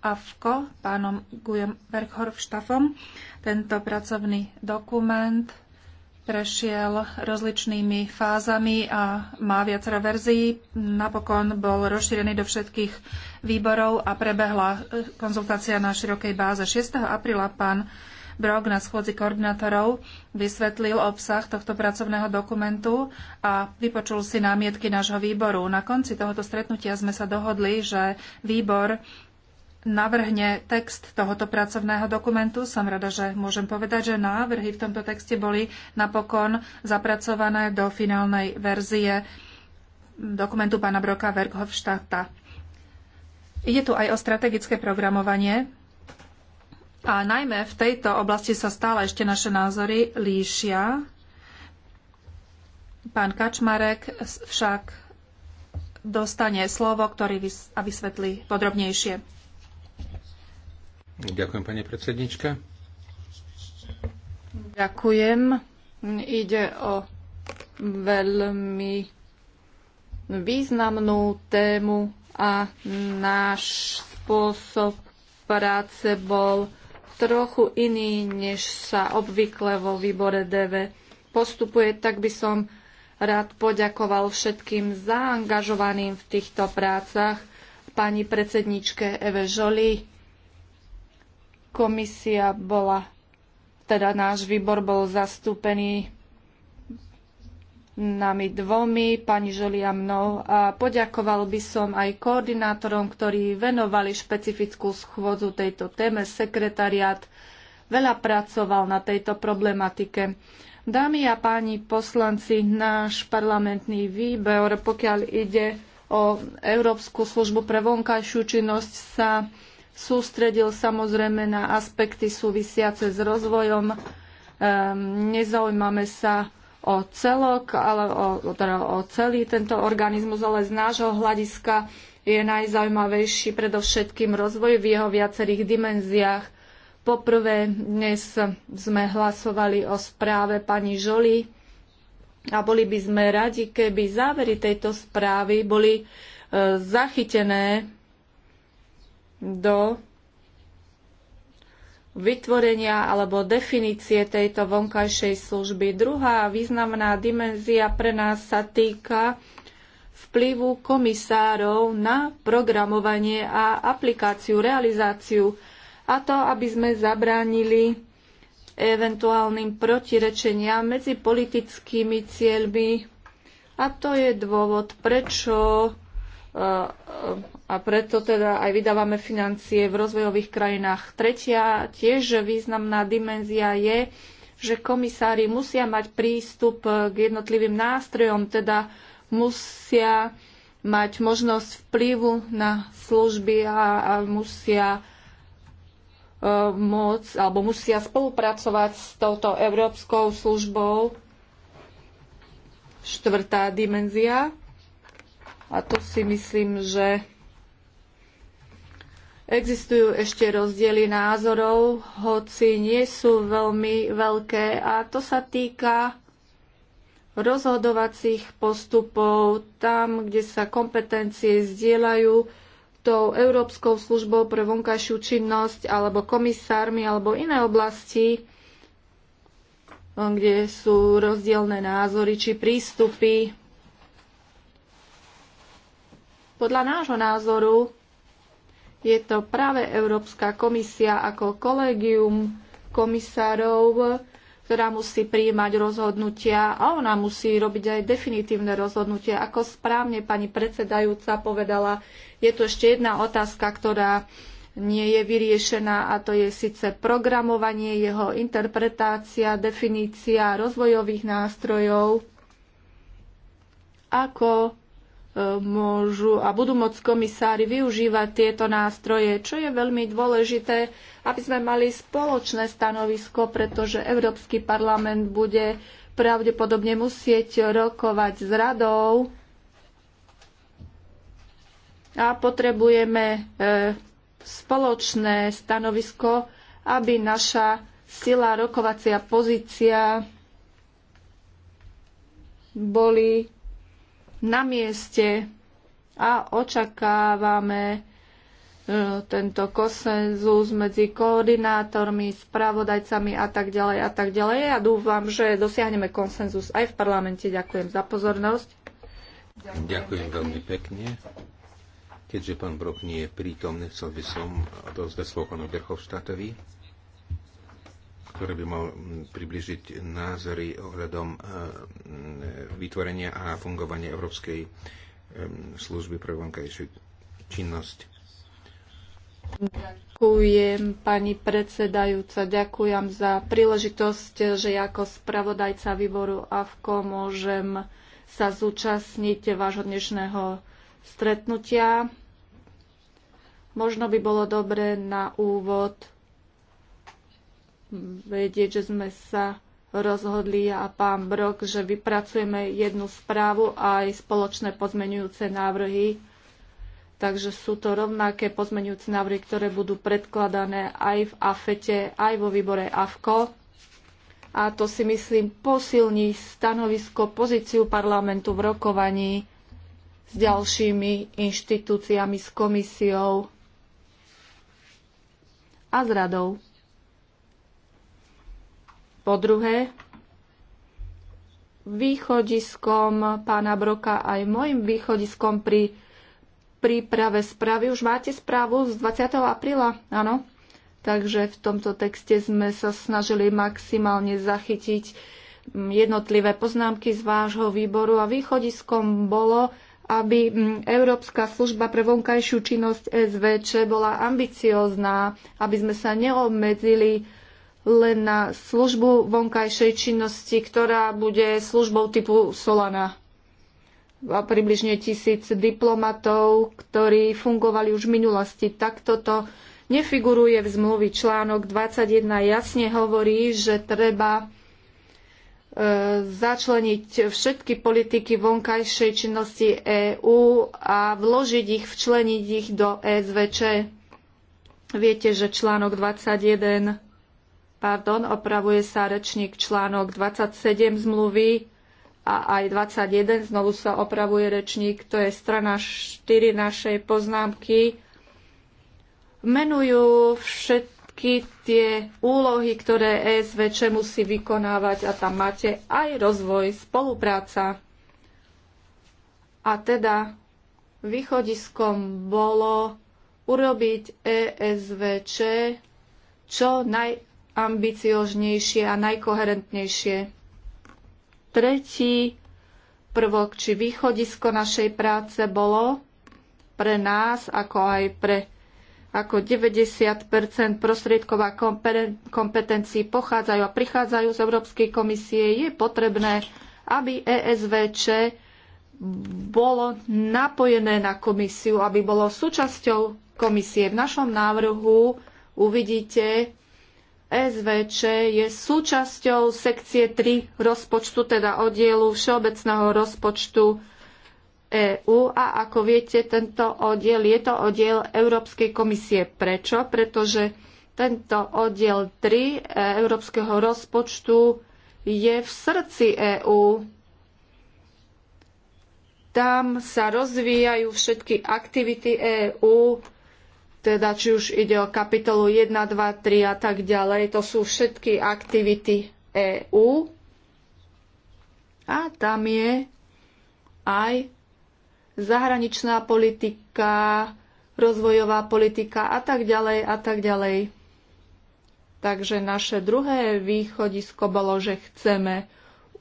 AFKO, pánom Gujem Berghorf Štafom. Tento pracovný dokument prešiel rozličnými fázami a má viacero verzií. Napokon bol rozšírený do všetkých výborov a prebehla eh, konzultácia na širokej báze. 6. apríla pán Brok na schôdzi koordinátorov vysvetlil obsah tohto pracovného dokumentu a vypočul si námietky nášho výboru. Na konci tohoto stretnutia sme sa dohodli, že výbor navrhne text tohoto pracovného dokumentu. Som rada, že môžem povedať, že návrhy v tomto texte boli napokon zapracované do finálnej verzie dokumentu pána Broka Verghofštáta. Ide tu aj o strategické programovanie a najmä v tejto oblasti sa stále ešte naše názory líšia. Pán Kačmarek však dostane slovo, ktorý vys- a vysvetlí podrobnejšie. Ďakujem, pani predsednička. Ďakujem. Ide o veľmi významnú tému a náš spôsob práce bol trochu iný, než sa obvykle vo výbore DV postupuje, tak by som rád poďakoval všetkým zaangažovaným v týchto prácach, pani predsedničke Eve Žoli, Komisia bola, teda náš výbor bol zastúpený nami dvomi, pani Žoli a mnou. A poďakoval by som aj koordinátorom, ktorí venovali špecifickú schôdzu tejto téme. Sekretariat veľa pracoval na tejto problematike. Dámy a páni poslanci, náš parlamentný výbor, pokiaľ ide o Európsku službu pre vonkajšiu činnosť, sa sústredil samozrejme na aspekty súvisiace s rozvojom. Ehm, nezaujímame sa o celok, ale o, teda o celý tento organizmus, ale z nášho hľadiska je najzaujímavejší predovšetkým rozvoj v jeho viacerých dimenziách. Poprvé dnes sme hlasovali o správe pani Žoli a boli by sme radi, keby závery tejto správy boli e, zachytené do vytvorenia alebo definície tejto vonkajšej služby. Druhá významná dimenzia pre nás sa týka vplyvu komisárov na programovanie a aplikáciu, realizáciu a to, aby sme zabránili eventuálnym protirečeniam medzi politickými cieľmi a to je dôvod, prečo e, a preto teda aj vydávame financie v rozvojových krajinách. Tretia tiež významná dimenzia je, že komisári musia mať prístup k jednotlivým nástrojom, teda musia mať možnosť vplyvu na služby a, a musia e, môcť alebo musia spolupracovať s touto Európskou službou. Štvrtá dimenzia. A tu si myslím, že Existujú ešte rozdiely názorov, hoci nie sú veľmi veľké a to sa týka rozhodovacích postupov tam, kde sa kompetencie zdieľajú tou Európskou službou pre vonkajšiu činnosť alebo komisármi alebo iné oblasti, kde sú rozdielne názory či prístupy. Podľa nášho názoru je to práve Európska komisia ako kolegium komisárov, ktorá musí prijímať rozhodnutia a ona musí robiť aj definitívne rozhodnutia. Ako správne pani predsedajúca povedala, je tu ešte jedna otázka, ktorá nie je vyriešená a to je síce programovanie, jeho interpretácia, definícia rozvojových nástrojov, ako môžu a budú môcť komisári využívať tieto nástroje, čo je veľmi dôležité, aby sme mali spoločné stanovisko, pretože Európsky parlament bude pravdepodobne musieť rokovať s radou a potrebujeme e, spoločné stanovisko, aby naša sila, rokovacia pozícia boli na mieste a očakávame e, tento konsenzus medzi koordinátormi, spravodajcami a tak ďalej a tak ďalej. Ja dúfam, že dosiahneme konsenzus aj v parlamente. Ďakujem za pozornosť. Ďakujem, Ďakujem veľmi pekne. Keďže pán Brok nie je prítomný, chcel by som dosť slovo pánu ktoré by mal mm, približiť názory ohľadom eh, vytvorenia a fungovania Európskej služby pre vonkajšiu činnosť. Ďakujem, pani predsedajúca. Ďakujem za príležitosť, že ako spravodajca výboru AVKO môžem sa zúčastniť vášho dnešného stretnutia. Možno by bolo dobre na úvod vedieť, že sme sa rozhodli a pán Brok, že vypracujeme jednu správu a aj spoločné pozmenujúce návrhy. Takže sú to rovnaké pozmenujúce návrhy, ktoré budú predkladané aj v AFETE, aj vo výbore AFKO. A to si myslím posilní stanovisko, pozíciu parlamentu v rokovaní s ďalšími inštitúciami, s komisiou a s radou. Po druhé, východiskom pána Broka aj môjim východiskom pri príprave správy. Už máte správu z 20. apríla, áno? Takže v tomto texte sme sa snažili maximálne zachytiť mm, jednotlivé poznámky z vášho výboru a východiskom bolo, aby mm, Európska služba pre vonkajšiu činnosť SVČ bola ambiciozná, aby sme sa neobmedzili len na službu vonkajšej činnosti, ktorá bude službou typu Solana. A približne tisíc diplomatov, ktorí fungovali už v minulosti. Takto to nefiguruje v zmluvi. Článok 21 jasne hovorí, že treba e, začleniť všetky politiky vonkajšej činnosti EÚ a vložiť ich, včleniť ich do ESVČ. Viete, že článok 21 pardon, opravuje sa rečník článok 27 zmluvy a aj 21, znovu sa opravuje rečník, to je strana 4 našej poznámky. Menujú všetky tie úlohy, ktoré ESVČ musí vykonávať a tam máte aj rozvoj, spolupráca. A teda východiskom bolo urobiť ESVČ čo naj ambicioznejšie a najkoherentnejšie. Tretí prvok či východisko našej práce bolo pre nás, ako aj pre ako 90 prostriedkov a kompetencií pochádzajú a prichádzajú z Európskej komisie, je potrebné, aby ESVČ bolo napojené na komisiu, aby bolo súčasťou komisie. V našom návrhu uvidíte, SVČ je súčasťou sekcie 3 rozpočtu, teda oddielu Všeobecného rozpočtu EÚ a ako viete, tento oddiel je to oddiel Európskej komisie. Prečo? Pretože tento oddiel 3 e, Európskeho rozpočtu je v srdci EÚ. Tam sa rozvíjajú všetky aktivity EÚ teda či už ide o kapitolu 1, 2, 3 a tak ďalej. To sú všetky aktivity EÚ. A tam je aj zahraničná politika, rozvojová politika a tak ďalej a tak ďalej. Takže naše druhé východisko bolo, že chceme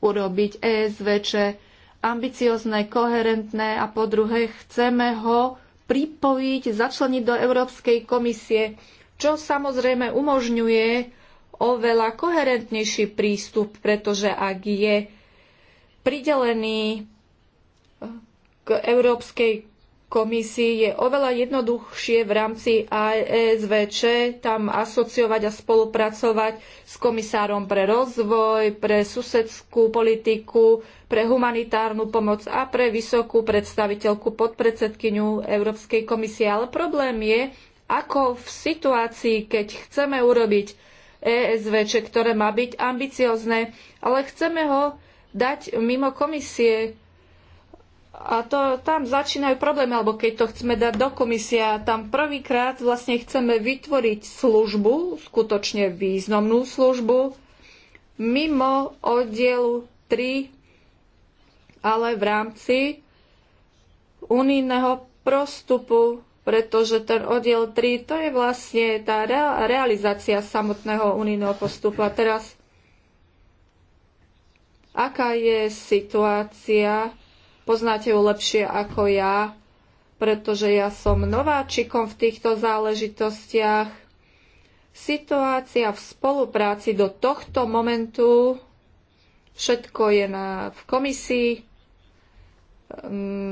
urobiť ESVČ ambiciozne, koherentné a po druhé chceme ho pripojiť, začleniť do Európskej komisie, čo samozrejme umožňuje oveľa koherentnejší prístup, pretože ak je pridelený k Európskej komisii je oveľa jednoduchšie v rámci ESVČ tam asociovať a spolupracovať s komisárom pre rozvoj, pre susedskú politiku, pre humanitárnu pomoc a pre vysokú predstaviteľku podpredsedkyňu Európskej komisie. Ale problém je, ako v situácii, keď chceme urobiť ESVČ, ktoré má byť ambiciozne, ale chceme ho dať mimo komisie, a to, tam začínajú problémy, alebo keď to chceme dať do komisia, tam prvýkrát vlastne chceme vytvoriť službu, skutočne významnú službu, mimo oddielu 3, ale v rámci unijného prostupu, pretože ten oddiel 3 to je vlastne tá realizácia samotného unijného postupu. A teraz, aká je situácia? Poznáte ju lepšie ako ja, pretože ja som nováčikom v týchto záležitostiach. Situácia v spolupráci do tohto momentu, všetko je na, v komisii,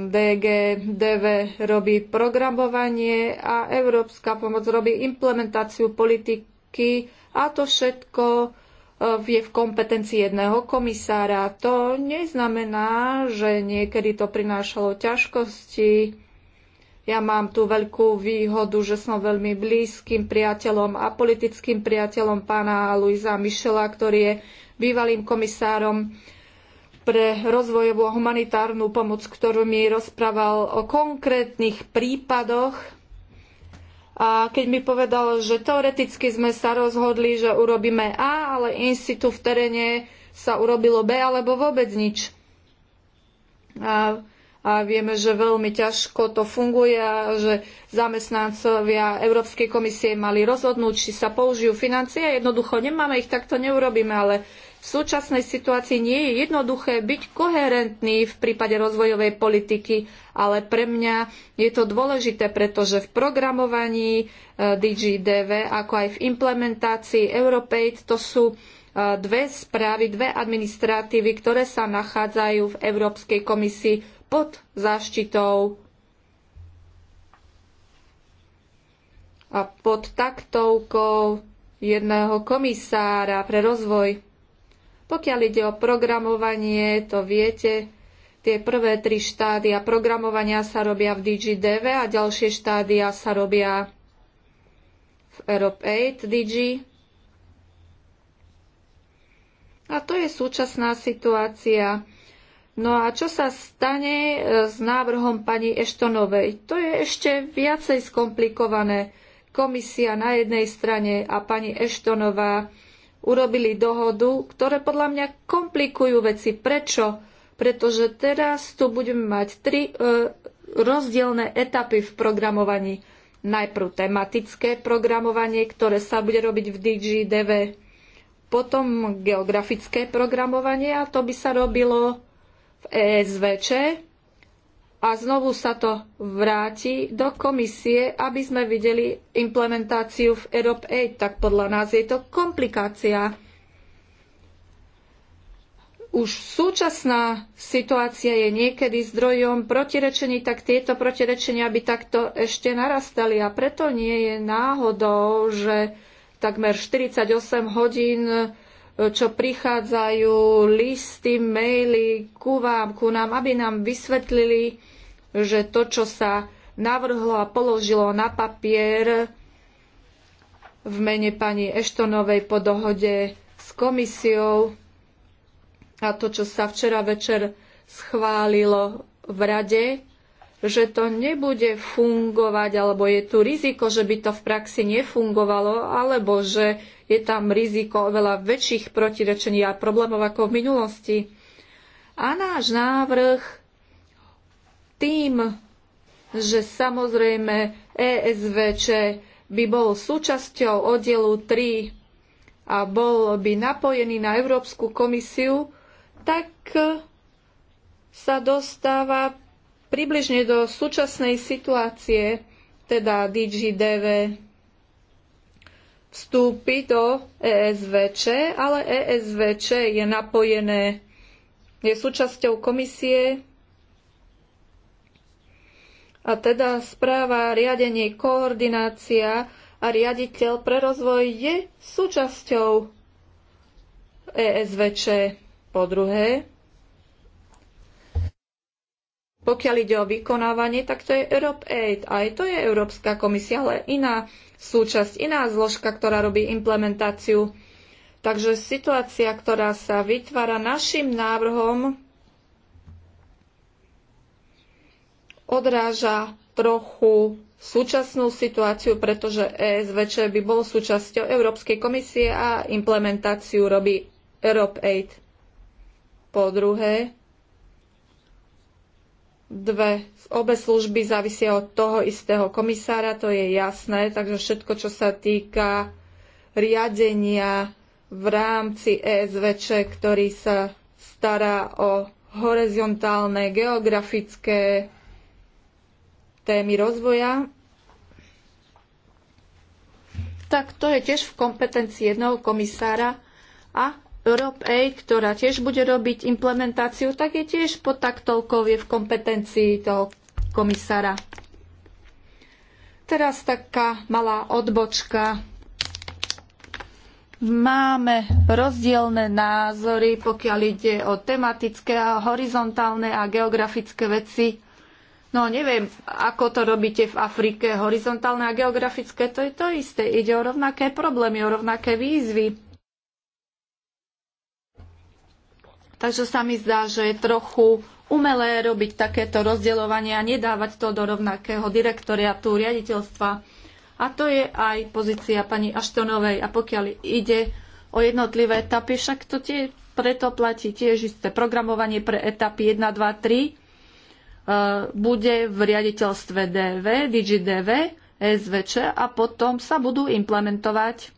DG, mm, DV robí programovanie a Európska pomoc robí implementáciu politiky a to všetko je v kompetencii jedného komisára. To neznamená, že niekedy to prinášalo ťažkosti. Ja mám tú veľkú výhodu, že som veľmi blízkym priateľom a politickým priateľom pána Luisa Mišela, ktorý je bývalým komisárom pre rozvojovú a humanitárnu pomoc, ktorú mi rozprával o konkrétnych prípadoch a keď mi povedal, že teoreticky sme sa rozhodli, že urobíme A, ale in situ v teréne sa urobilo B alebo vôbec nič. A, a vieme, že veľmi ťažko to funguje a že zamestnancovia Európskej komisie mali rozhodnúť, či sa použijú financie. Jednoducho nemáme ich, tak to neurobíme, ale v súčasnej situácii nie je jednoduché byť koherentný v prípade rozvojovej politiky, ale pre mňa je to dôležité, pretože v programovaní eh, DGDV, ako aj v implementácii Europaid, to sú eh, dve správy, dve administratívy, ktoré sa nachádzajú v Európskej komisii pod záštitou a pod taktovkou jedného komisára pre rozvoj pokiaľ ide o programovanie, to viete, tie prvé tri štádia programovania sa robia v DigiDev a ďalšie štádia sa robia v Europe 8 Digi. A to je súčasná situácia. No a čo sa stane e, s návrhom pani Eštonovej? To je ešte viacej skomplikované. Komisia na jednej strane a pani Eštonová urobili dohodu, ktoré podľa mňa komplikujú veci. Prečo? Pretože teraz tu budeme mať tri e, rozdielne etapy v programovaní. Najprv tematické programovanie, ktoré sa bude robiť v DGDV, potom geografické programovanie a to by sa robilo v ESVČ a znovu sa to vráti do komisie, aby sme videli implementáciu v Europe Aid. Tak podľa nás je to komplikácia. Už súčasná situácia je niekedy zdrojom protirečení, tak tieto protirečenia by takto ešte narastali. A preto nie je náhodou, že takmer 48 hodín čo prichádzajú listy, maily ku vám, ku nám, aby nám vysvetlili, že to, čo sa navrhlo a položilo na papier v mene pani Eštonovej po dohode s komisiou a to, čo sa včera večer schválilo v rade, že to nebude fungovať, alebo je tu riziko, že by to v praxi nefungovalo, alebo že je tam riziko oveľa väčších protirečení a problémov ako v minulosti. A náš návrh tým, že samozrejme ESVČ by bol súčasťou oddielu 3 a bol by napojený na Európsku komisiu, tak sa dostáva približne do súčasnej situácie, teda DGDV vstúpi do ESVČ, ale ESVČ je napojené, je súčasťou komisie a teda správa, riadenie, koordinácia a riaditeľ pre rozvoj je súčasťou ESVČ. Po druhé, pokiaľ ide o vykonávanie, tak to je Europe Aid. Aj to je Európska komisia, ale iná súčasť, iná zložka, ktorá robí implementáciu. Takže situácia, ktorá sa vytvára našim návrhom, odráža trochu súčasnú situáciu, pretože ESVČ by bol súčasťou Európskej komisie a implementáciu robí Europe Aid. Po druhé, dve, obe služby závisia od toho istého komisára, to je jasné, takže všetko, čo sa týka riadenia v rámci ESVČ, ktorý sa stará o horizontálne geografické témy rozvoja, tak to je tiež v kompetencii jedného komisára a EuropeAid, ktorá tiež bude robiť implementáciu, tak je tiež pod taktovkou, je v kompetencii toho komisára. Teraz taká malá odbočka. Máme rozdielne názory, pokiaľ ide o tematické a horizontálne a geografické veci. No neviem, ako to robíte v Afrike. Horizontálne a geografické, to je to isté. Ide o rovnaké problémy, o rovnaké výzvy. Takže sa mi zdá, že je trochu umelé robiť takéto rozdeľovanie a nedávať to do rovnakého direktoriatu, riaditeľstva. A to je aj pozícia pani Aštonovej. A pokiaľ ide o jednotlivé etapy, však to tie, preto platí tiež isté programovanie pre etapy 1, 2, 3 bude v riaditeľstve DV, DigiDV, SVČ a potom sa budú implementovať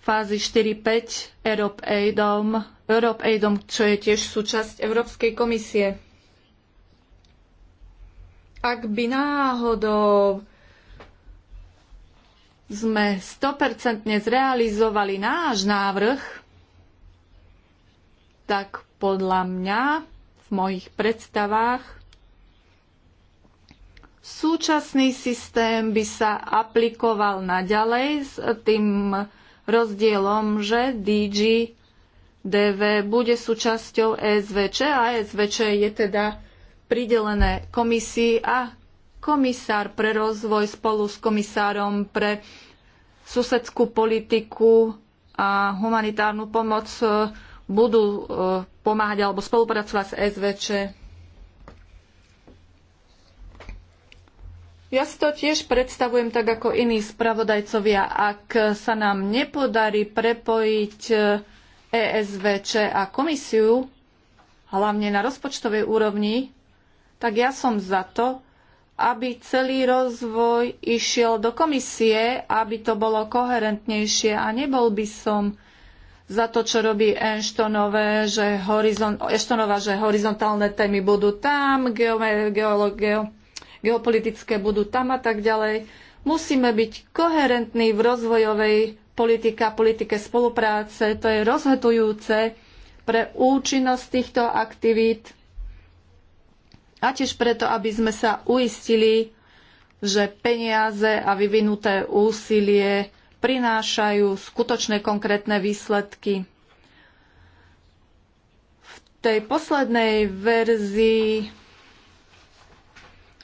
fázy 4-5 Europe Aidom Europe Aidom, čo je tiež súčasť Európskej komisie. Ak by náhodou sme 100% zrealizovali náš návrh, tak podľa mňa v mojich predstavách súčasný systém by sa aplikoval naďalej s tým rozdielom, že DG DV bude súčasťou ESVČ a ESVČ je teda pridelené komisii a komisár pre rozvoj spolu s komisárom pre susedskú politiku a humanitárnu pomoc e, budú e, pomáhať alebo spolupracovať s e SVČ. Ja si to tiež predstavujem tak ako iní spravodajcovia. Ak sa nám nepodarí prepojiť ESVČ a komisiu, hlavne na rozpočtovej úrovni, tak ja som za to, aby celý rozvoj išiel do komisie, aby to bolo koherentnejšie a nebol by som za to, čo robí Enštonové, že horizon, že horizontálne témy budú tam, geolo, geopolitické budú tam a tak ďalej. Musíme byť koherentní v rozvojovej politika, politike spolupráce. To je rozhodujúce pre účinnosť týchto aktivít a tiež preto, aby sme sa uistili, že peniaze a vyvinuté úsilie prinášajú skutočné konkrétne výsledky. V tej poslednej verzii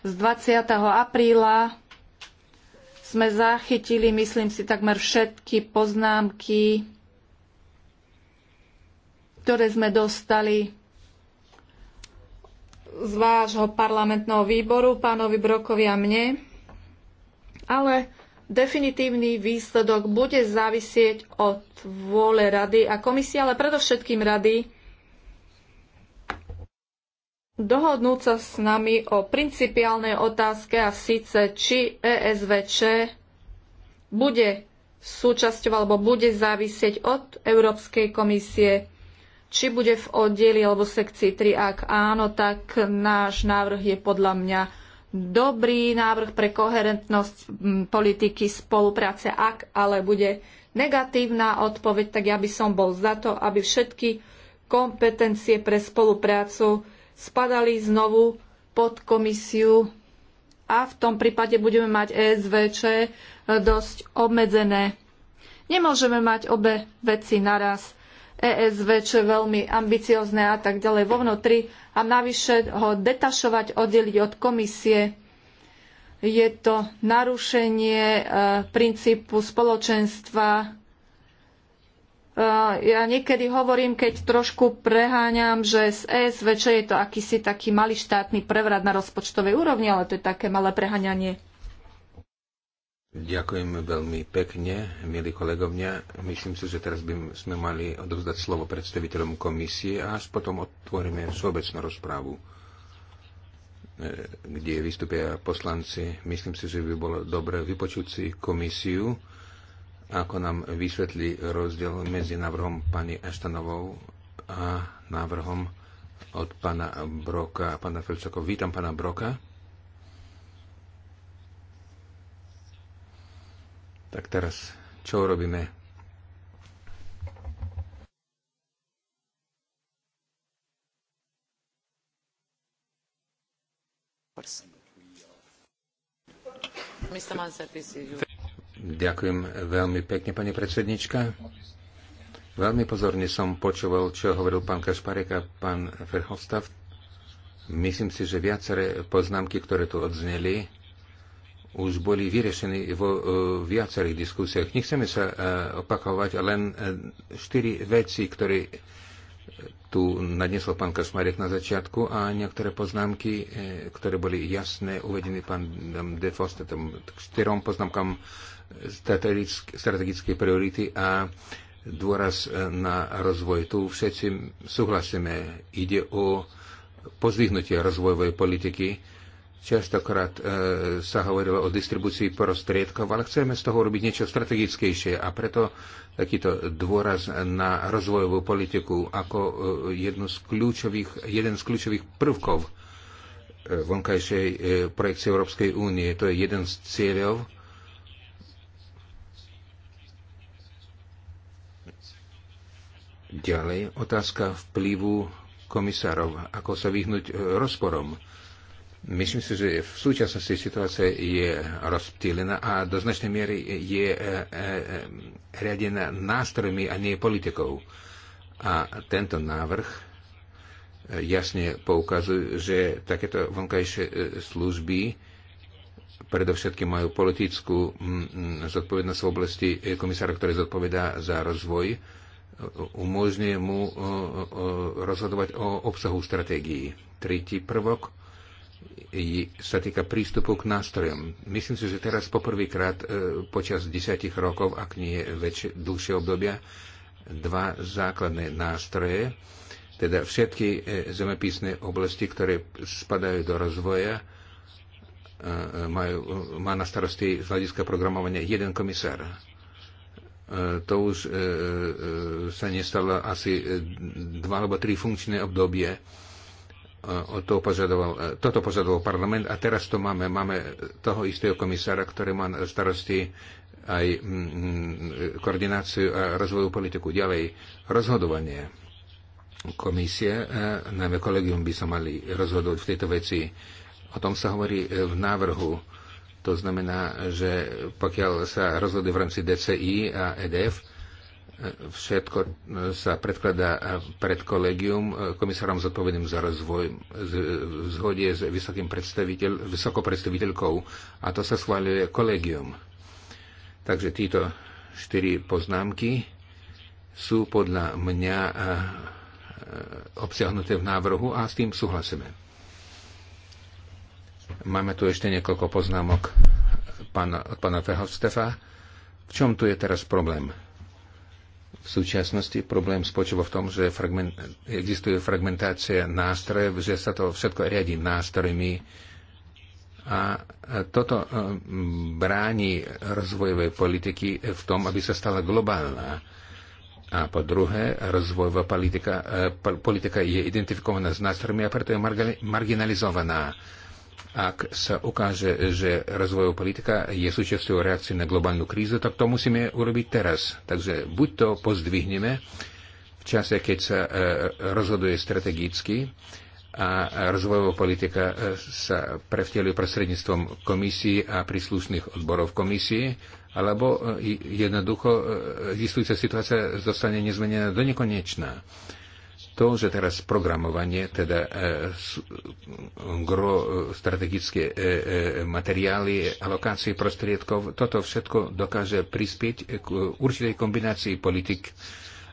z 20. apríla sme zachytili, myslím si, takmer všetky poznámky, ktoré sme dostali z vášho parlamentného výboru, pánovi Brokovi a mne. Ale definitívny výsledok bude závisieť od vôle rady a komisie, ale predovšetkým rady, dohodnúť sa s nami o principiálnej otázke a síce, či ESVČ bude súčasťou alebo bude závisieť od Európskej komisie, či bude v oddieli alebo sekcii 3. Ak áno, tak náš návrh je podľa mňa dobrý návrh pre koherentnosť politiky spolupráce. Ak ale bude negatívna odpoveď, tak ja by som bol za to, aby všetky kompetencie pre spoluprácu spadali znovu pod komisiu a v tom prípade budeme mať ESVČ e, dosť obmedzené. Nemôžeme mať obe veci naraz. ESVČ veľmi ambiciozne a tak ďalej vo vnútri a navyše ho detašovať, oddeliť od komisie. Je to narušenie e, princípu spoločenstva ja niekedy hovorím, keď trošku preháňam, že z ESVČ je to akýsi taký malý štátny prevrat na rozpočtovej úrovni, ale to je také malé preháňanie. Ďakujem veľmi pekne, milí kolegovňa. Myslím si, že teraz by sme mali odovzdať slovo predstaviteľom komisie a až potom otvoríme všeobecnú rozprávu, e, kde vystúpia poslanci. Myslím si, že by bolo dobre vypočuť si komisiu ako nám vysvetlí rozdiel medzi návrhom pani Eštanovou a návrhom od pána Broka a pána Felčakov. Vítam pána Broka. Tak teraz, čo robíme? Mr. Manser, you. Ďakujem veľmi pekne, pani predsednička. Veľmi pozorne som počúval, čo hovoril pán Kašparek a pán Verhofstadt. Myslím si, že viaceré poznámky, ktoré tu odzneli, už boli vyriešené vo e, viacerých diskusiách. Nechceme sa e, opakovať, len e, štyri veci, ktoré tu nadnesol pán Kašmarek na začiatku a niektoré poznámky, ktoré boli jasné, uvedené pán De Foster, K štyrom poznámkam strategické priority a dôraz na rozvoj. Tu všetci súhlasíme. Ide o pozdvihnutie rozvojovej politiky. Častokrát e, sa hovorilo o distribúcii prostriedkov, ale chceme z toho robiť niečo strategickejšie a preto takýto dôraz na rozvojovú politiku ako e, jednu z kľúčových, jeden z kľúčových prvkov e, vonkajšej e, projekcie Európskej únie. To je jeden z cieľov, Ďalej otázka vplyvu komisárov, ako sa vyhnúť e, rozporom. Myslím si, že v súčasnosti situácia je rozptýlená a do značnej miery je e, e, riadená nástrojmi a nie politikou. A tento návrh jasne poukazuje, že takéto vonkajšie služby predovšetkým majú politickú zodpovednosť v oblasti komisára, ktorý zodpovedá za rozvoj umožňuje mu e, e, e, rozhodovať o obsahu stratégií. Tretí prvok sa týka prístupu k nástrojom. Myslím si, že teraz poprvýkrát počas desiatich rokov, ak nie väčšie, dlhšie obdobia, dva základné nástroje, teda všetky zemepísne oblasti, ktoré spadajú do rozvoja, majú, má na starosti z hľadiska programovania jeden komisár to už e, e, e, sa nestalo asi dva alebo tri funkčné obdobie. O to požadoval, toto požadoval parlament a teraz to máme. Máme toho istého komisára, ktorý má na starosti aj mm, mm, koordináciu a rozvoju politiku. Ďalej, rozhodovanie komisie, najmä kolegium by sa mali rozhodovať v tejto veci. O tom sa hovorí v návrhu to znamená, že pokiaľ sa rozhodli v rámci DCI a EDF, všetko sa predkladá pred kolegium komisárom zodpovedným za rozvoj v zhode s vysokým predstaviteľ, vysokou predstaviteľkou a to sa schváľuje kolegium. Takže títo štyri poznámky sú podľa mňa eh, obsiahnuté v návrhu a s tým súhlasíme. Máme tu ešte niekoľko poznámok pána, od pána Fehovstefa. V čom tu je teraz problém? V súčasnosti problém spočíva v tom, že fragment, existuje fragmentácia nástrojov, že sa to všetko riadi nástrojmi a toto e, bráni rozvojovej politiky v tom, aby sa stala globálna. A po druhé, rozvojová politika, e, politika je identifikovaná s nástrojmi a preto je marginalizovaná. Ak sa ukáže, že rozvojová politika je súčasťou reakcie na globálnu krízu, tak to musíme urobiť teraz. Takže buď to pozdvihneme v čase, keď sa e, rozhoduje strategicky, a rozvojová politika e, sa prevtelí prostredníctvom komisii a príslušných odborov komisie, alebo e, jednoducho existujúca situácia zostane nezmenená do nekonečná to, že teraz programovanie, teda e, gro, strategické e, e, materiály, alokácie prostriedkov, toto všetko dokáže prispieť k určitej kombinácii politik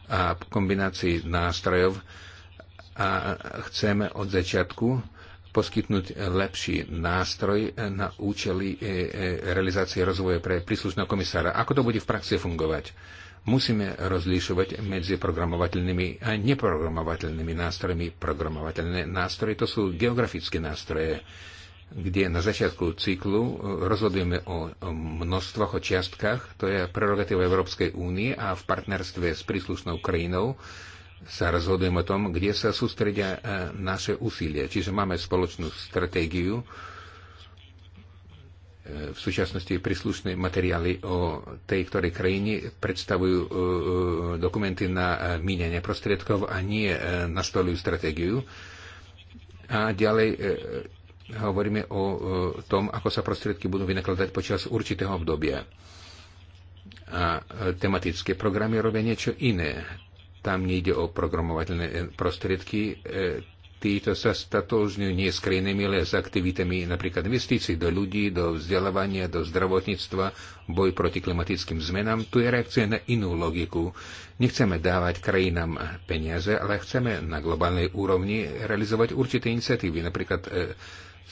a kombinácii nástrojov a chceme od začiatku poskytnúť lepší nástroj na účely realizácie rozvoja pre príslušného komisára. Ako to bude v praxi fungovať? Musíme rozlišovať medzi programovateľnými a neprogramovateľnými nástrojmi. Programovateľné nástroje to sú geografické nástroje, kde na začiatku cyklu e, rozhodujeme o množstvoch, o čiastkách, to je prerogatíva Európskej únie a v partnerstve s príslušnou krajinou sa rozhodujeme o tom, kde sa sústredia e, naše úsilie. Čiže máme spoločnú stratégiu, v súčasnosti príslušné materiály o tej ktorej krajine predstavujú e, e, dokumenty na e, mínenie prostriedkov a nie na stolu stratégiu. A ďalej hovoríme o tom, ako sa prostriedky budú vynakladať počas určitého obdobia. A tematické programy robia niečo iné. Tam nejde o programovateľné prostriedky, títo sa statožňujú nie s ale s aktivitami napríklad investícií do ľudí, do vzdelávania, do zdravotníctva, boj proti klimatickým zmenám. Tu je reakcia na inú logiku. Nechceme dávať krajinám peniaze, ale chceme na globálnej úrovni realizovať určité iniciatívy, napríklad e,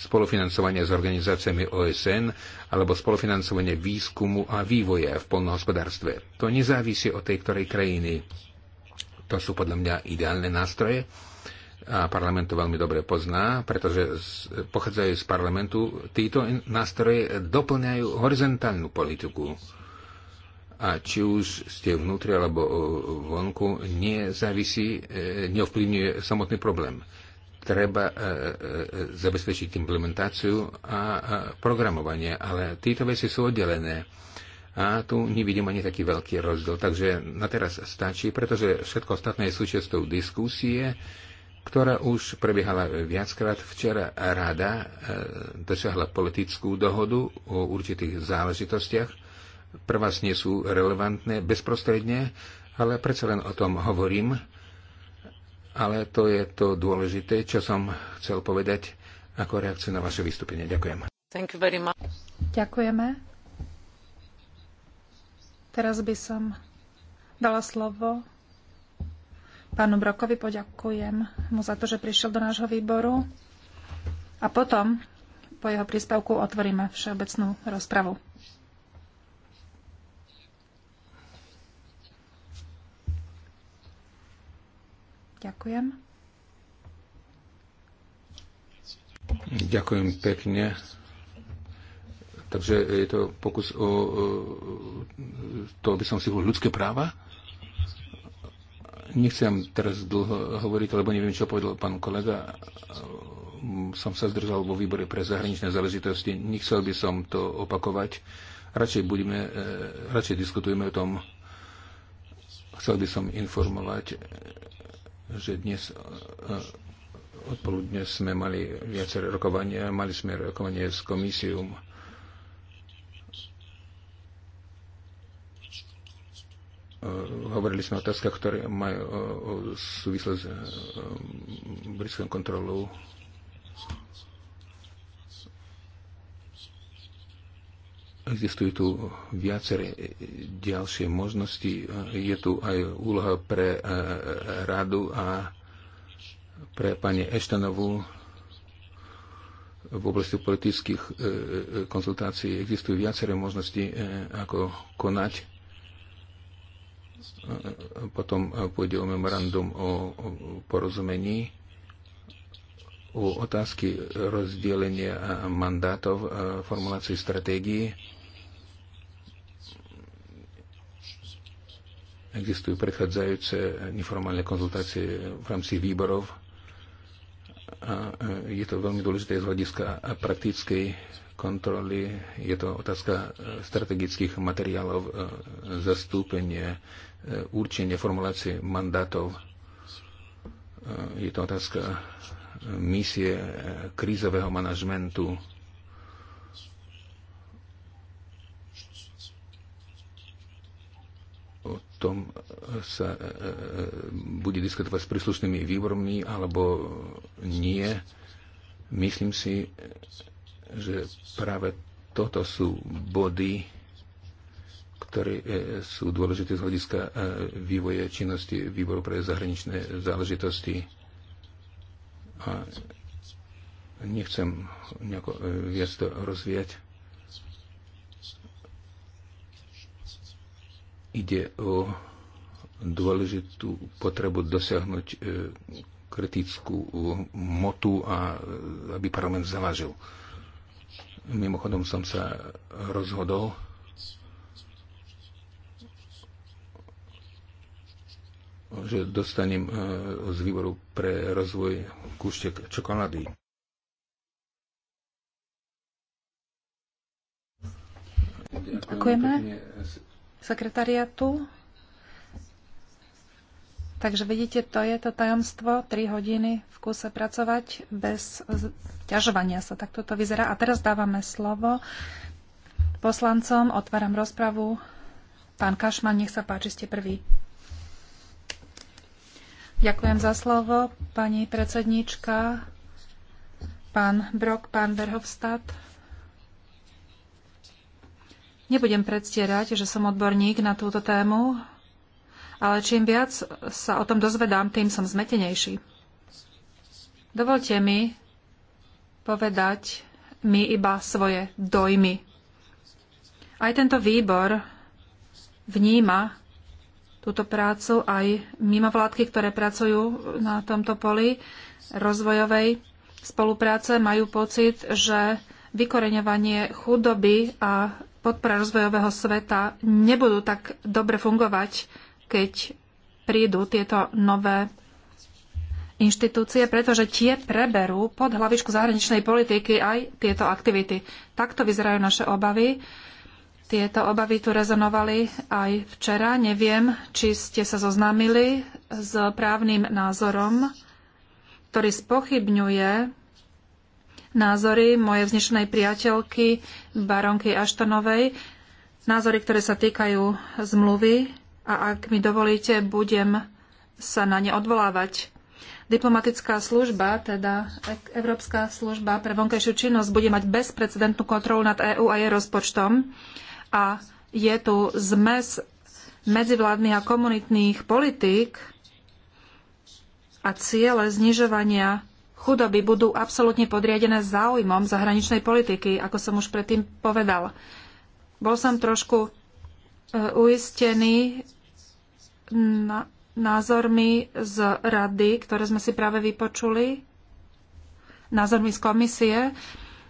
spolufinancovanie s organizáciami OSN alebo spolufinancovanie výskumu a vývoja v polnohospodárstve. To nezávisí od tej ktorej krajiny. To sú podľa mňa ideálne nástroje, a parlament to veľmi dobre pozná, pretože pochádzajú z parlamentu, títo nástroje doplňajú horizontálnu politiku. A či už ste vnútri alebo vonku, nezávisí, e, neovplyvňuje samotný problém. Treba e, e, zabezpečiť implementáciu a programovanie, ale tieto veci sú oddelené. A tu nevidím ani taký veľký rozdiel. Takže na teraz stačí, pretože všetko ostatné je súčasťou diskusie ktorá už prebiehala viackrát. Včera rada e, dosiahla politickú dohodu o určitých záležitostiach. Pre vás nie sú relevantné bezprostredne, ale predsa len o tom hovorím. Ale to je to dôležité, čo som chcel povedať ako reakciu na vaše vystúpenie. Ďakujem. Thank you very much. Ďakujeme. Teraz by som dala slovo Pánu Brokovi poďakujem mu za to, že prišiel do nášho výboru. A potom, po jeho príspevku, otvoríme všeobecnú rozpravu. Ďakujem. Ďakujem pekne. Takže je to pokus o to, aby som si bol ľudské práva? Nechcem teraz dlho hovoriť, lebo neviem, čo povedal pán kolega. Som sa zdržal vo výbore pre zahraničné záležitosti. Nechcel by som to opakovať. Radšej, budeme, eh, radšej diskutujeme o tom. Chcel by som informovať, že dnes eh, odpoludne sme mali viaceré rokovania. Mali sme rokovanie s komisiou Eh, hovorili sme o otázkach, ktoré majú eh, súvislosť s eh, britskou kontrolou. Existujú tu viaceré ďalšie možnosti. Je tu aj úloha pre radu a pre pani Eštanovú v oblasti politických konzultácií. Existujú viaceré možnosti, ako konať potom eh, pôjde o memorandum o porozumení, o otázky rozdelenia eh, mandátov, eh, formulácii stratégií. Existujú predchádzajúce neformálne konzultácie v rámci výborov a je to veľmi dôležité z hľadiska praktickej kontroly. Je to otázka strategických materiálov, zastúpenie E, určenie formulácie mandátov. E, je to otázka e, misie krízového manažmentu. O tom sa bude diskutovať s príslušnými výbormi alebo nie. Myslím si, že práve toto sú body, ktoré e, sú dôležité z hľadiska e, vývoje činnosti Výboru pre zahraničné záležitosti. A nechcem nejako e, viac to rozvíjať. Ide o dôležitú potrebu dosiahnuť kritickú motu a aby parlament zavažil. Mimochodom som sa rozhodol, že dostanem e, z výboru pre rozvoj kúštek čokolády. Ďakujeme sekretariatu. Takže vidíte, to je to tajomstvo, 3 hodiny v kuse pracovať bez ťažovania sa. Tak toto vyzerá. A teraz dávame slovo poslancom. Otváram rozpravu. Pán Kašman, nech sa páči, ste prvý. Ďakujem za slovo, pani predsedníčka, pán Brok, pán Verhofstadt. Nebudem predstierať, že som odborník na túto tému, ale čím viac sa o tom dozvedám, tým som zmetenejší. Dovolte mi povedať mi iba svoje dojmy. Aj tento výbor vníma túto prácu aj mimovládky, ktoré pracujú na tomto poli rozvojovej spolupráce, majú pocit, že vykoreňovanie chudoby a podpora rozvojového sveta nebudú tak dobre fungovať, keď prídu tieto nové inštitúcie, pretože tie preberú pod hlavičku zahraničnej politiky aj tieto aktivity. Takto vyzerajú naše obavy tieto obavy tu rezonovali aj včera. Neviem, či ste sa zoznámili s právnym názorom, ktorý spochybňuje názory mojej vznešenej priateľky baronky Aštonovej, názory, ktoré sa týkajú zmluvy a ak mi dovolíte, budem sa na ne odvolávať. Diplomatická služba, teda Európska služba pre vonkajšiu činnosť, bude mať bezprecedentnú kontrolu nad EÚ a jej rozpočtom a je tu zmes medzivládnych a komunitných politík a ciele znižovania chudoby budú absolútne podriadené záujmom zahraničnej politiky, ako som už predtým povedal. Bol som trošku e, uistený názormi z rady, ktoré sme si práve vypočuli, názormi z komisie,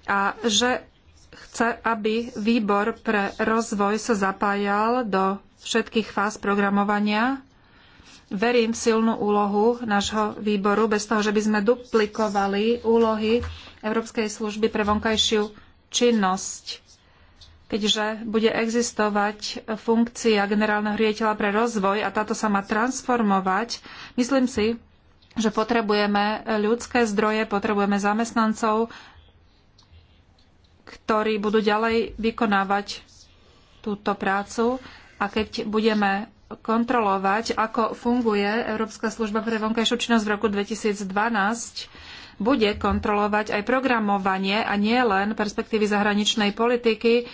a že chce, aby výbor pre rozvoj sa zapájal do všetkých fáz programovania. Verím v silnú úlohu nášho výboru, bez toho, že by sme duplikovali úlohy Európskej služby pre vonkajšiu činnosť. Keďže bude existovať funkcia generálneho riaditeľa pre rozvoj a táto sa má transformovať, myslím si, že potrebujeme ľudské zdroje, potrebujeme zamestnancov, ktorí budú ďalej vykonávať túto prácu a keď budeme kontrolovať, ako funguje Európska služba pre vonkajšiu činnosť v roku 2012, bude kontrolovať aj programovanie a nie len perspektívy zahraničnej politiky,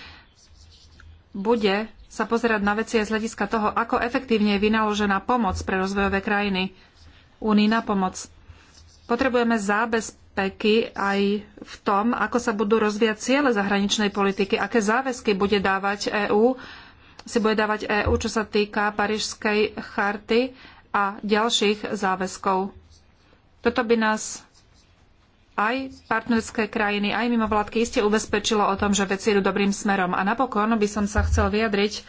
bude sa pozerať na veci aj z hľadiska toho, ako efektívne je vynaložená pomoc pre rozvojové krajiny. Únijná pomoc. Potrebujeme zábezpečenie peky aj v tom, ako sa budú rozvíjať ciele zahraničnej politiky, aké záväzky bude dávať EÚ, si bude dávať EÚ, čo sa týka Parížskej charty a ďalších záväzkov. Toto by nás aj partnerské krajiny, aj mimovládky iste ubezpečilo o tom, že veci idú dobrým smerom. A napokon by som sa chcel vyjadriť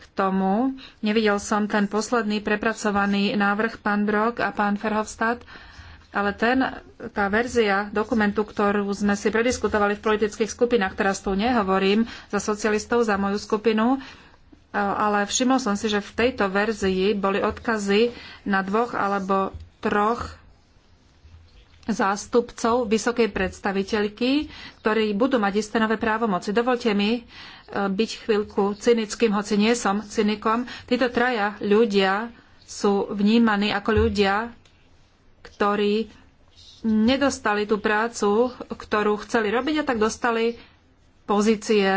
k tomu. Nevidel som ten posledný prepracovaný návrh pán Brok a pán Verhofstadt ale ten, tá verzia dokumentu, ktorú sme si prediskutovali v politických skupinách, teraz tu nehovorím za socialistov, za moju skupinu, ale všimol som si, že v tejto verzii boli odkazy na dvoch alebo troch zástupcov vysokej predstaviteľky, ktorí budú mať isté nové právomoci. Dovolte mi e, byť chvíľku cynickým, hoci nie som cynikom. Títo traja ľudia sú vnímaní ako ľudia, ktorí nedostali tú prácu, ktorú chceli robiť a tak dostali pozície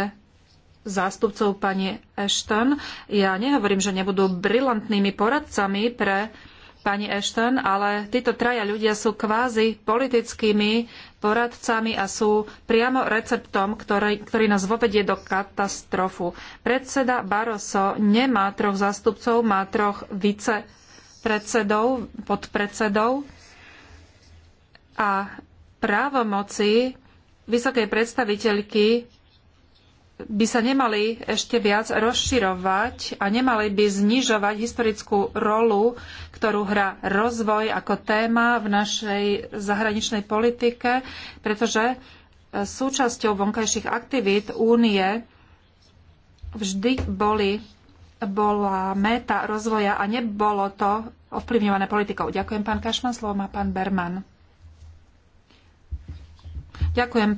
zástupcov pani Ashton. Ja nehovorím, že nebudú brilantnými poradcami pre pani Ashton, ale títo traja ľudia sú kvázi politickými poradcami a sú priamo receptom, ktorý, ktorý nás vovedie do katastrofu. Predseda Barroso nemá troch zástupcov, má troch vicepredsedov, podpredsedov a právomoci vysokej predstaviteľky by sa nemali ešte viac rozširovať a nemali by znižovať historickú rolu, ktorú hrá rozvoj ako téma v našej zahraničnej politike, pretože e, súčasťou vonkajších aktivít únie vždy boli, bola meta rozvoja a nebolo to ovplyvňované politikou. Ďakujem, pán Kašman, slovo má pán Berman. Ďakujem,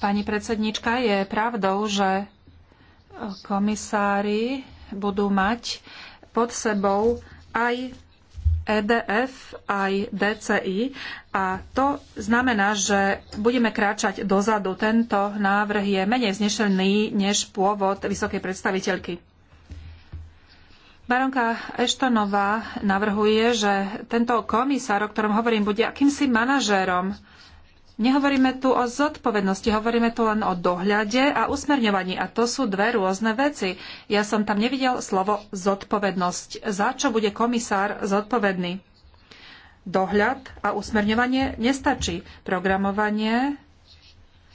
pani predsednička. Je pravdou, že komisári budú mať pod sebou aj EDF aj DCI a to znamená, že budeme kráčať dozadu. Tento návrh je menej znešený než pôvod vysokej predstaviteľky. Baronka Eštonová navrhuje, že tento komisár, o ktorom hovorím, bude akýmsi manažérom Nehovoríme tu o zodpovednosti, hovoríme tu len o dohľade a usmerňovaní. A to sú dve rôzne veci. Ja som tam nevidel slovo zodpovednosť. Za čo bude komisár zodpovedný? Dohľad a usmerňovanie nestačí. Programovanie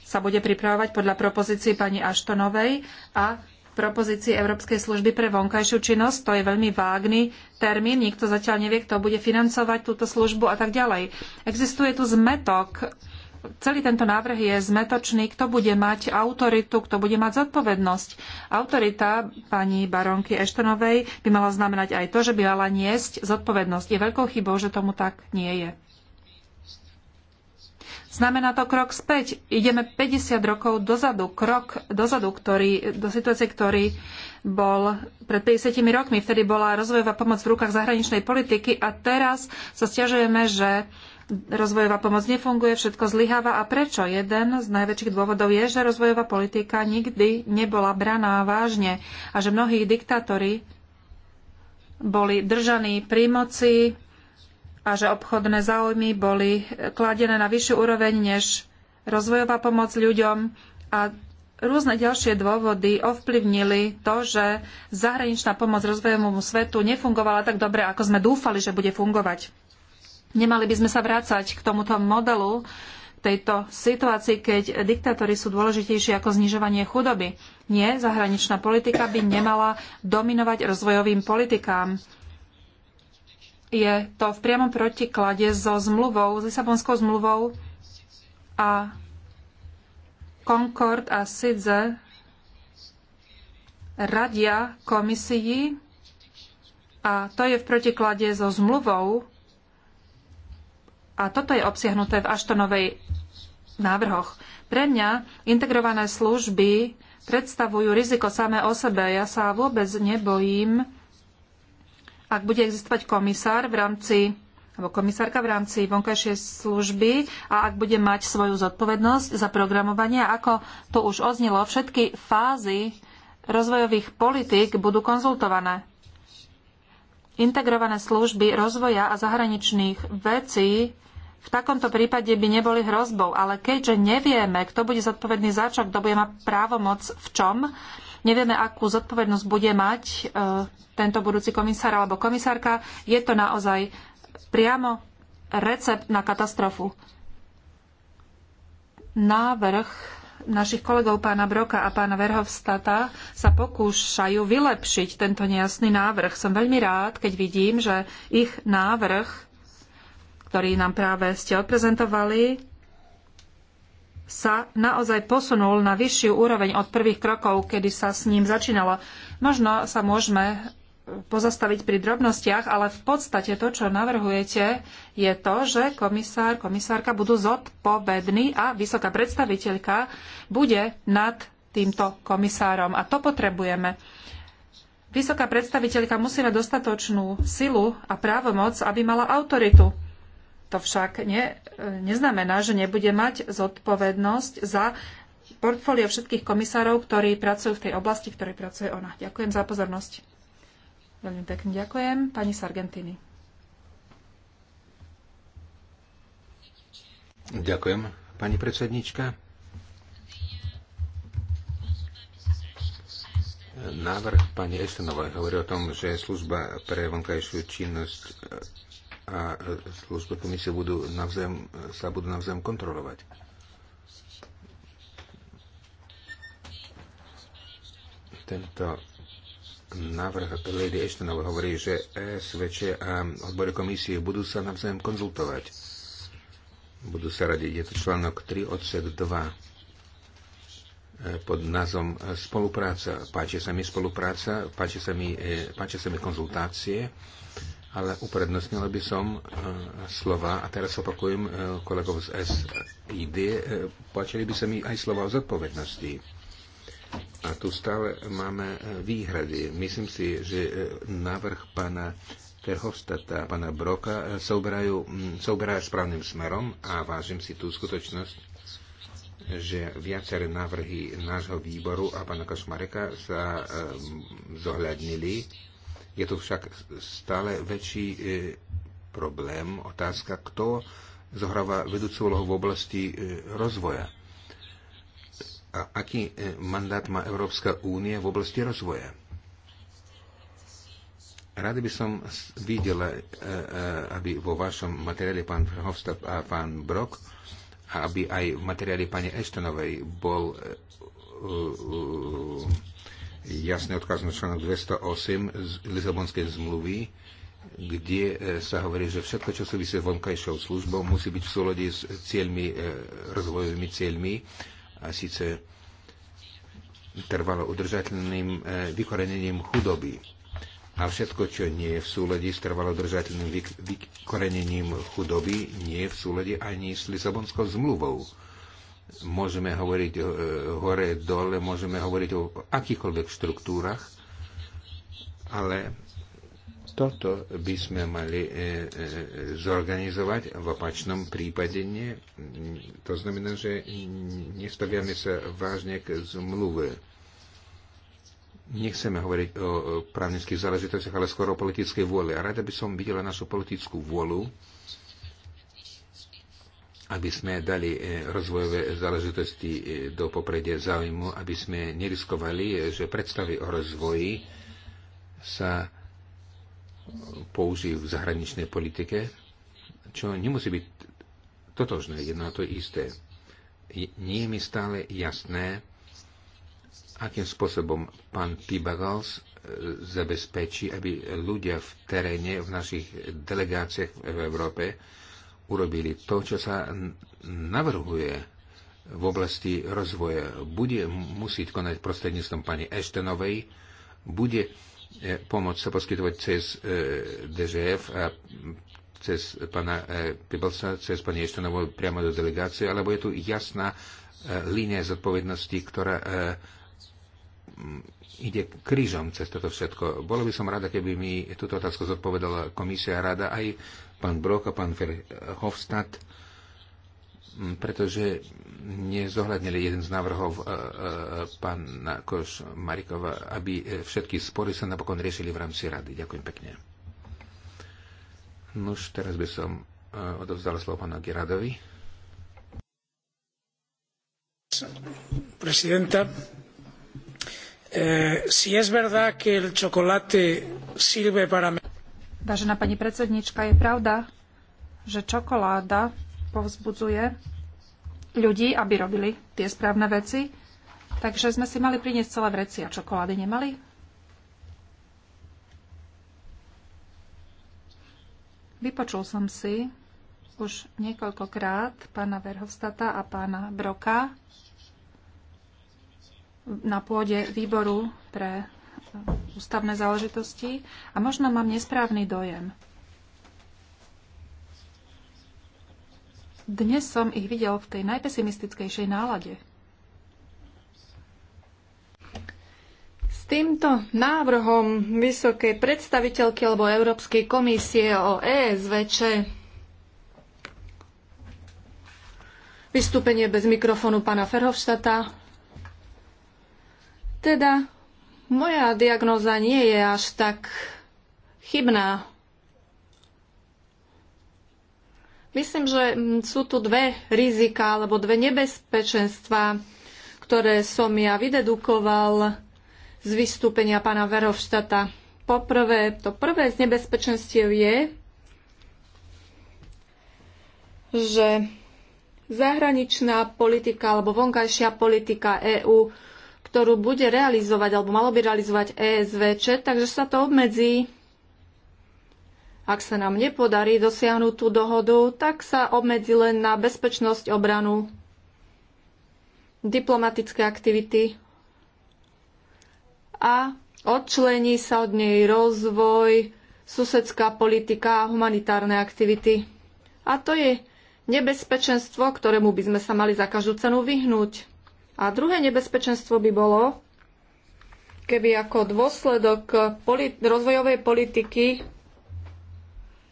sa bude pripravovať podľa propozícií pani Aštonovej a propozícii Európskej služby pre vonkajšiu činnosť. To je veľmi vágny termín, nikto zatiaľ nevie, kto bude financovať túto službu a tak ďalej. Existuje tu zmetok celý tento návrh je zmetočný, kto bude mať autoritu, kto bude mať zodpovednosť. Autorita pani baronky Eštonovej by mala znamenať aj to, že by mala niesť zodpovednosť. Je veľkou chybou, že tomu tak nie je. Znamená to krok späť. Ideme 50 rokov dozadu, krok dozadu, ktorý, do situácie, ktorý bol pred 50 rokmi. Vtedy bola rozvojová pomoc v rukách zahraničnej politiky a teraz sa stiažujeme, že rozvojová pomoc nefunguje, všetko zlyháva. A prečo? Jeden z najväčších dôvodov je, že rozvojová politika nikdy nebola braná vážne a že mnohí diktátori boli držaní pri moci a že obchodné záujmy boli kladené na vyššiu úroveň než rozvojová pomoc ľuďom a rôzne ďalšie dôvody ovplyvnili to, že zahraničná pomoc rozvojovému svetu nefungovala tak dobre, ako sme dúfali, že bude fungovať. Nemali by sme sa vrácať k tomuto modelu, tejto situácii, keď diktátory sú dôležitejšie ako znižovanie chudoby. Nie, zahraničná politika by nemala dominovať rozvojovým politikám. Je to v priamom protiklade so zmluvou, s Lisabonskou zmluvou a Concord a SIDZE radia komisii a to je v protiklade so zmluvou, a toto je obsiahnuté v Aštonovej návrhoch. Pre mňa integrované služby predstavujú riziko samé o sebe. Ja sa vôbec nebojím, ak bude existovať komisár v rámci alebo komisárka v rámci vonkajšej služby a ak bude mať svoju zodpovednosť za programovanie, ako to už oznilo, všetky fázy rozvojových politík budú konzultované. Integrované služby rozvoja a zahraničných vecí v takomto prípade by neboli hrozbou. Ale keďže nevieme, kto bude zodpovedný za čo, kto bude mať právomoc v čom, nevieme, akú zodpovednosť bude mať e, tento budúci komisár alebo komisárka, je to naozaj priamo recept na katastrofu. Návrh našich kolegov pána Broka a pána Verhofstata sa pokúšajú vylepšiť tento nejasný návrh. Som veľmi rád, keď vidím, že ich návrh ktorý nám práve ste odprezentovali, sa naozaj posunul na vyššiu úroveň od prvých krokov, kedy sa s ním začínalo. Možno sa môžeme pozastaviť pri drobnostiach, ale v podstate to, čo navrhujete, je to, že komisár, komisárka budú zodpovední a vysoká predstaviteľka bude nad týmto komisárom. A to potrebujeme. Vysoká predstaviteľka musí mať dostatočnú silu a právomoc, aby mala autoritu. To však ne, neznamená, že nebude mať zodpovednosť za portfólio všetkých komisárov, ktorí pracujú v tej oblasti, v ktorej pracuje ona. Ďakujem za pozornosť. Veľmi pekne ďakujem. Pani Sargentini. Ďakujem, pani predsednička. Návrh pani Estenovej hovorí o tom, že služba pre vonkajšiu činnosť a e, služby komisie budú navzájom, e, sa budú navzájom kontrolovať. Tento návrh Lady Ashtonov hovorí, že e SVČ a odbory komisie budú sa navzájom konzultovať. Budú sa radiť. Je to článok 3 odsek 2 pod názvom spolupráca. Páči sa mi spolupráca, páči sa mi, páči sa mi konzultácie ale uprednostnil by som e, slova, a teraz opakujem e, kolegov z SID, e, páčili by sa mi aj slova o zodpovednosti. A tu stále máme výhrady. Myslím si, že návrh pána Terhovstata, a pána Broka e, uberajú, správnym smerom a vážim si tú skutočnosť, že viaceré návrhy nášho výboru a pána Kašmareka sa zohľadnili je to však stále väčší e, problém, otázka, kto zohráva vedúcu úlohu v oblasti e, rozvoja. A aký e, mandát má Európska únia v oblasti rozvoja? Rád by som videla, aby vo vašom materiáli pán Hofstad a pán Brok, aby aj v materiáli pani Eštonovej bol jasný odkaz na článok 208 z Lisabonskej zmluvy, kde e, sa hovorí, že všetko, čo súvisí s vonkajšou službou, musí byť v súlade s cieľmi, e, rozvojovými cieľmi a síce trvalo udržateľným e, vykorenením chudoby a všetko, čo nie je v súlade s trvalo udržateľným vykorenením chudoby, nie je v súlade ani s Lisabonskou zmluvou. Môžeme hovoriť o e, hore, dole, môžeme hovoriť o akýchkoľvek štruktúrach, ale toto by sme mali e, e, zorganizovať. V opačnom prípade nie. To znamená, že nestaviame sa vážne k zmluve. Nechceme hovoriť o právnických záležitostiach, ale skoro o politickej vôle. A rada by som videla našu politickú vôľu, aby sme dali e, rozvojové záležitosti e, do popredia záujmu, aby sme neriskovali, e, že predstavy o rozvoji sa použijú v zahraničnej politike, čo nemusí byť totožné, jedno to isté. Nie je mi stále jasné, akým spôsobom pán Pibagals zabezpečí, aby ľudia v teréne, v našich delegáciách v Európe, urobili. To, čo sa navrhuje v oblasti rozvoja, bude musieť konať prostredníctvom pani Eštenovej, bude e, pomoc sa poskytovať cez e, DŽF a cez pana e, Pibelsa, cez pani Eštenovú priamo do delegácie, alebo je tu jasná línia zodpovednosti, ktorá ide krížom cez toto všetko. Bolo by som rada, keby mi túto otázku zodpovedala komisia rada aj pán Brok a pán Verhofstadt, pretože nezohľadnili jeden z návrhov e, e, pána Koš Marikova, aby e, všetky spory sa napokon riešili v rámci rady. Ďakujem pekne. Nuž, teraz by som odovzdal slovo pánu Geradovi. Presidenta, eh, si es verdad que el chocolate sirve para... Vážená pani predsednička, je pravda, že čokoláda povzbudzuje ľudí, aby robili tie správne veci, takže sme si mali priniesť celé vreci a čokolády nemali? Vypočul som si už niekoľkokrát pána Verhovstata a pána Broka na pôde výboru pre ústavné záležitosti a možno mám nesprávny dojem. Dnes som ich videl v tej najpesimistickejšej nálade. S týmto návrhom vysokej predstaviteľky alebo Európskej komisie o ESVČ vystúpenie bez mikrofónu pána Ferhovštata teda moja diagnóza nie je až tak chybná. Myslím, že mm, sú tu dve rizika alebo dve nebezpečenstva, ktoré som ja vydedukoval z vystúpenia pána Verovštata. Poprvé, to prvé z nebezpečenstiev je, že zahraničná politika alebo vonkajšia politika EÚ ktorú bude realizovať, alebo malo by realizovať ESVČ, takže sa to obmedzí. Ak sa nám nepodarí dosiahnuť tú dohodu, tak sa obmedzi len na bezpečnosť, obranu, diplomatické aktivity a odčlení sa od nej rozvoj, susedská politika a humanitárne aktivity. A to je nebezpečenstvo, ktorému by sme sa mali za každú cenu vyhnúť. A druhé nebezpečenstvo by bolo, keby ako dôsledok polit- rozvojovej politiky,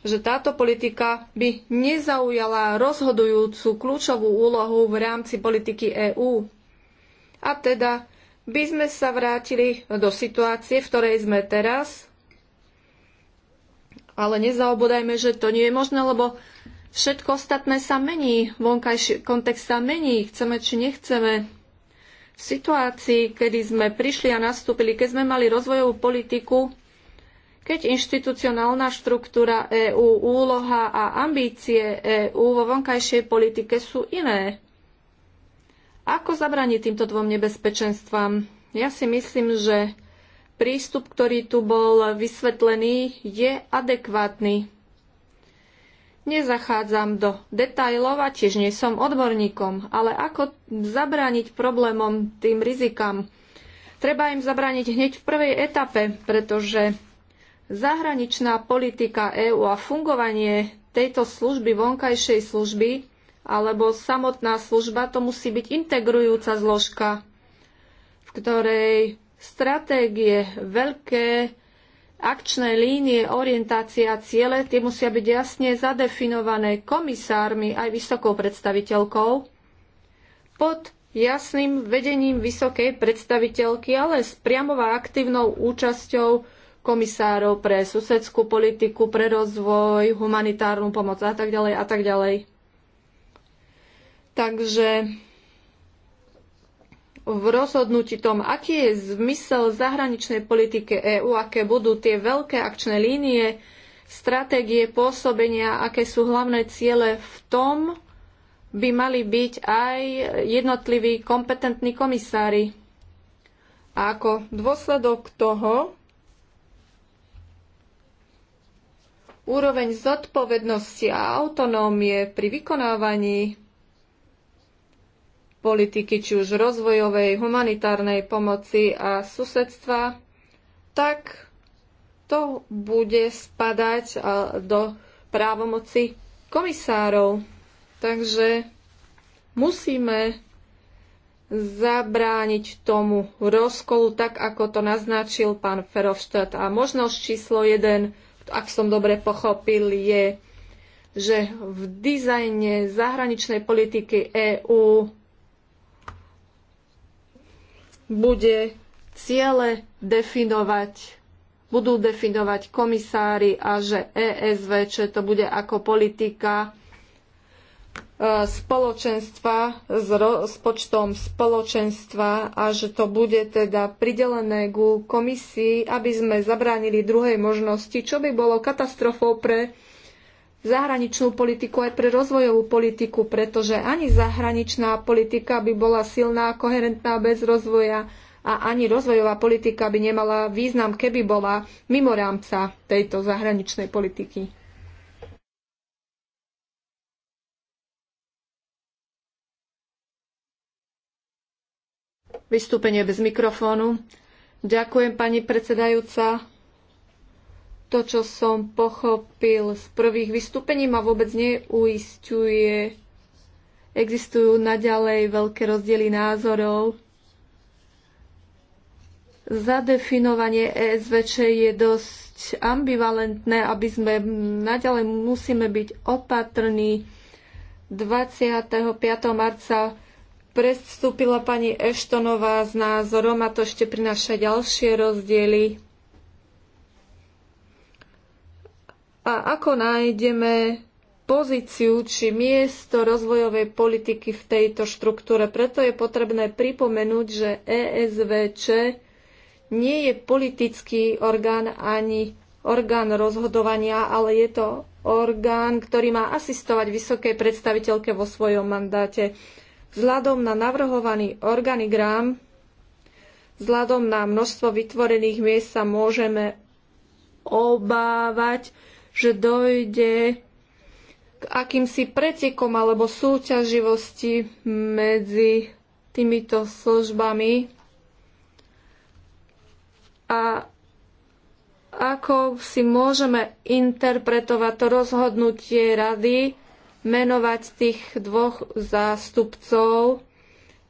že táto politika by nezaujala rozhodujúcu kľúčovú úlohu v rámci politiky EÚ. A teda by sme sa vrátili do situácie, v ktorej sme teraz, ale nezaobodajme, že to nie je možné, lebo všetko ostatné sa mení, vonkajší kontext sa mení, chceme či nechceme. V situácii, kedy sme prišli a nastúpili, keď sme mali rozvojovú politiku, keď inštitucionálna štruktúra EÚ, úloha a ambície EÚ vo vonkajšej politike sú iné. Ako zabraniť týmto dvom nebezpečenstvám? Ja si myslím, že prístup, ktorý tu bol vysvetlený, je adekvátny. Nezachádzam do detajlov a tiež nie som odborníkom, ale ako zabrániť problémom tým rizikám? Treba im zabrániť hneď v prvej etape, pretože zahraničná politika EÚ a fungovanie tejto služby, vonkajšej služby, alebo samotná služba, to musí byť integrujúca zložka, v ktorej stratégie, veľké akčné línie, orientácia, ciele, tie musia byť jasne zadefinované komisármi aj vysokou predstaviteľkou pod jasným vedením vysokej predstaviteľky, ale s priamová aktívnou účasťou komisárov pre susedskú politiku, pre rozvoj, humanitárnu pomoc a tak ďalej a tak ďalej. Takže v rozhodnutí tom, aký je zmysel zahraničnej politike EÚ, aké budú tie veľké akčné línie, stratégie pôsobenia, aké sú hlavné ciele v tom, by mali byť aj jednotliví kompetentní komisári. A ako dôsledok toho úroveň zodpovednosti a autonómie pri vykonávaní politiky, či už rozvojovej, humanitárnej pomoci a susedstva, tak to bude spadať do právomoci komisárov. Takže musíme zabrániť tomu rozkolu, tak ako to naznačil pán Ferovštát. A možnosť číslo 1, ak som dobre pochopil, je, že v dizajne zahraničnej politiky EÚ bude ciele definovať, budú definovať komisári a že ESV, čo to bude ako politika e, spoločenstva s rozpočtom spoločenstva a že to bude teda pridelené ku komisii, aby sme zabránili druhej možnosti, čo by bolo katastrofou pre zahraničnú politiku aj pre rozvojovú politiku, pretože ani zahraničná politika by bola silná, koherentná bez rozvoja a ani rozvojová politika by nemala význam, keby bola mimo rámca tejto zahraničnej politiky. Vystúpenie bez mikrofónu. Ďakujem, pani predsedajúca to, čo som pochopil z prvých vystúpení, ma vôbec neuistuje. Existujú naďalej veľké rozdiely názorov. Zadefinovanie ESVČ je dosť ambivalentné, aby sme naďalej musíme byť opatrní. 25. marca prestúpila pani Eštonová s názorom a to ešte prináša ďalšie rozdiely a ako nájdeme pozíciu či miesto rozvojovej politiky v tejto štruktúre. Preto je potrebné pripomenúť, že ESVČ nie je politický orgán ani orgán rozhodovania, ale je to orgán, ktorý má asistovať vysokej predstaviteľke vo svojom mandáte. Vzhľadom na navrhovaný organigram, vzhľadom na množstvo vytvorených miest sa môžeme obávať, že dojde k akýmsi pretekom alebo súťaživosti medzi týmito službami a ako si môžeme interpretovať to rozhodnutie rady, menovať tých dvoch zástupcov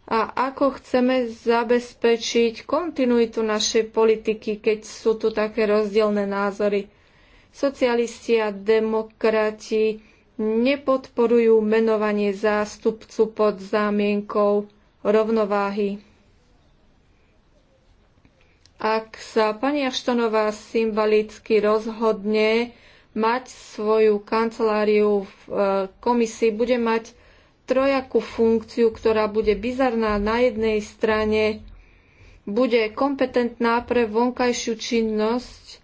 a ako chceme zabezpečiť kontinuitu našej politiky, keď sú tu také rozdielne názory. Socialisti a demokrati nepodporujú menovanie zástupcu pod zámienkou rovnováhy. Ak sa pani Aštonová symbolicky rozhodne mať svoju kanceláriu v e, komisii, bude mať trojakú funkciu, ktorá bude bizarná na jednej strane, bude kompetentná pre vonkajšiu činnosť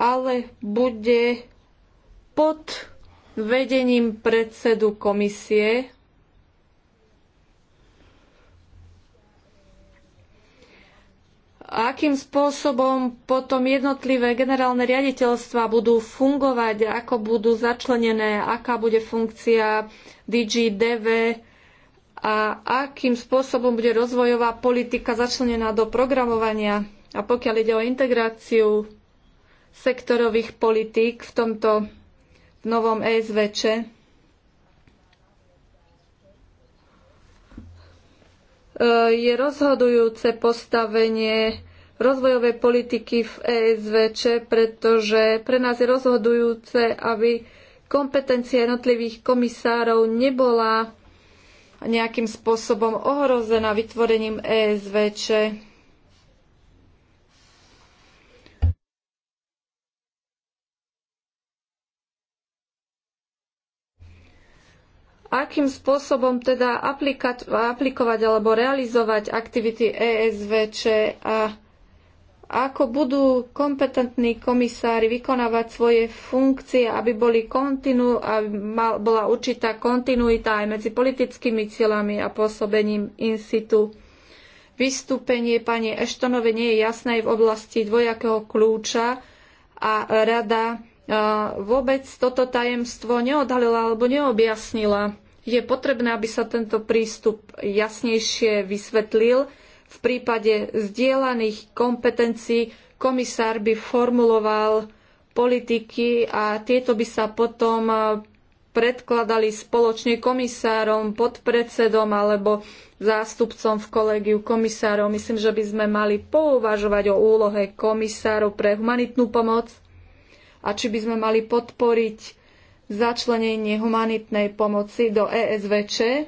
ale bude pod vedením predsedu komisie. akým spôsobom potom jednotlivé generálne riaditeľstva budú fungovať, ako budú začlenené, aká bude funkcia DG, DV a akým spôsobom bude rozvojová politika začlenená do programovania. A pokiaľ ide o integráciu sektorových politík v tomto novom ESVČ. E, je rozhodujúce postavenie rozvojovej politiky v ESVČ, pretože pre nás je rozhodujúce, aby kompetencia jednotlivých komisárov nebola nejakým spôsobom ohrozená vytvorením ESVČ. akým spôsobom teda aplikovať alebo realizovať aktivity ESVČ a ako budú kompetentní komisári vykonávať svoje funkcie, aby, boli kontinu, aby mal, bola určitá kontinuita aj medzi politickými cieľami a pôsobením institu. Vystúpenie pani Eštonovej nie je jasné v oblasti dvojakého kľúča a rada vôbec toto tajemstvo neodhalila alebo neobjasnila. Je potrebné, aby sa tento prístup jasnejšie vysvetlil. V prípade zdieľaných kompetencií komisár by formuloval politiky a tieto by sa potom predkladali spoločne komisárom, podpredsedom alebo zástupcom v kolegiu komisárov. Myslím, že by sme mali pouvažovať o úlohe komisárov pre humanitnú pomoc a či by sme mali podporiť začlenenie humanitnej pomoci do ESVČ,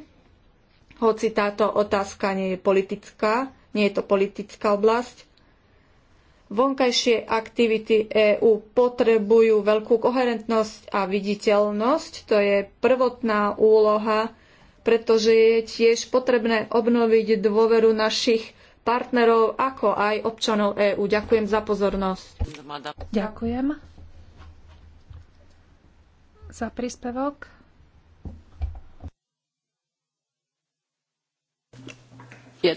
hoci táto otázka nie je politická, nie je to politická oblasť. Vonkajšie aktivity EÚ potrebujú veľkú koherentnosť a viditeľnosť, to je prvotná úloha, pretože je tiež potrebné obnoviť dôveru našich partnerov, ako aj občanov EÚ. Ďakujem za pozornosť. Ďakujem za príspevok. Äh,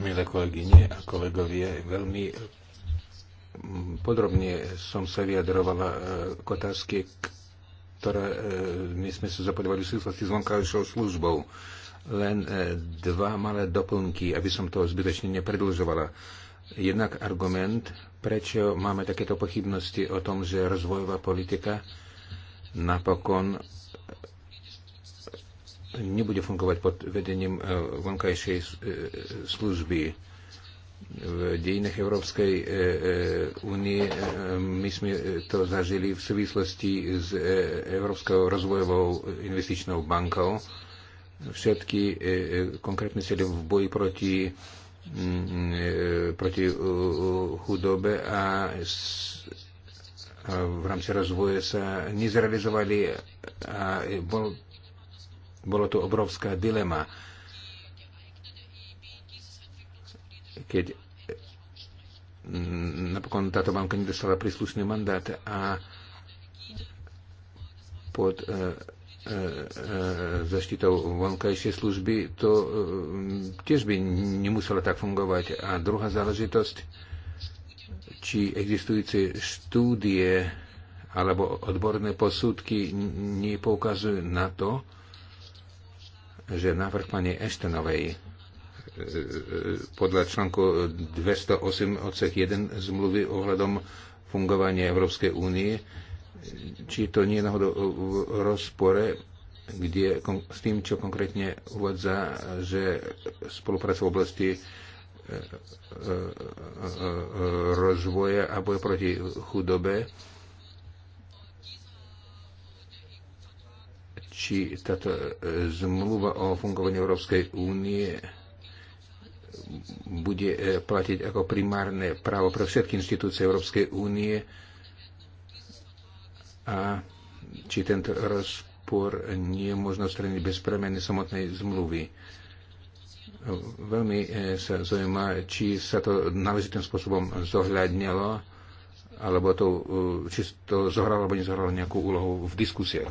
Milé kolegyne a kolegovie, veľmi mm, podrobne som sa vyjadrovala e, k otázke, ktoré e, my sme sa zapodovali v súvislosti s vonkajšou službou. Len e, dva malé doplnky, aby som to zbytočne nepredlžovala. Jednak argument prečo máme takéto pochybnosti o tom, že rozvojová politika napokon nebude fungovať pod vedením e, vonkajšej e, služby. V dejinách Európskej e, únie my sme to zažili v súvislosti s Európskou rozvojovou investičnou bankou. Všetky konkrétne cieľe v boji proti E, proti chudobe a v rámci rozvoje sa nezrealizovali a bol, bolo to obrovská dilema. Keď napokon táto banka nedostala príslušný mandát a pod e, E, e, zaštitou vonkajšie služby, to e, tiež by nemuselo tak fungovať. A druhá záležitosť, či existujúce štúdie alebo odborné posúdky nepoukazujú na to, že návrh pani Eštenovej podľa článku 208 odsek 1 zmluvy ohľadom fungovania Európskej únie či to nie je náhodou v rozpore kde, s tým, čo konkrétne uvádza, že spolupráca v oblasti e, e, e, rozvoja a boja proti chudobe, či táto zmluva o fungovaní Európskej únie bude platiť ako primárne právo pre všetky inštitúcie Európskej únie, a či tento rozpor nie je možno straniť bez premeny samotnej zmluvy. Veľmi e, sa zaujíma, či sa to náležitým spôsobom zohľadnilo, alebo to, e, či to zohralo alebo nezohralo nejakú úlohu v diskusiách.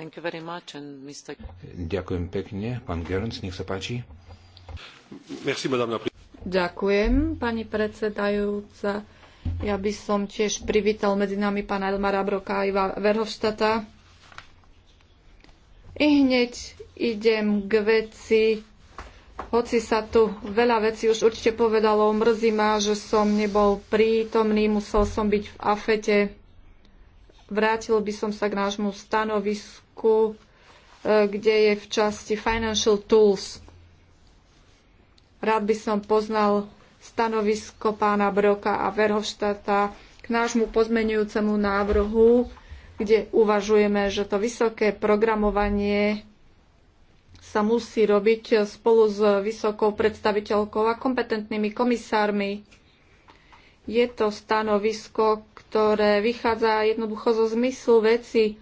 Mr... Ďakujem pekne. Pán Gerns, nech sa páči. Merci, Ďakujem, pani predsedajúca. Ja by som tiež privítal medzi nami pána Elmara Broka a Iva Verhofstata. I hneď idem k veci, hoci sa tu veľa vecí už určite povedalo, mrzí ma, že som nebol prítomný, musel som byť v afete. Vrátil by som sa k nášmu stanovisku, e, kde je v časti Financial Tools. Rád by som poznal stanovisko pána Broka a Verhoštáta k nášmu pozmenujúcemu návrhu, kde uvažujeme, že to vysoké programovanie sa musí robiť spolu s vysokou predstaviteľkou a kompetentnými komisármi. Je to stanovisko, ktoré vychádza jednoducho zo zmyslu veci,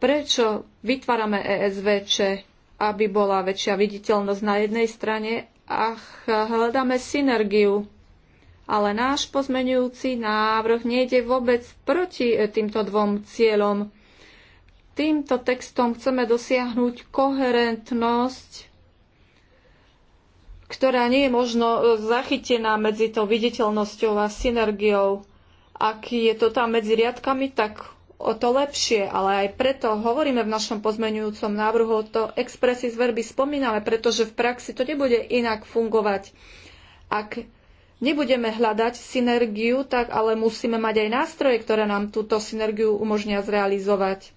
prečo vytvárame ESVČ, aby bola väčšia viditeľnosť na jednej strane a hľadáme synergiu. Ale náš pozmenujúci návrh nejde vôbec proti e, týmto dvom cieľom. Týmto textom chceme dosiahnuť koherentnosť, ktorá nie je možno e, zachytená medzi tou viditeľnosťou a synergiou. Ak je to tam medzi riadkami, tak o to lepšie, ale aj preto hovoríme v našom pozmenujúcom návrhu to expressis verby spomíname, pretože v praxi to nebude inak fungovať. Ak nebudeme hľadať synergiu, tak ale musíme mať aj nástroje, ktoré nám túto synergiu umožnia zrealizovať.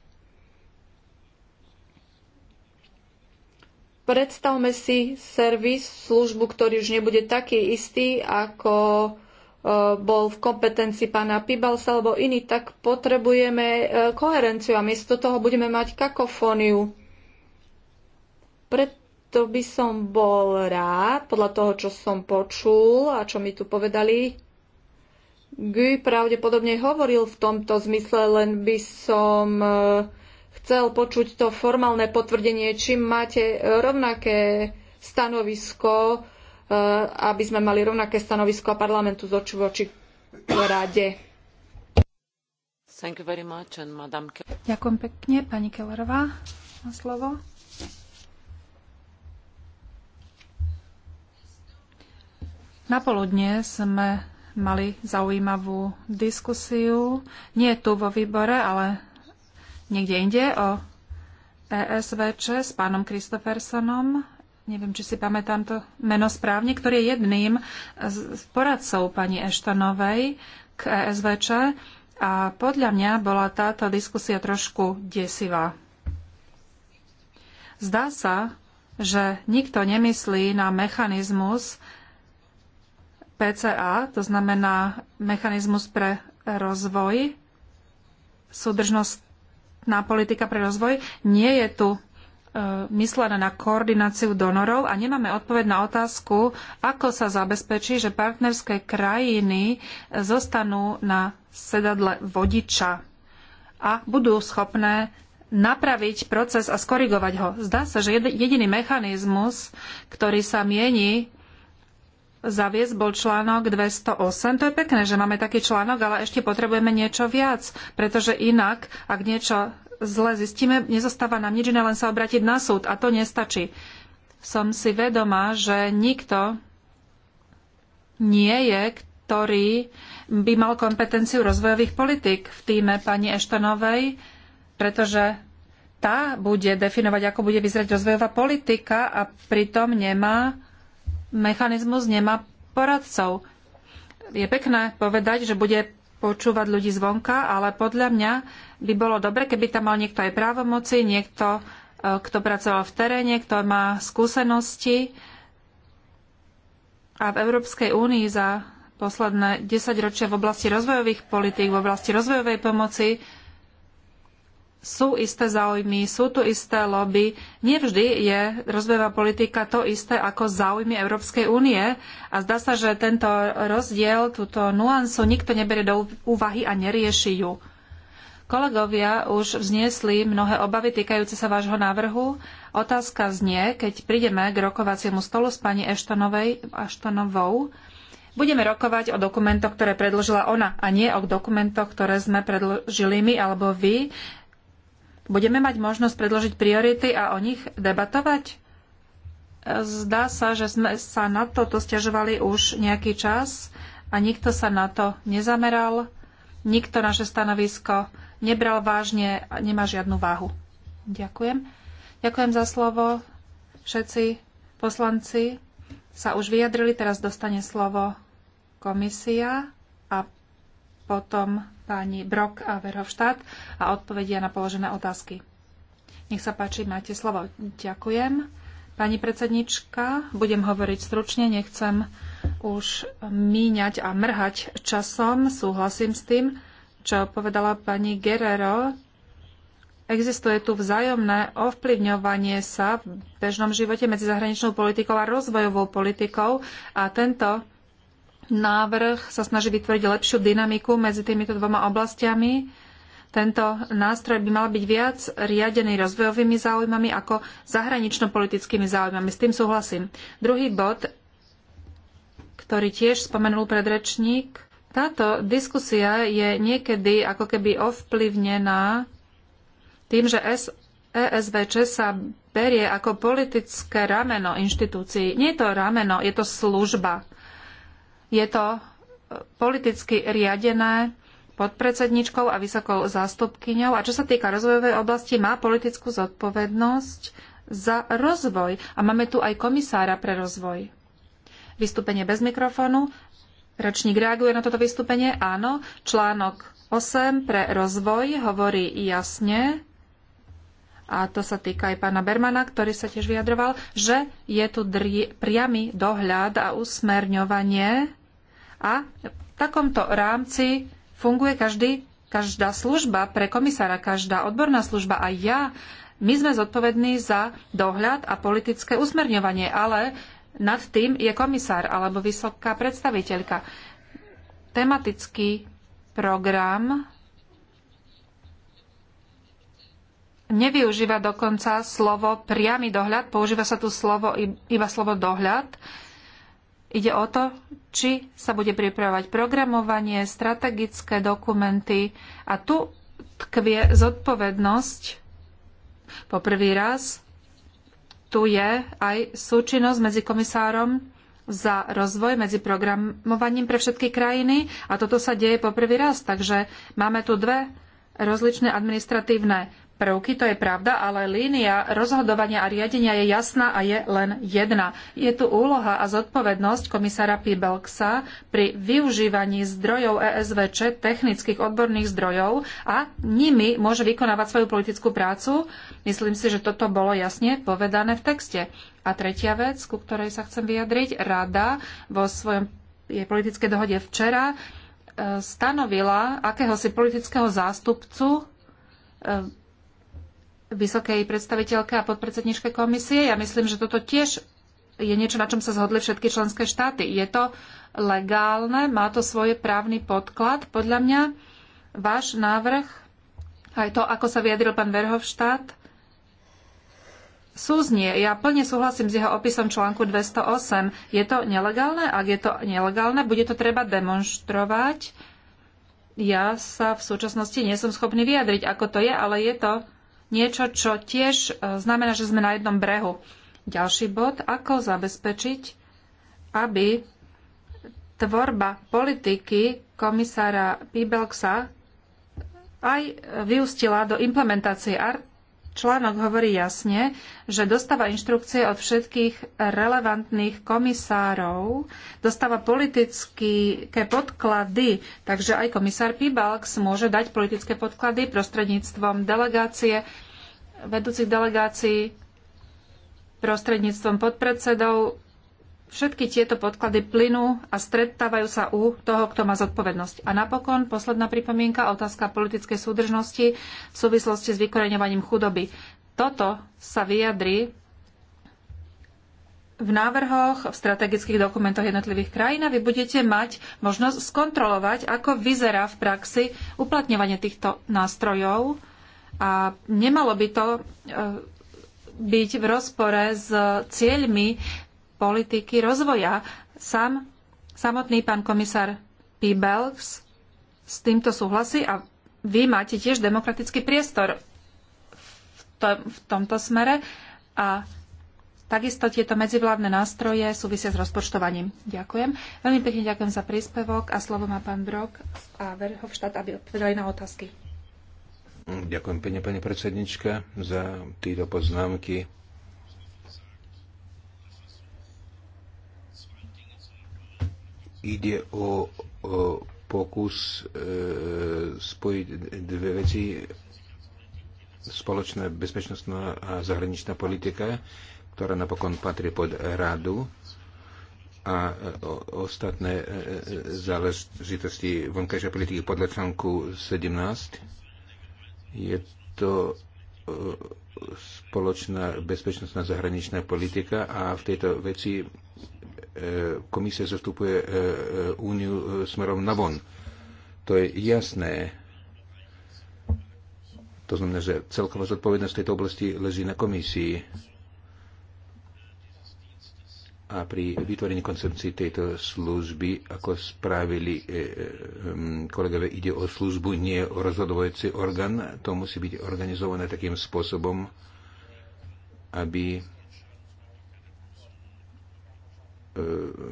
Predstavme si servis, službu, ktorý už nebude taký istý ako bol v kompetencii pána Pibalsa alebo iný, tak potrebujeme e, koherenciu a miesto toho budeme mať kakofóniu. Preto by som bol rád, podľa toho, čo som počul a čo mi tu povedali, Guy pravdepodobne hovoril v tomto zmysle, len by som e, chcel počuť to formálne potvrdenie, či máte rovnaké stanovisko Eh, aby sme mali rovnaké stanovisko a parlamentu z voči rade. Ďakujem pekne. Pani Kellerová slovo. Napoludne sme mali zaujímavú diskusiu, nie tu vo výbore, ale niekde inde o ESVČ s pánom Kristofersonom neviem, či si pamätám to meno správne, ktorý je jedným z poradcov pani Eštanovej k ESVČ a podľa mňa bola táto diskusia trošku desivá. Zdá sa, že nikto nemyslí na mechanizmus PCA, to znamená mechanizmus pre rozvoj, súdržnosť na politika pre rozvoj. Nie je tu myslené na koordináciu donorov a nemáme odpoveď na otázku, ako sa zabezpečí, že partnerské krajiny zostanú na sedadle vodiča a budú schopné napraviť proces a skorigovať ho. Zdá sa, že jediný mechanizmus, ktorý sa mieni zaviesť, bol článok 208. To je pekné, že máme taký článok, ale ešte potrebujeme niečo viac, pretože inak, ak niečo zle zistíme, nezostáva nám nič iné, len sa obrátiť na súd a to nestačí. Som si vedomá, že nikto nie je, ktorý by mal kompetenciu rozvojových politik v týme pani Eštonovej, pretože tá bude definovať, ako bude vyzerať rozvojová politika a pritom nemá mechanizmus, nemá poradcov. Je pekné povedať, že bude počúvať ľudí zvonka, ale podľa mňa by bolo dobre, keby tam mal niekto aj právomoci, niekto, e, kto pracoval v teréne, kto má skúsenosti. A v Európskej únii za posledné desaťročia v oblasti rozvojových politík, v oblasti rozvojovej pomoci sú isté záujmy, sú tu isté lobby. Nevždy je rozvojová politika to isté ako záujmy Európskej únie a zdá sa, že tento rozdiel, túto nuancu nikto neberie do úvahy a nerieši ju. Kolegovia už vzniesli mnohé obavy týkajúce sa vášho návrhu. Otázka znie, keď prídeme k rokovaciemu stolu s pani Ashtonovou, Eštonovou, Budeme rokovať o dokumentoch, ktoré predložila ona a nie o dokumentoch, ktoré sme predložili my alebo vy. Budeme mať možnosť predložiť priority a o nich debatovať? Zdá sa, že sme sa na toto stiažovali už nejaký čas a nikto sa na to nezameral, nikto naše stanovisko nebral vážne a nemá žiadnu váhu. Ďakujem. Ďakujem za slovo. Všetci poslanci sa už vyjadrili, teraz dostane slovo komisia a potom pani Brok a Verhofštát a odpovedia na položené otázky. Nech sa páči, máte slovo. Ďakujem. Pani predsednička, budem hovoriť stručne, nechcem už míňať a mrhať časom. Súhlasím s tým, čo povedala pani Guerrero. Existuje tu vzájomné ovplyvňovanie sa v bežnom živote medzi zahraničnou politikou a rozvojovou politikou a tento návrh sa snaží vytvoriť lepšiu dynamiku medzi týmito dvoma oblastiami. Tento nástroj by mal byť viac riadený rozvojovými záujmami ako zahranično-politickými záujmami. S tým súhlasím. Druhý bod, ktorý tiež spomenul predrečník, táto diskusia je niekedy ako keby ovplyvnená tým, že ESVČ sa berie ako politické rameno inštitúcií. Nie je to rameno, je to služba je to e, politicky riadené podpredsedničkou a vysokou zástupkyňou. A čo sa týka rozvojovej oblasti, má politickú zodpovednosť za rozvoj. A máme tu aj komisára pre rozvoj. Vystúpenie bez mikrofónu. Rečník reaguje na toto vystúpenie? Áno. Článok 8 pre rozvoj hovorí jasne, a to sa týka aj pána Bermana, ktorý sa tiež vyjadroval, že je tu priamy dohľad a usmerňovanie a v takomto rámci funguje každý, každá služba pre komisára, každá odborná služba a ja. My sme zodpovední za dohľad a politické usmerňovanie, ale nad tým je komisár alebo vysoká predstaviteľka. Tematický program nevyužíva dokonca slovo priamy dohľad, používa sa tu slovo, iba slovo dohľad. Ide o to, či sa bude pripravovať programovanie, strategické dokumenty a tu tkvie zodpovednosť. Po prvý raz tu je aj súčinnosť medzi komisárom za rozvoj medzi programovaním pre všetky krajiny a toto sa deje po prvý raz. Takže máme tu dve rozličné administratívne prvky, to je pravda, ale línia rozhodovania a riadenia je jasná a je len jedna. Je tu úloha a zodpovednosť komisára Pibelksa pri využívaní zdrojov ESVČ, technických odborných zdrojov a nimi môže vykonávať svoju politickú prácu. Myslím si, že toto bolo jasne povedané v texte. A tretia vec, ku ktorej sa chcem vyjadriť, rada vo svojom politickej dohode včera e, stanovila akéhosi politického zástupcu e, vysokej predstaviteľke a podpredsedničke komisie. Ja myslím, že toto tiež je niečo, na čom sa zhodli všetky členské štáty. Je to legálne, má to svoj právny podklad. Podľa mňa váš návrh, aj to, ako sa vyjadril pán Verhofštát, súznie. Ja plne súhlasím s jeho opisom článku 208. Je to nelegálne? Ak je to nelegálne, bude to treba demonstrovať. Ja sa v súčasnosti nie som schopný vyjadriť, ako to je, ale je to niečo, čo tiež e, znamená, že sme na jednom brehu. Ďalší bod, ako zabezpečiť, aby tvorba politiky komisára Pibelksa aj vyústila do implementácie článok hovorí jasne, že dostáva inštrukcie od všetkých relevantných komisárov, dostáva politické podklady, takže aj komisár Pibalks môže dať politické podklady prostredníctvom delegácie, vedúcich delegácií, prostredníctvom podpredsedov Všetky tieto podklady plynú a stretávajú sa u toho, kto má zodpovednosť. A napokon posledná pripomienka, otázka politickej súdržnosti v súvislosti s vykoreňovaním chudoby. Toto sa vyjadri v návrhoch, v strategických dokumentoch jednotlivých krajín a vy budete mať možnosť skontrolovať, ako vyzerá v praxi uplatňovanie týchto nástrojov a nemalo by to e, byť v rozpore s cieľmi politiky rozvoja. Sám, samotný pán komisár Pibels s týmto súhlasí a vy máte tiež demokratický priestor v, to, v tomto smere a takisto tieto medzivládne nástroje súvisia s rozpočtovaním. Ďakujem. Veľmi pekne ďakujem za príspevok a slovo má pán Brok a Verhofštát, aby odpovedali na otázky. Ďakujem pekne, pani predsednička, za tieto poznámky ide o, o pokus e, spojiť dve veci, spoločná bezpečnostná a zahraničná politika, ktorá napokon patrí pod radu a e, ostatné e, e, záležitosti vonkajšej politiky podľa článku 17. Je to spoločná bezpečnostná zahraničná politika a v tejto veci E, komisia zastupuje e, e, úniu smerom na von. To je jasné. To znamená, že celková zodpovednosť v tejto oblasti leží na komisii. A pri vytvorení koncepcii tejto služby, ako spravili kolegové, ide o službu, nie o rozhodovajúci orgán. To musí byť organizované takým spôsobom, aby e,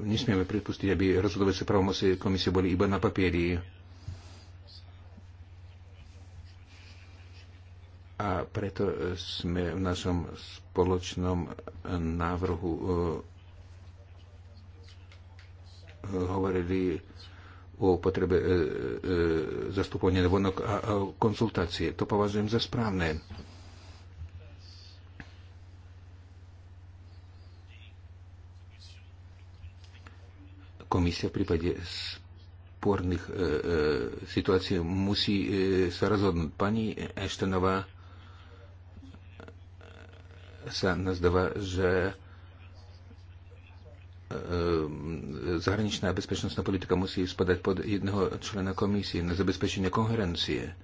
nesmieme pripustiť, aby rozhodovacie právomoci komisie boli iba na papieri. A preto sme v našom spoločnom návrhu e, hovorili o potrebe e, e, zastupovania vonok a konzultácie. To považujem za správne. Komisia v prípade sporných e, e, situácií musí e, sa rozhodnúť. Pani Eštenová sa nazdáva, že e, zahraničná bezpečnostná politika musí spadať pod jedného člena komisie na zabezpečenie koherencie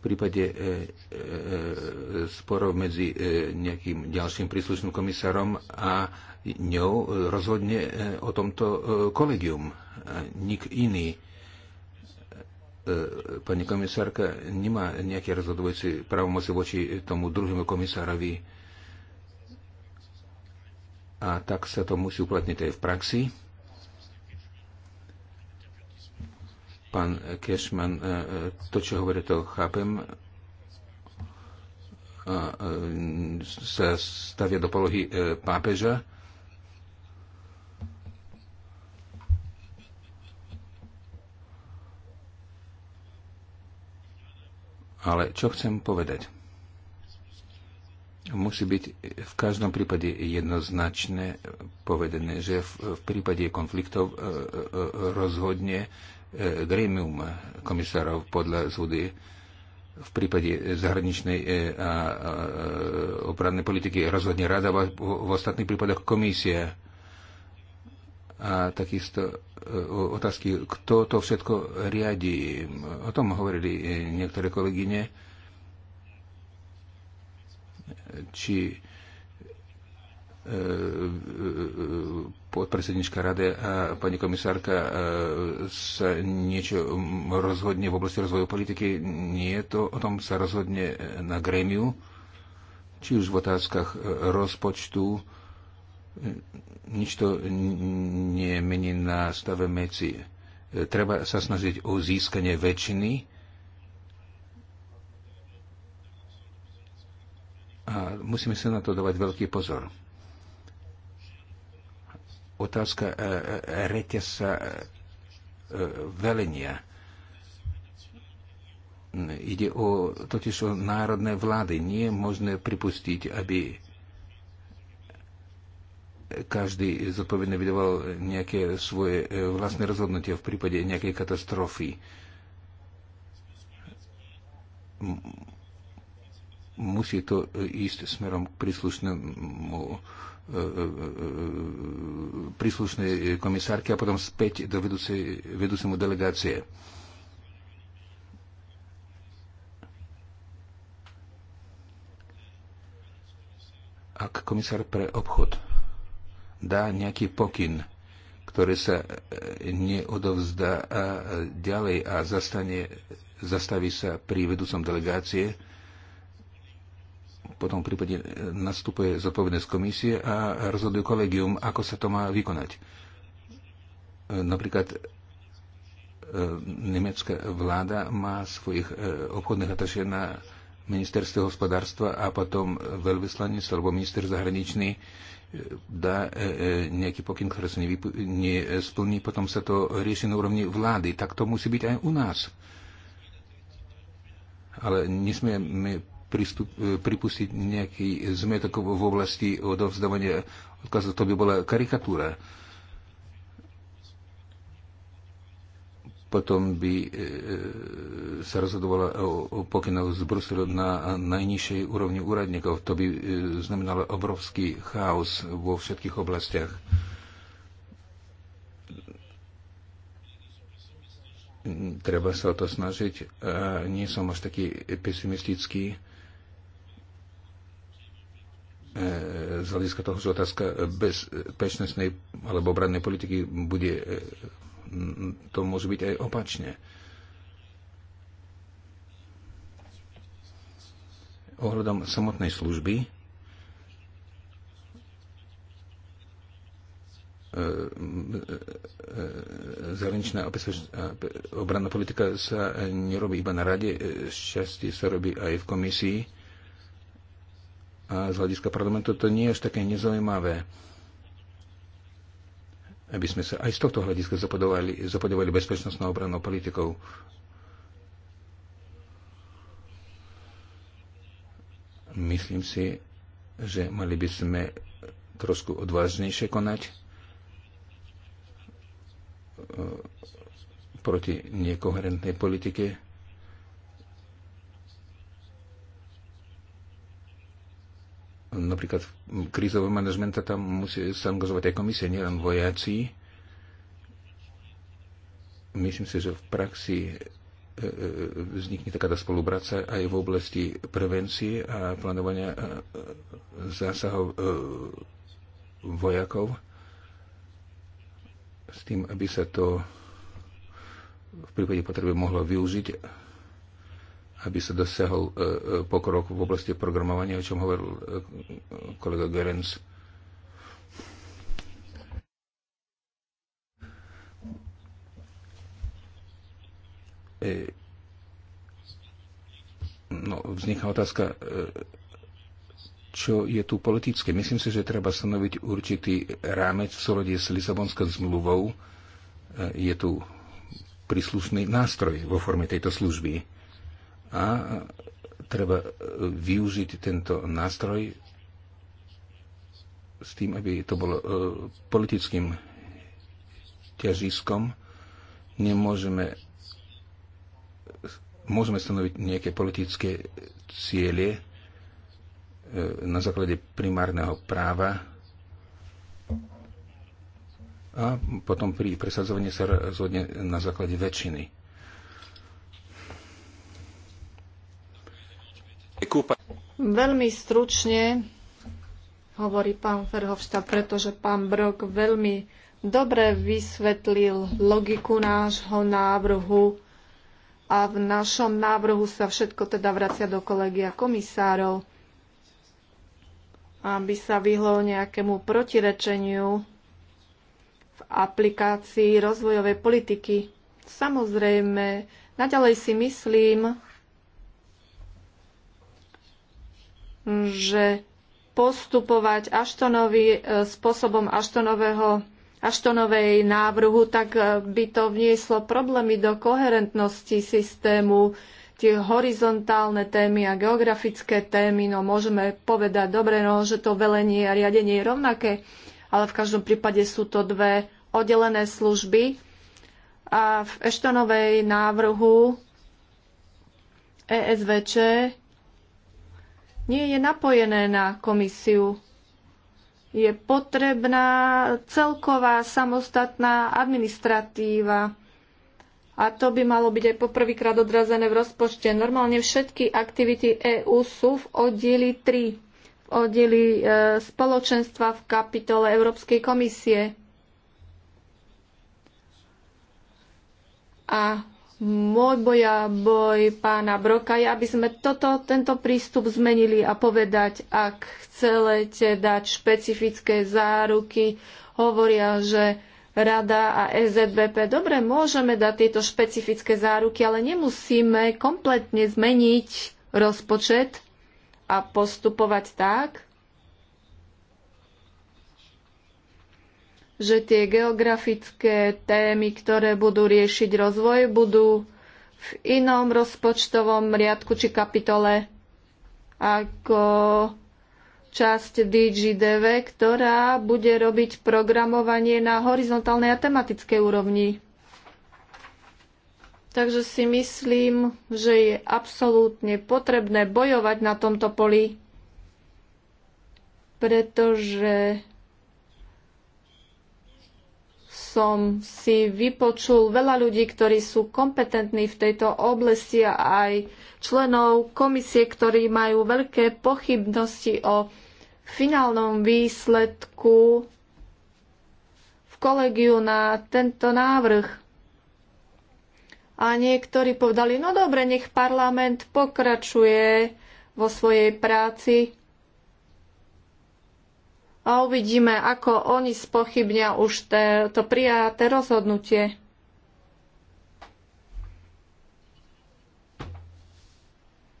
prípade e, e, e, sporov medzi e, nejakým ďalším príslušným komisárom a ňou rozhodne e, o tomto e, kolegium. Nik iný. Pani komisárka nemá nejaké rozhodujúce právomoci voči tomu druhému komisárovi. A tak sa to musí uplatniť aj v praxi. Pán Kešman, e, e, to, čo hovorí, to chápem. E, sa stavia do polohy pápeža. Ale čo chcem povedať? Musí byť v každom prípade jednoznačne povedené, že v, v prípade konfliktov rozhodne E, gremium komisárov podľa zúdy v prípade zahraničnej e, a e, obrannej politiky rozhodne rada, v ostatných prípadoch komisia. A takisto otázky, kto to všetko riadi. O tom hovorili niektoré kolegyne. Či E, e, e, podpredsednička rady a pani komisárka sa niečo rozhodne v oblasti rozvoju politiky. Nie je to, o tom sa rozhodne na grémiu, či už v otázkach rozpočtu. Nič to nie mení na stave medzi. Treba sa snažiť o získanie väčšiny, a musíme sa na to dávať veľký pozor otázka e, e, reťasa e, velenia. Ide o, totiž o národné vlády. Nie je možné pripustiť, aby každý zodpovedne vydával nejaké svoje vlastné rozhodnutie v prípade nejakej katastrofy musí to e, ísť smerom k príslušnému e, e, príslušnej komisárky a potom späť do vedúcemu delegácie. Ak komisár pre obchod dá nejaký pokyn, ktoré sa neodovzdá a ďalej a zastane, zastaví sa pri vedúcom delegácie, potom v prípade e, nastupuje zodpovednosť komisie a rozhoduje kolegium, ako sa to má vykonať. E, napríklad e, nemecká vláda má svojich obchodných atašie na ministerstve hospodárstva a potom veľvyslanec alebo minister zahraničný dá nejaký pokyn, ktorý sa nesplní, potom sa to rieši na úrovni vlády. Tak to musí byť aj u nás. Ale nesmieme pristup, e, pripustiť nejaký zmetok v oblasti odovzdávania odkazov. To by bola karikatúra. Potom by e, e, sa rozhodovala o pokynov z Bruselu na najnižšej úrovni úradníkov. To by znamenalo obrovský chaos vo všetkých oblastiach. treba sa o to snažiť. A nie som až taký pesimistický z hľadiska toho, že otázka bezpečnostnej alebo obradnej politiky bude, e, to môže byť aj opačne. Ohľadom samotnej služby e, e, zahraničná obranná politika sa nerobí iba na rade, šťastie sa robí aj v komisii a z hľadiska parlamentu to nie je až také nezaujímavé aby sme sa aj z tohto hľadiska zapodovali, zapodovali bezpečnostnou obranou politikou. Myslím si, že mali by sme trošku odvážnejšie konať eh, proti nekoherentnej politike napríklad krízové manažmenta tam musí sa angažovať aj komisie, nielen vojaci. Myslím si, že v praxi e, e, vznikne takáto spolupráca aj v oblasti prevencie a plánovania e, zásahov vojakov s tým, aby sa to v prípade potreby mohlo využiť aby sa dosiahol e, e, pokrok v oblasti programovania, o čom hovoril e, kolega Gerenc. No, vzniká otázka, čo je tu politické. Myslím si, že treba stanoviť určitý rámec v súlade s Lisabonskou zmluvou. Je tu príslušný nástroj vo forme tejto služby a treba využiť tento nástroj s tým, aby to bolo e, politickým ťažiskom. Nemôžeme môžeme stanoviť nejaké politické ciele e, na základe primárneho práva a potom pri presadzovaní sa rozhodne na základe väčšiny. Veľmi stručne hovorí pán Ferhovšta, pretože pán Brok veľmi dobre vysvetlil logiku nášho návrhu a v našom návrhu sa všetko teda vracia do kolegia komisárov, aby sa vyhlo nejakému protirečeniu v aplikácii rozvojovej politiky. Samozrejme, naďalej si myslím, že postupovať Aštonovi e, spôsobom Aštonového Aštonovej návrhu, tak e, by to vnieslo problémy do koherentnosti systému, tie horizontálne témy a geografické témy, no môžeme povedať, dobre, no, že to velenie a riadenie je rovnaké, ale v každom prípade sú to dve oddelené služby. A v Eštonovej návrhu ESVČ nie je napojené na komisiu. Je potrebná celková samostatná administratíva. A to by malo byť aj poprvýkrát odrazené v rozpočte. Normálne všetky aktivity EÚ sú v oddieli 3, v oddieli e, spoločenstva v kapitole Európskej komisie. A môj boj a boj pána Broka je, aby sme toto, tento prístup zmenili a povedať, ak chcete dať špecifické záruky, hovoria, že Rada a SZBP dobre, môžeme dať tieto špecifické záruky, ale nemusíme kompletne zmeniť rozpočet a postupovať tak, že tie geografické témy, ktoré budú riešiť rozvoj, budú v inom rozpočtovom riadku či kapitole ako časť DGDV, ktorá bude robiť programovanie na horizontálnej a tematickej úrovni. Takže si myslím, že je absolútne potrebné bojovať na tomto poli, pretože som si vypočul veľa ľudí, ktorí sú kompetentní v tejto oblasti a aj členov komisie, ktorí majú veľké pochybnosti o finálnom výsledku v kolegiu na tento návrh. A niektorí povedali, no dobre, nech parlament pokračuje vo svojej práci a uvidíme, ako oni spochybnia už te, to prijaté rozhodnutie.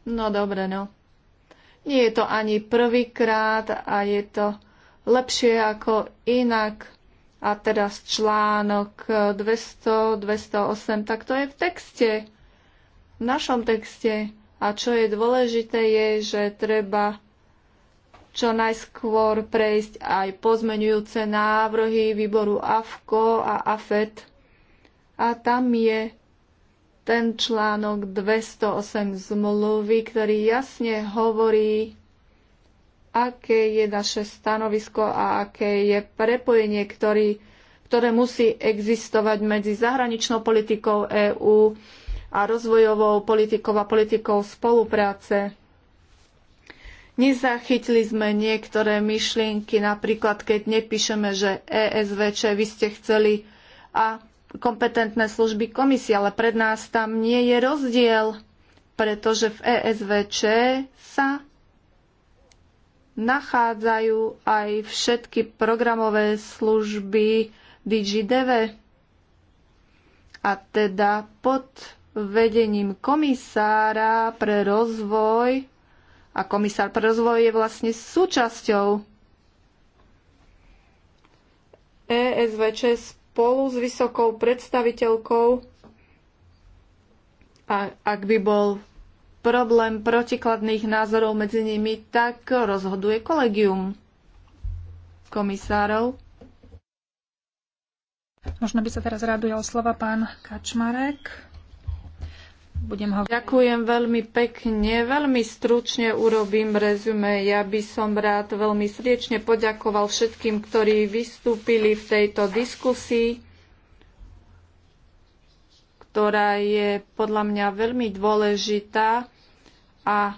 No dobre, no. Nie je to ani prvýkrát a je to lepšie ako inak. A teraz článok 200, 208, tak to je v texte, v našom texte. A čo je dôležité je, že treba čo najskôr prejsť aj pozmenujúce návrhy výboru AFKO a AFET. A tam je ten článok 208 zmluvy, ktorý jasne hovorí, aké je naše stanovisko a aké je prepojenie, ktorý, ktoré musí existovať medzi zahraničnou politikou EÚ a rozvojovou politikou a politikou spolupráce. Nezachytili sme niektoré myšlienky, napríklad keď nepíšeme, že ESVČ vy ste chceli a kompetentné služby komisie, ale pred nás tam nie je rozdiel, pretože v ESVČ sa nachádzajú aj všetky programové služby DigiDev a teda pod vedením komisára pre rozvoj a komisár pre rozvoj je vlastne súčasťou ESVČ spolu s vysokou predstaviteľkou a ak by bol problém protikladných názorov medzi nimi, tak rozhoduje kolegium komisárov. Možno by sa teraz raduje o slova pán Kačmarek budem ho... Ďakujem veľmi pekne. Veľmi stručne urobím rezume. Ja by som rád veľmi srdečne poďakoval všetkým, ktorí vystúpili v tejto diskusii, ktorá je podľa mňa veľmi dôležitá a e,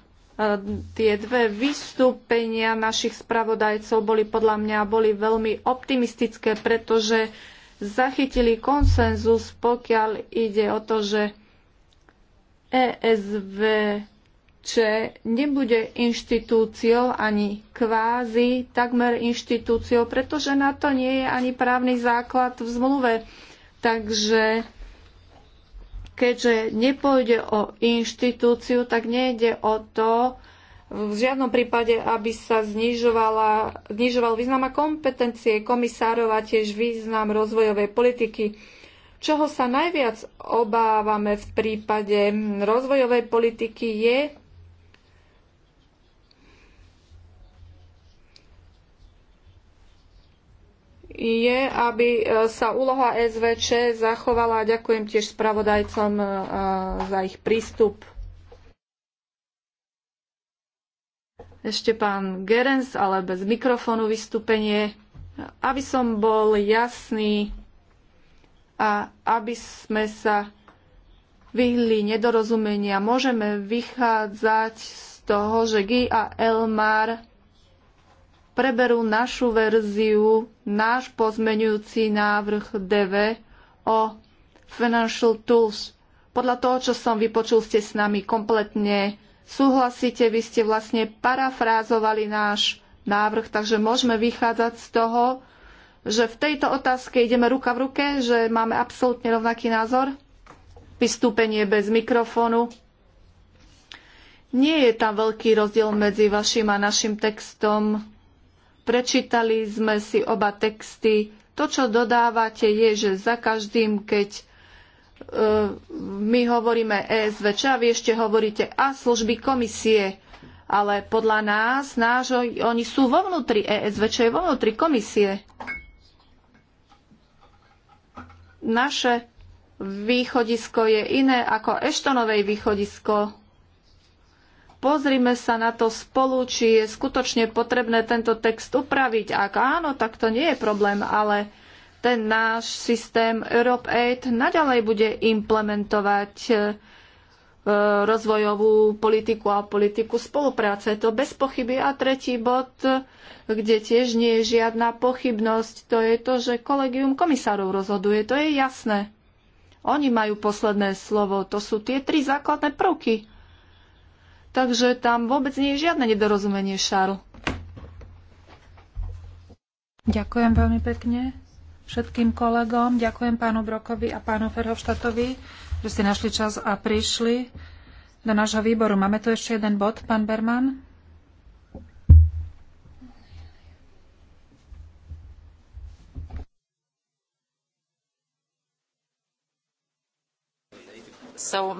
tie dve vystúpenia našich spravodajcov boli podľa mňa boli veľmi optimistické, pretože zachytili konsenzus, pokiaľ ide o to, že ESVČ nebude inštitúciou ani kvázi takmer inštitúciou, pretože na to nie je ani právny základ v zmluve. Takže keďže nepôjde o inštitúciu, tak nejde o to, v žiadnom prípade, aby sa znižovala, znižoval význam a kompetencie komisárov a tiež význam rozvojovej politiky. Čoho sa najviac obávame v prípade rozvojovej politiky je je, aby e, sa úloha SVČ zachovala. Ďakujem tiež spravodajcom e, za ich prístup. Ešte pán Gerens, ale bez mikrofónu vystúpenie. Aby som bol jasný, a aby sme sa vyhli nedorozumenia, môžeme vychádzať z toho, že Guy a Elmar preberú našu verziu, náš pozmenujúci návrh DV o Financial Tools. Podľa toho, čo som vypočul, ste s nami kompletne súhlasíte, vy ste vlastne parafrázovali náš návrh, takže môžeme vychádzať z toho, že v tejto otázke ideme ruka v ruke, že máme absolútne rovnaký názor? Vystúpenie bez mikrofónu. Nie je tam veľký rozdiel medzi vašim a našim textom. Prečítali sme si oba texty. To, čo dodávate, je, že za každým, keď e, my hovoríme ESVČ a vy ešte hovoríte a služby komisie. Ale podľa nás, náš, oni sú vo vnútri ESVČ, je vo vnútri komisie. Naše východisko je iné ako Eštonovej východisko. Pozrime sa na to spolu, či je skutočne potrebné tento text upraviť. Ak áno, tak to nie je problém, ale ten náš systém Europe Aid naďalej bude implementovať E, rozvojovú politiku a politiku spolupráce. To bez pochyby. A tretí bod, kde tiež nie je žiadna pochybnosť, to je to, že kolegium komisárov rozhoduje. To je jasné. Oni majú posledné slovo. To sú tie tri základné prvky. Takže tam vôbec nie je žiadne nedorozumenie, Šarl. Ďakujem veľmi pekne všetkým kolegom, ďakujem pánu Brokovi a pánu Ferhovštatovi že ste našli čas a prišli do nášho výboru. Máme tu ešte jeden bod, pán Berman. So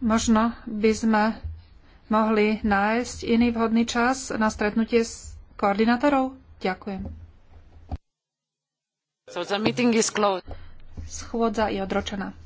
Možno by sme mohli nájsť iný vhodný čas na stretnutie s koordinátorov. Ďakujem. So Schôdza je odročená.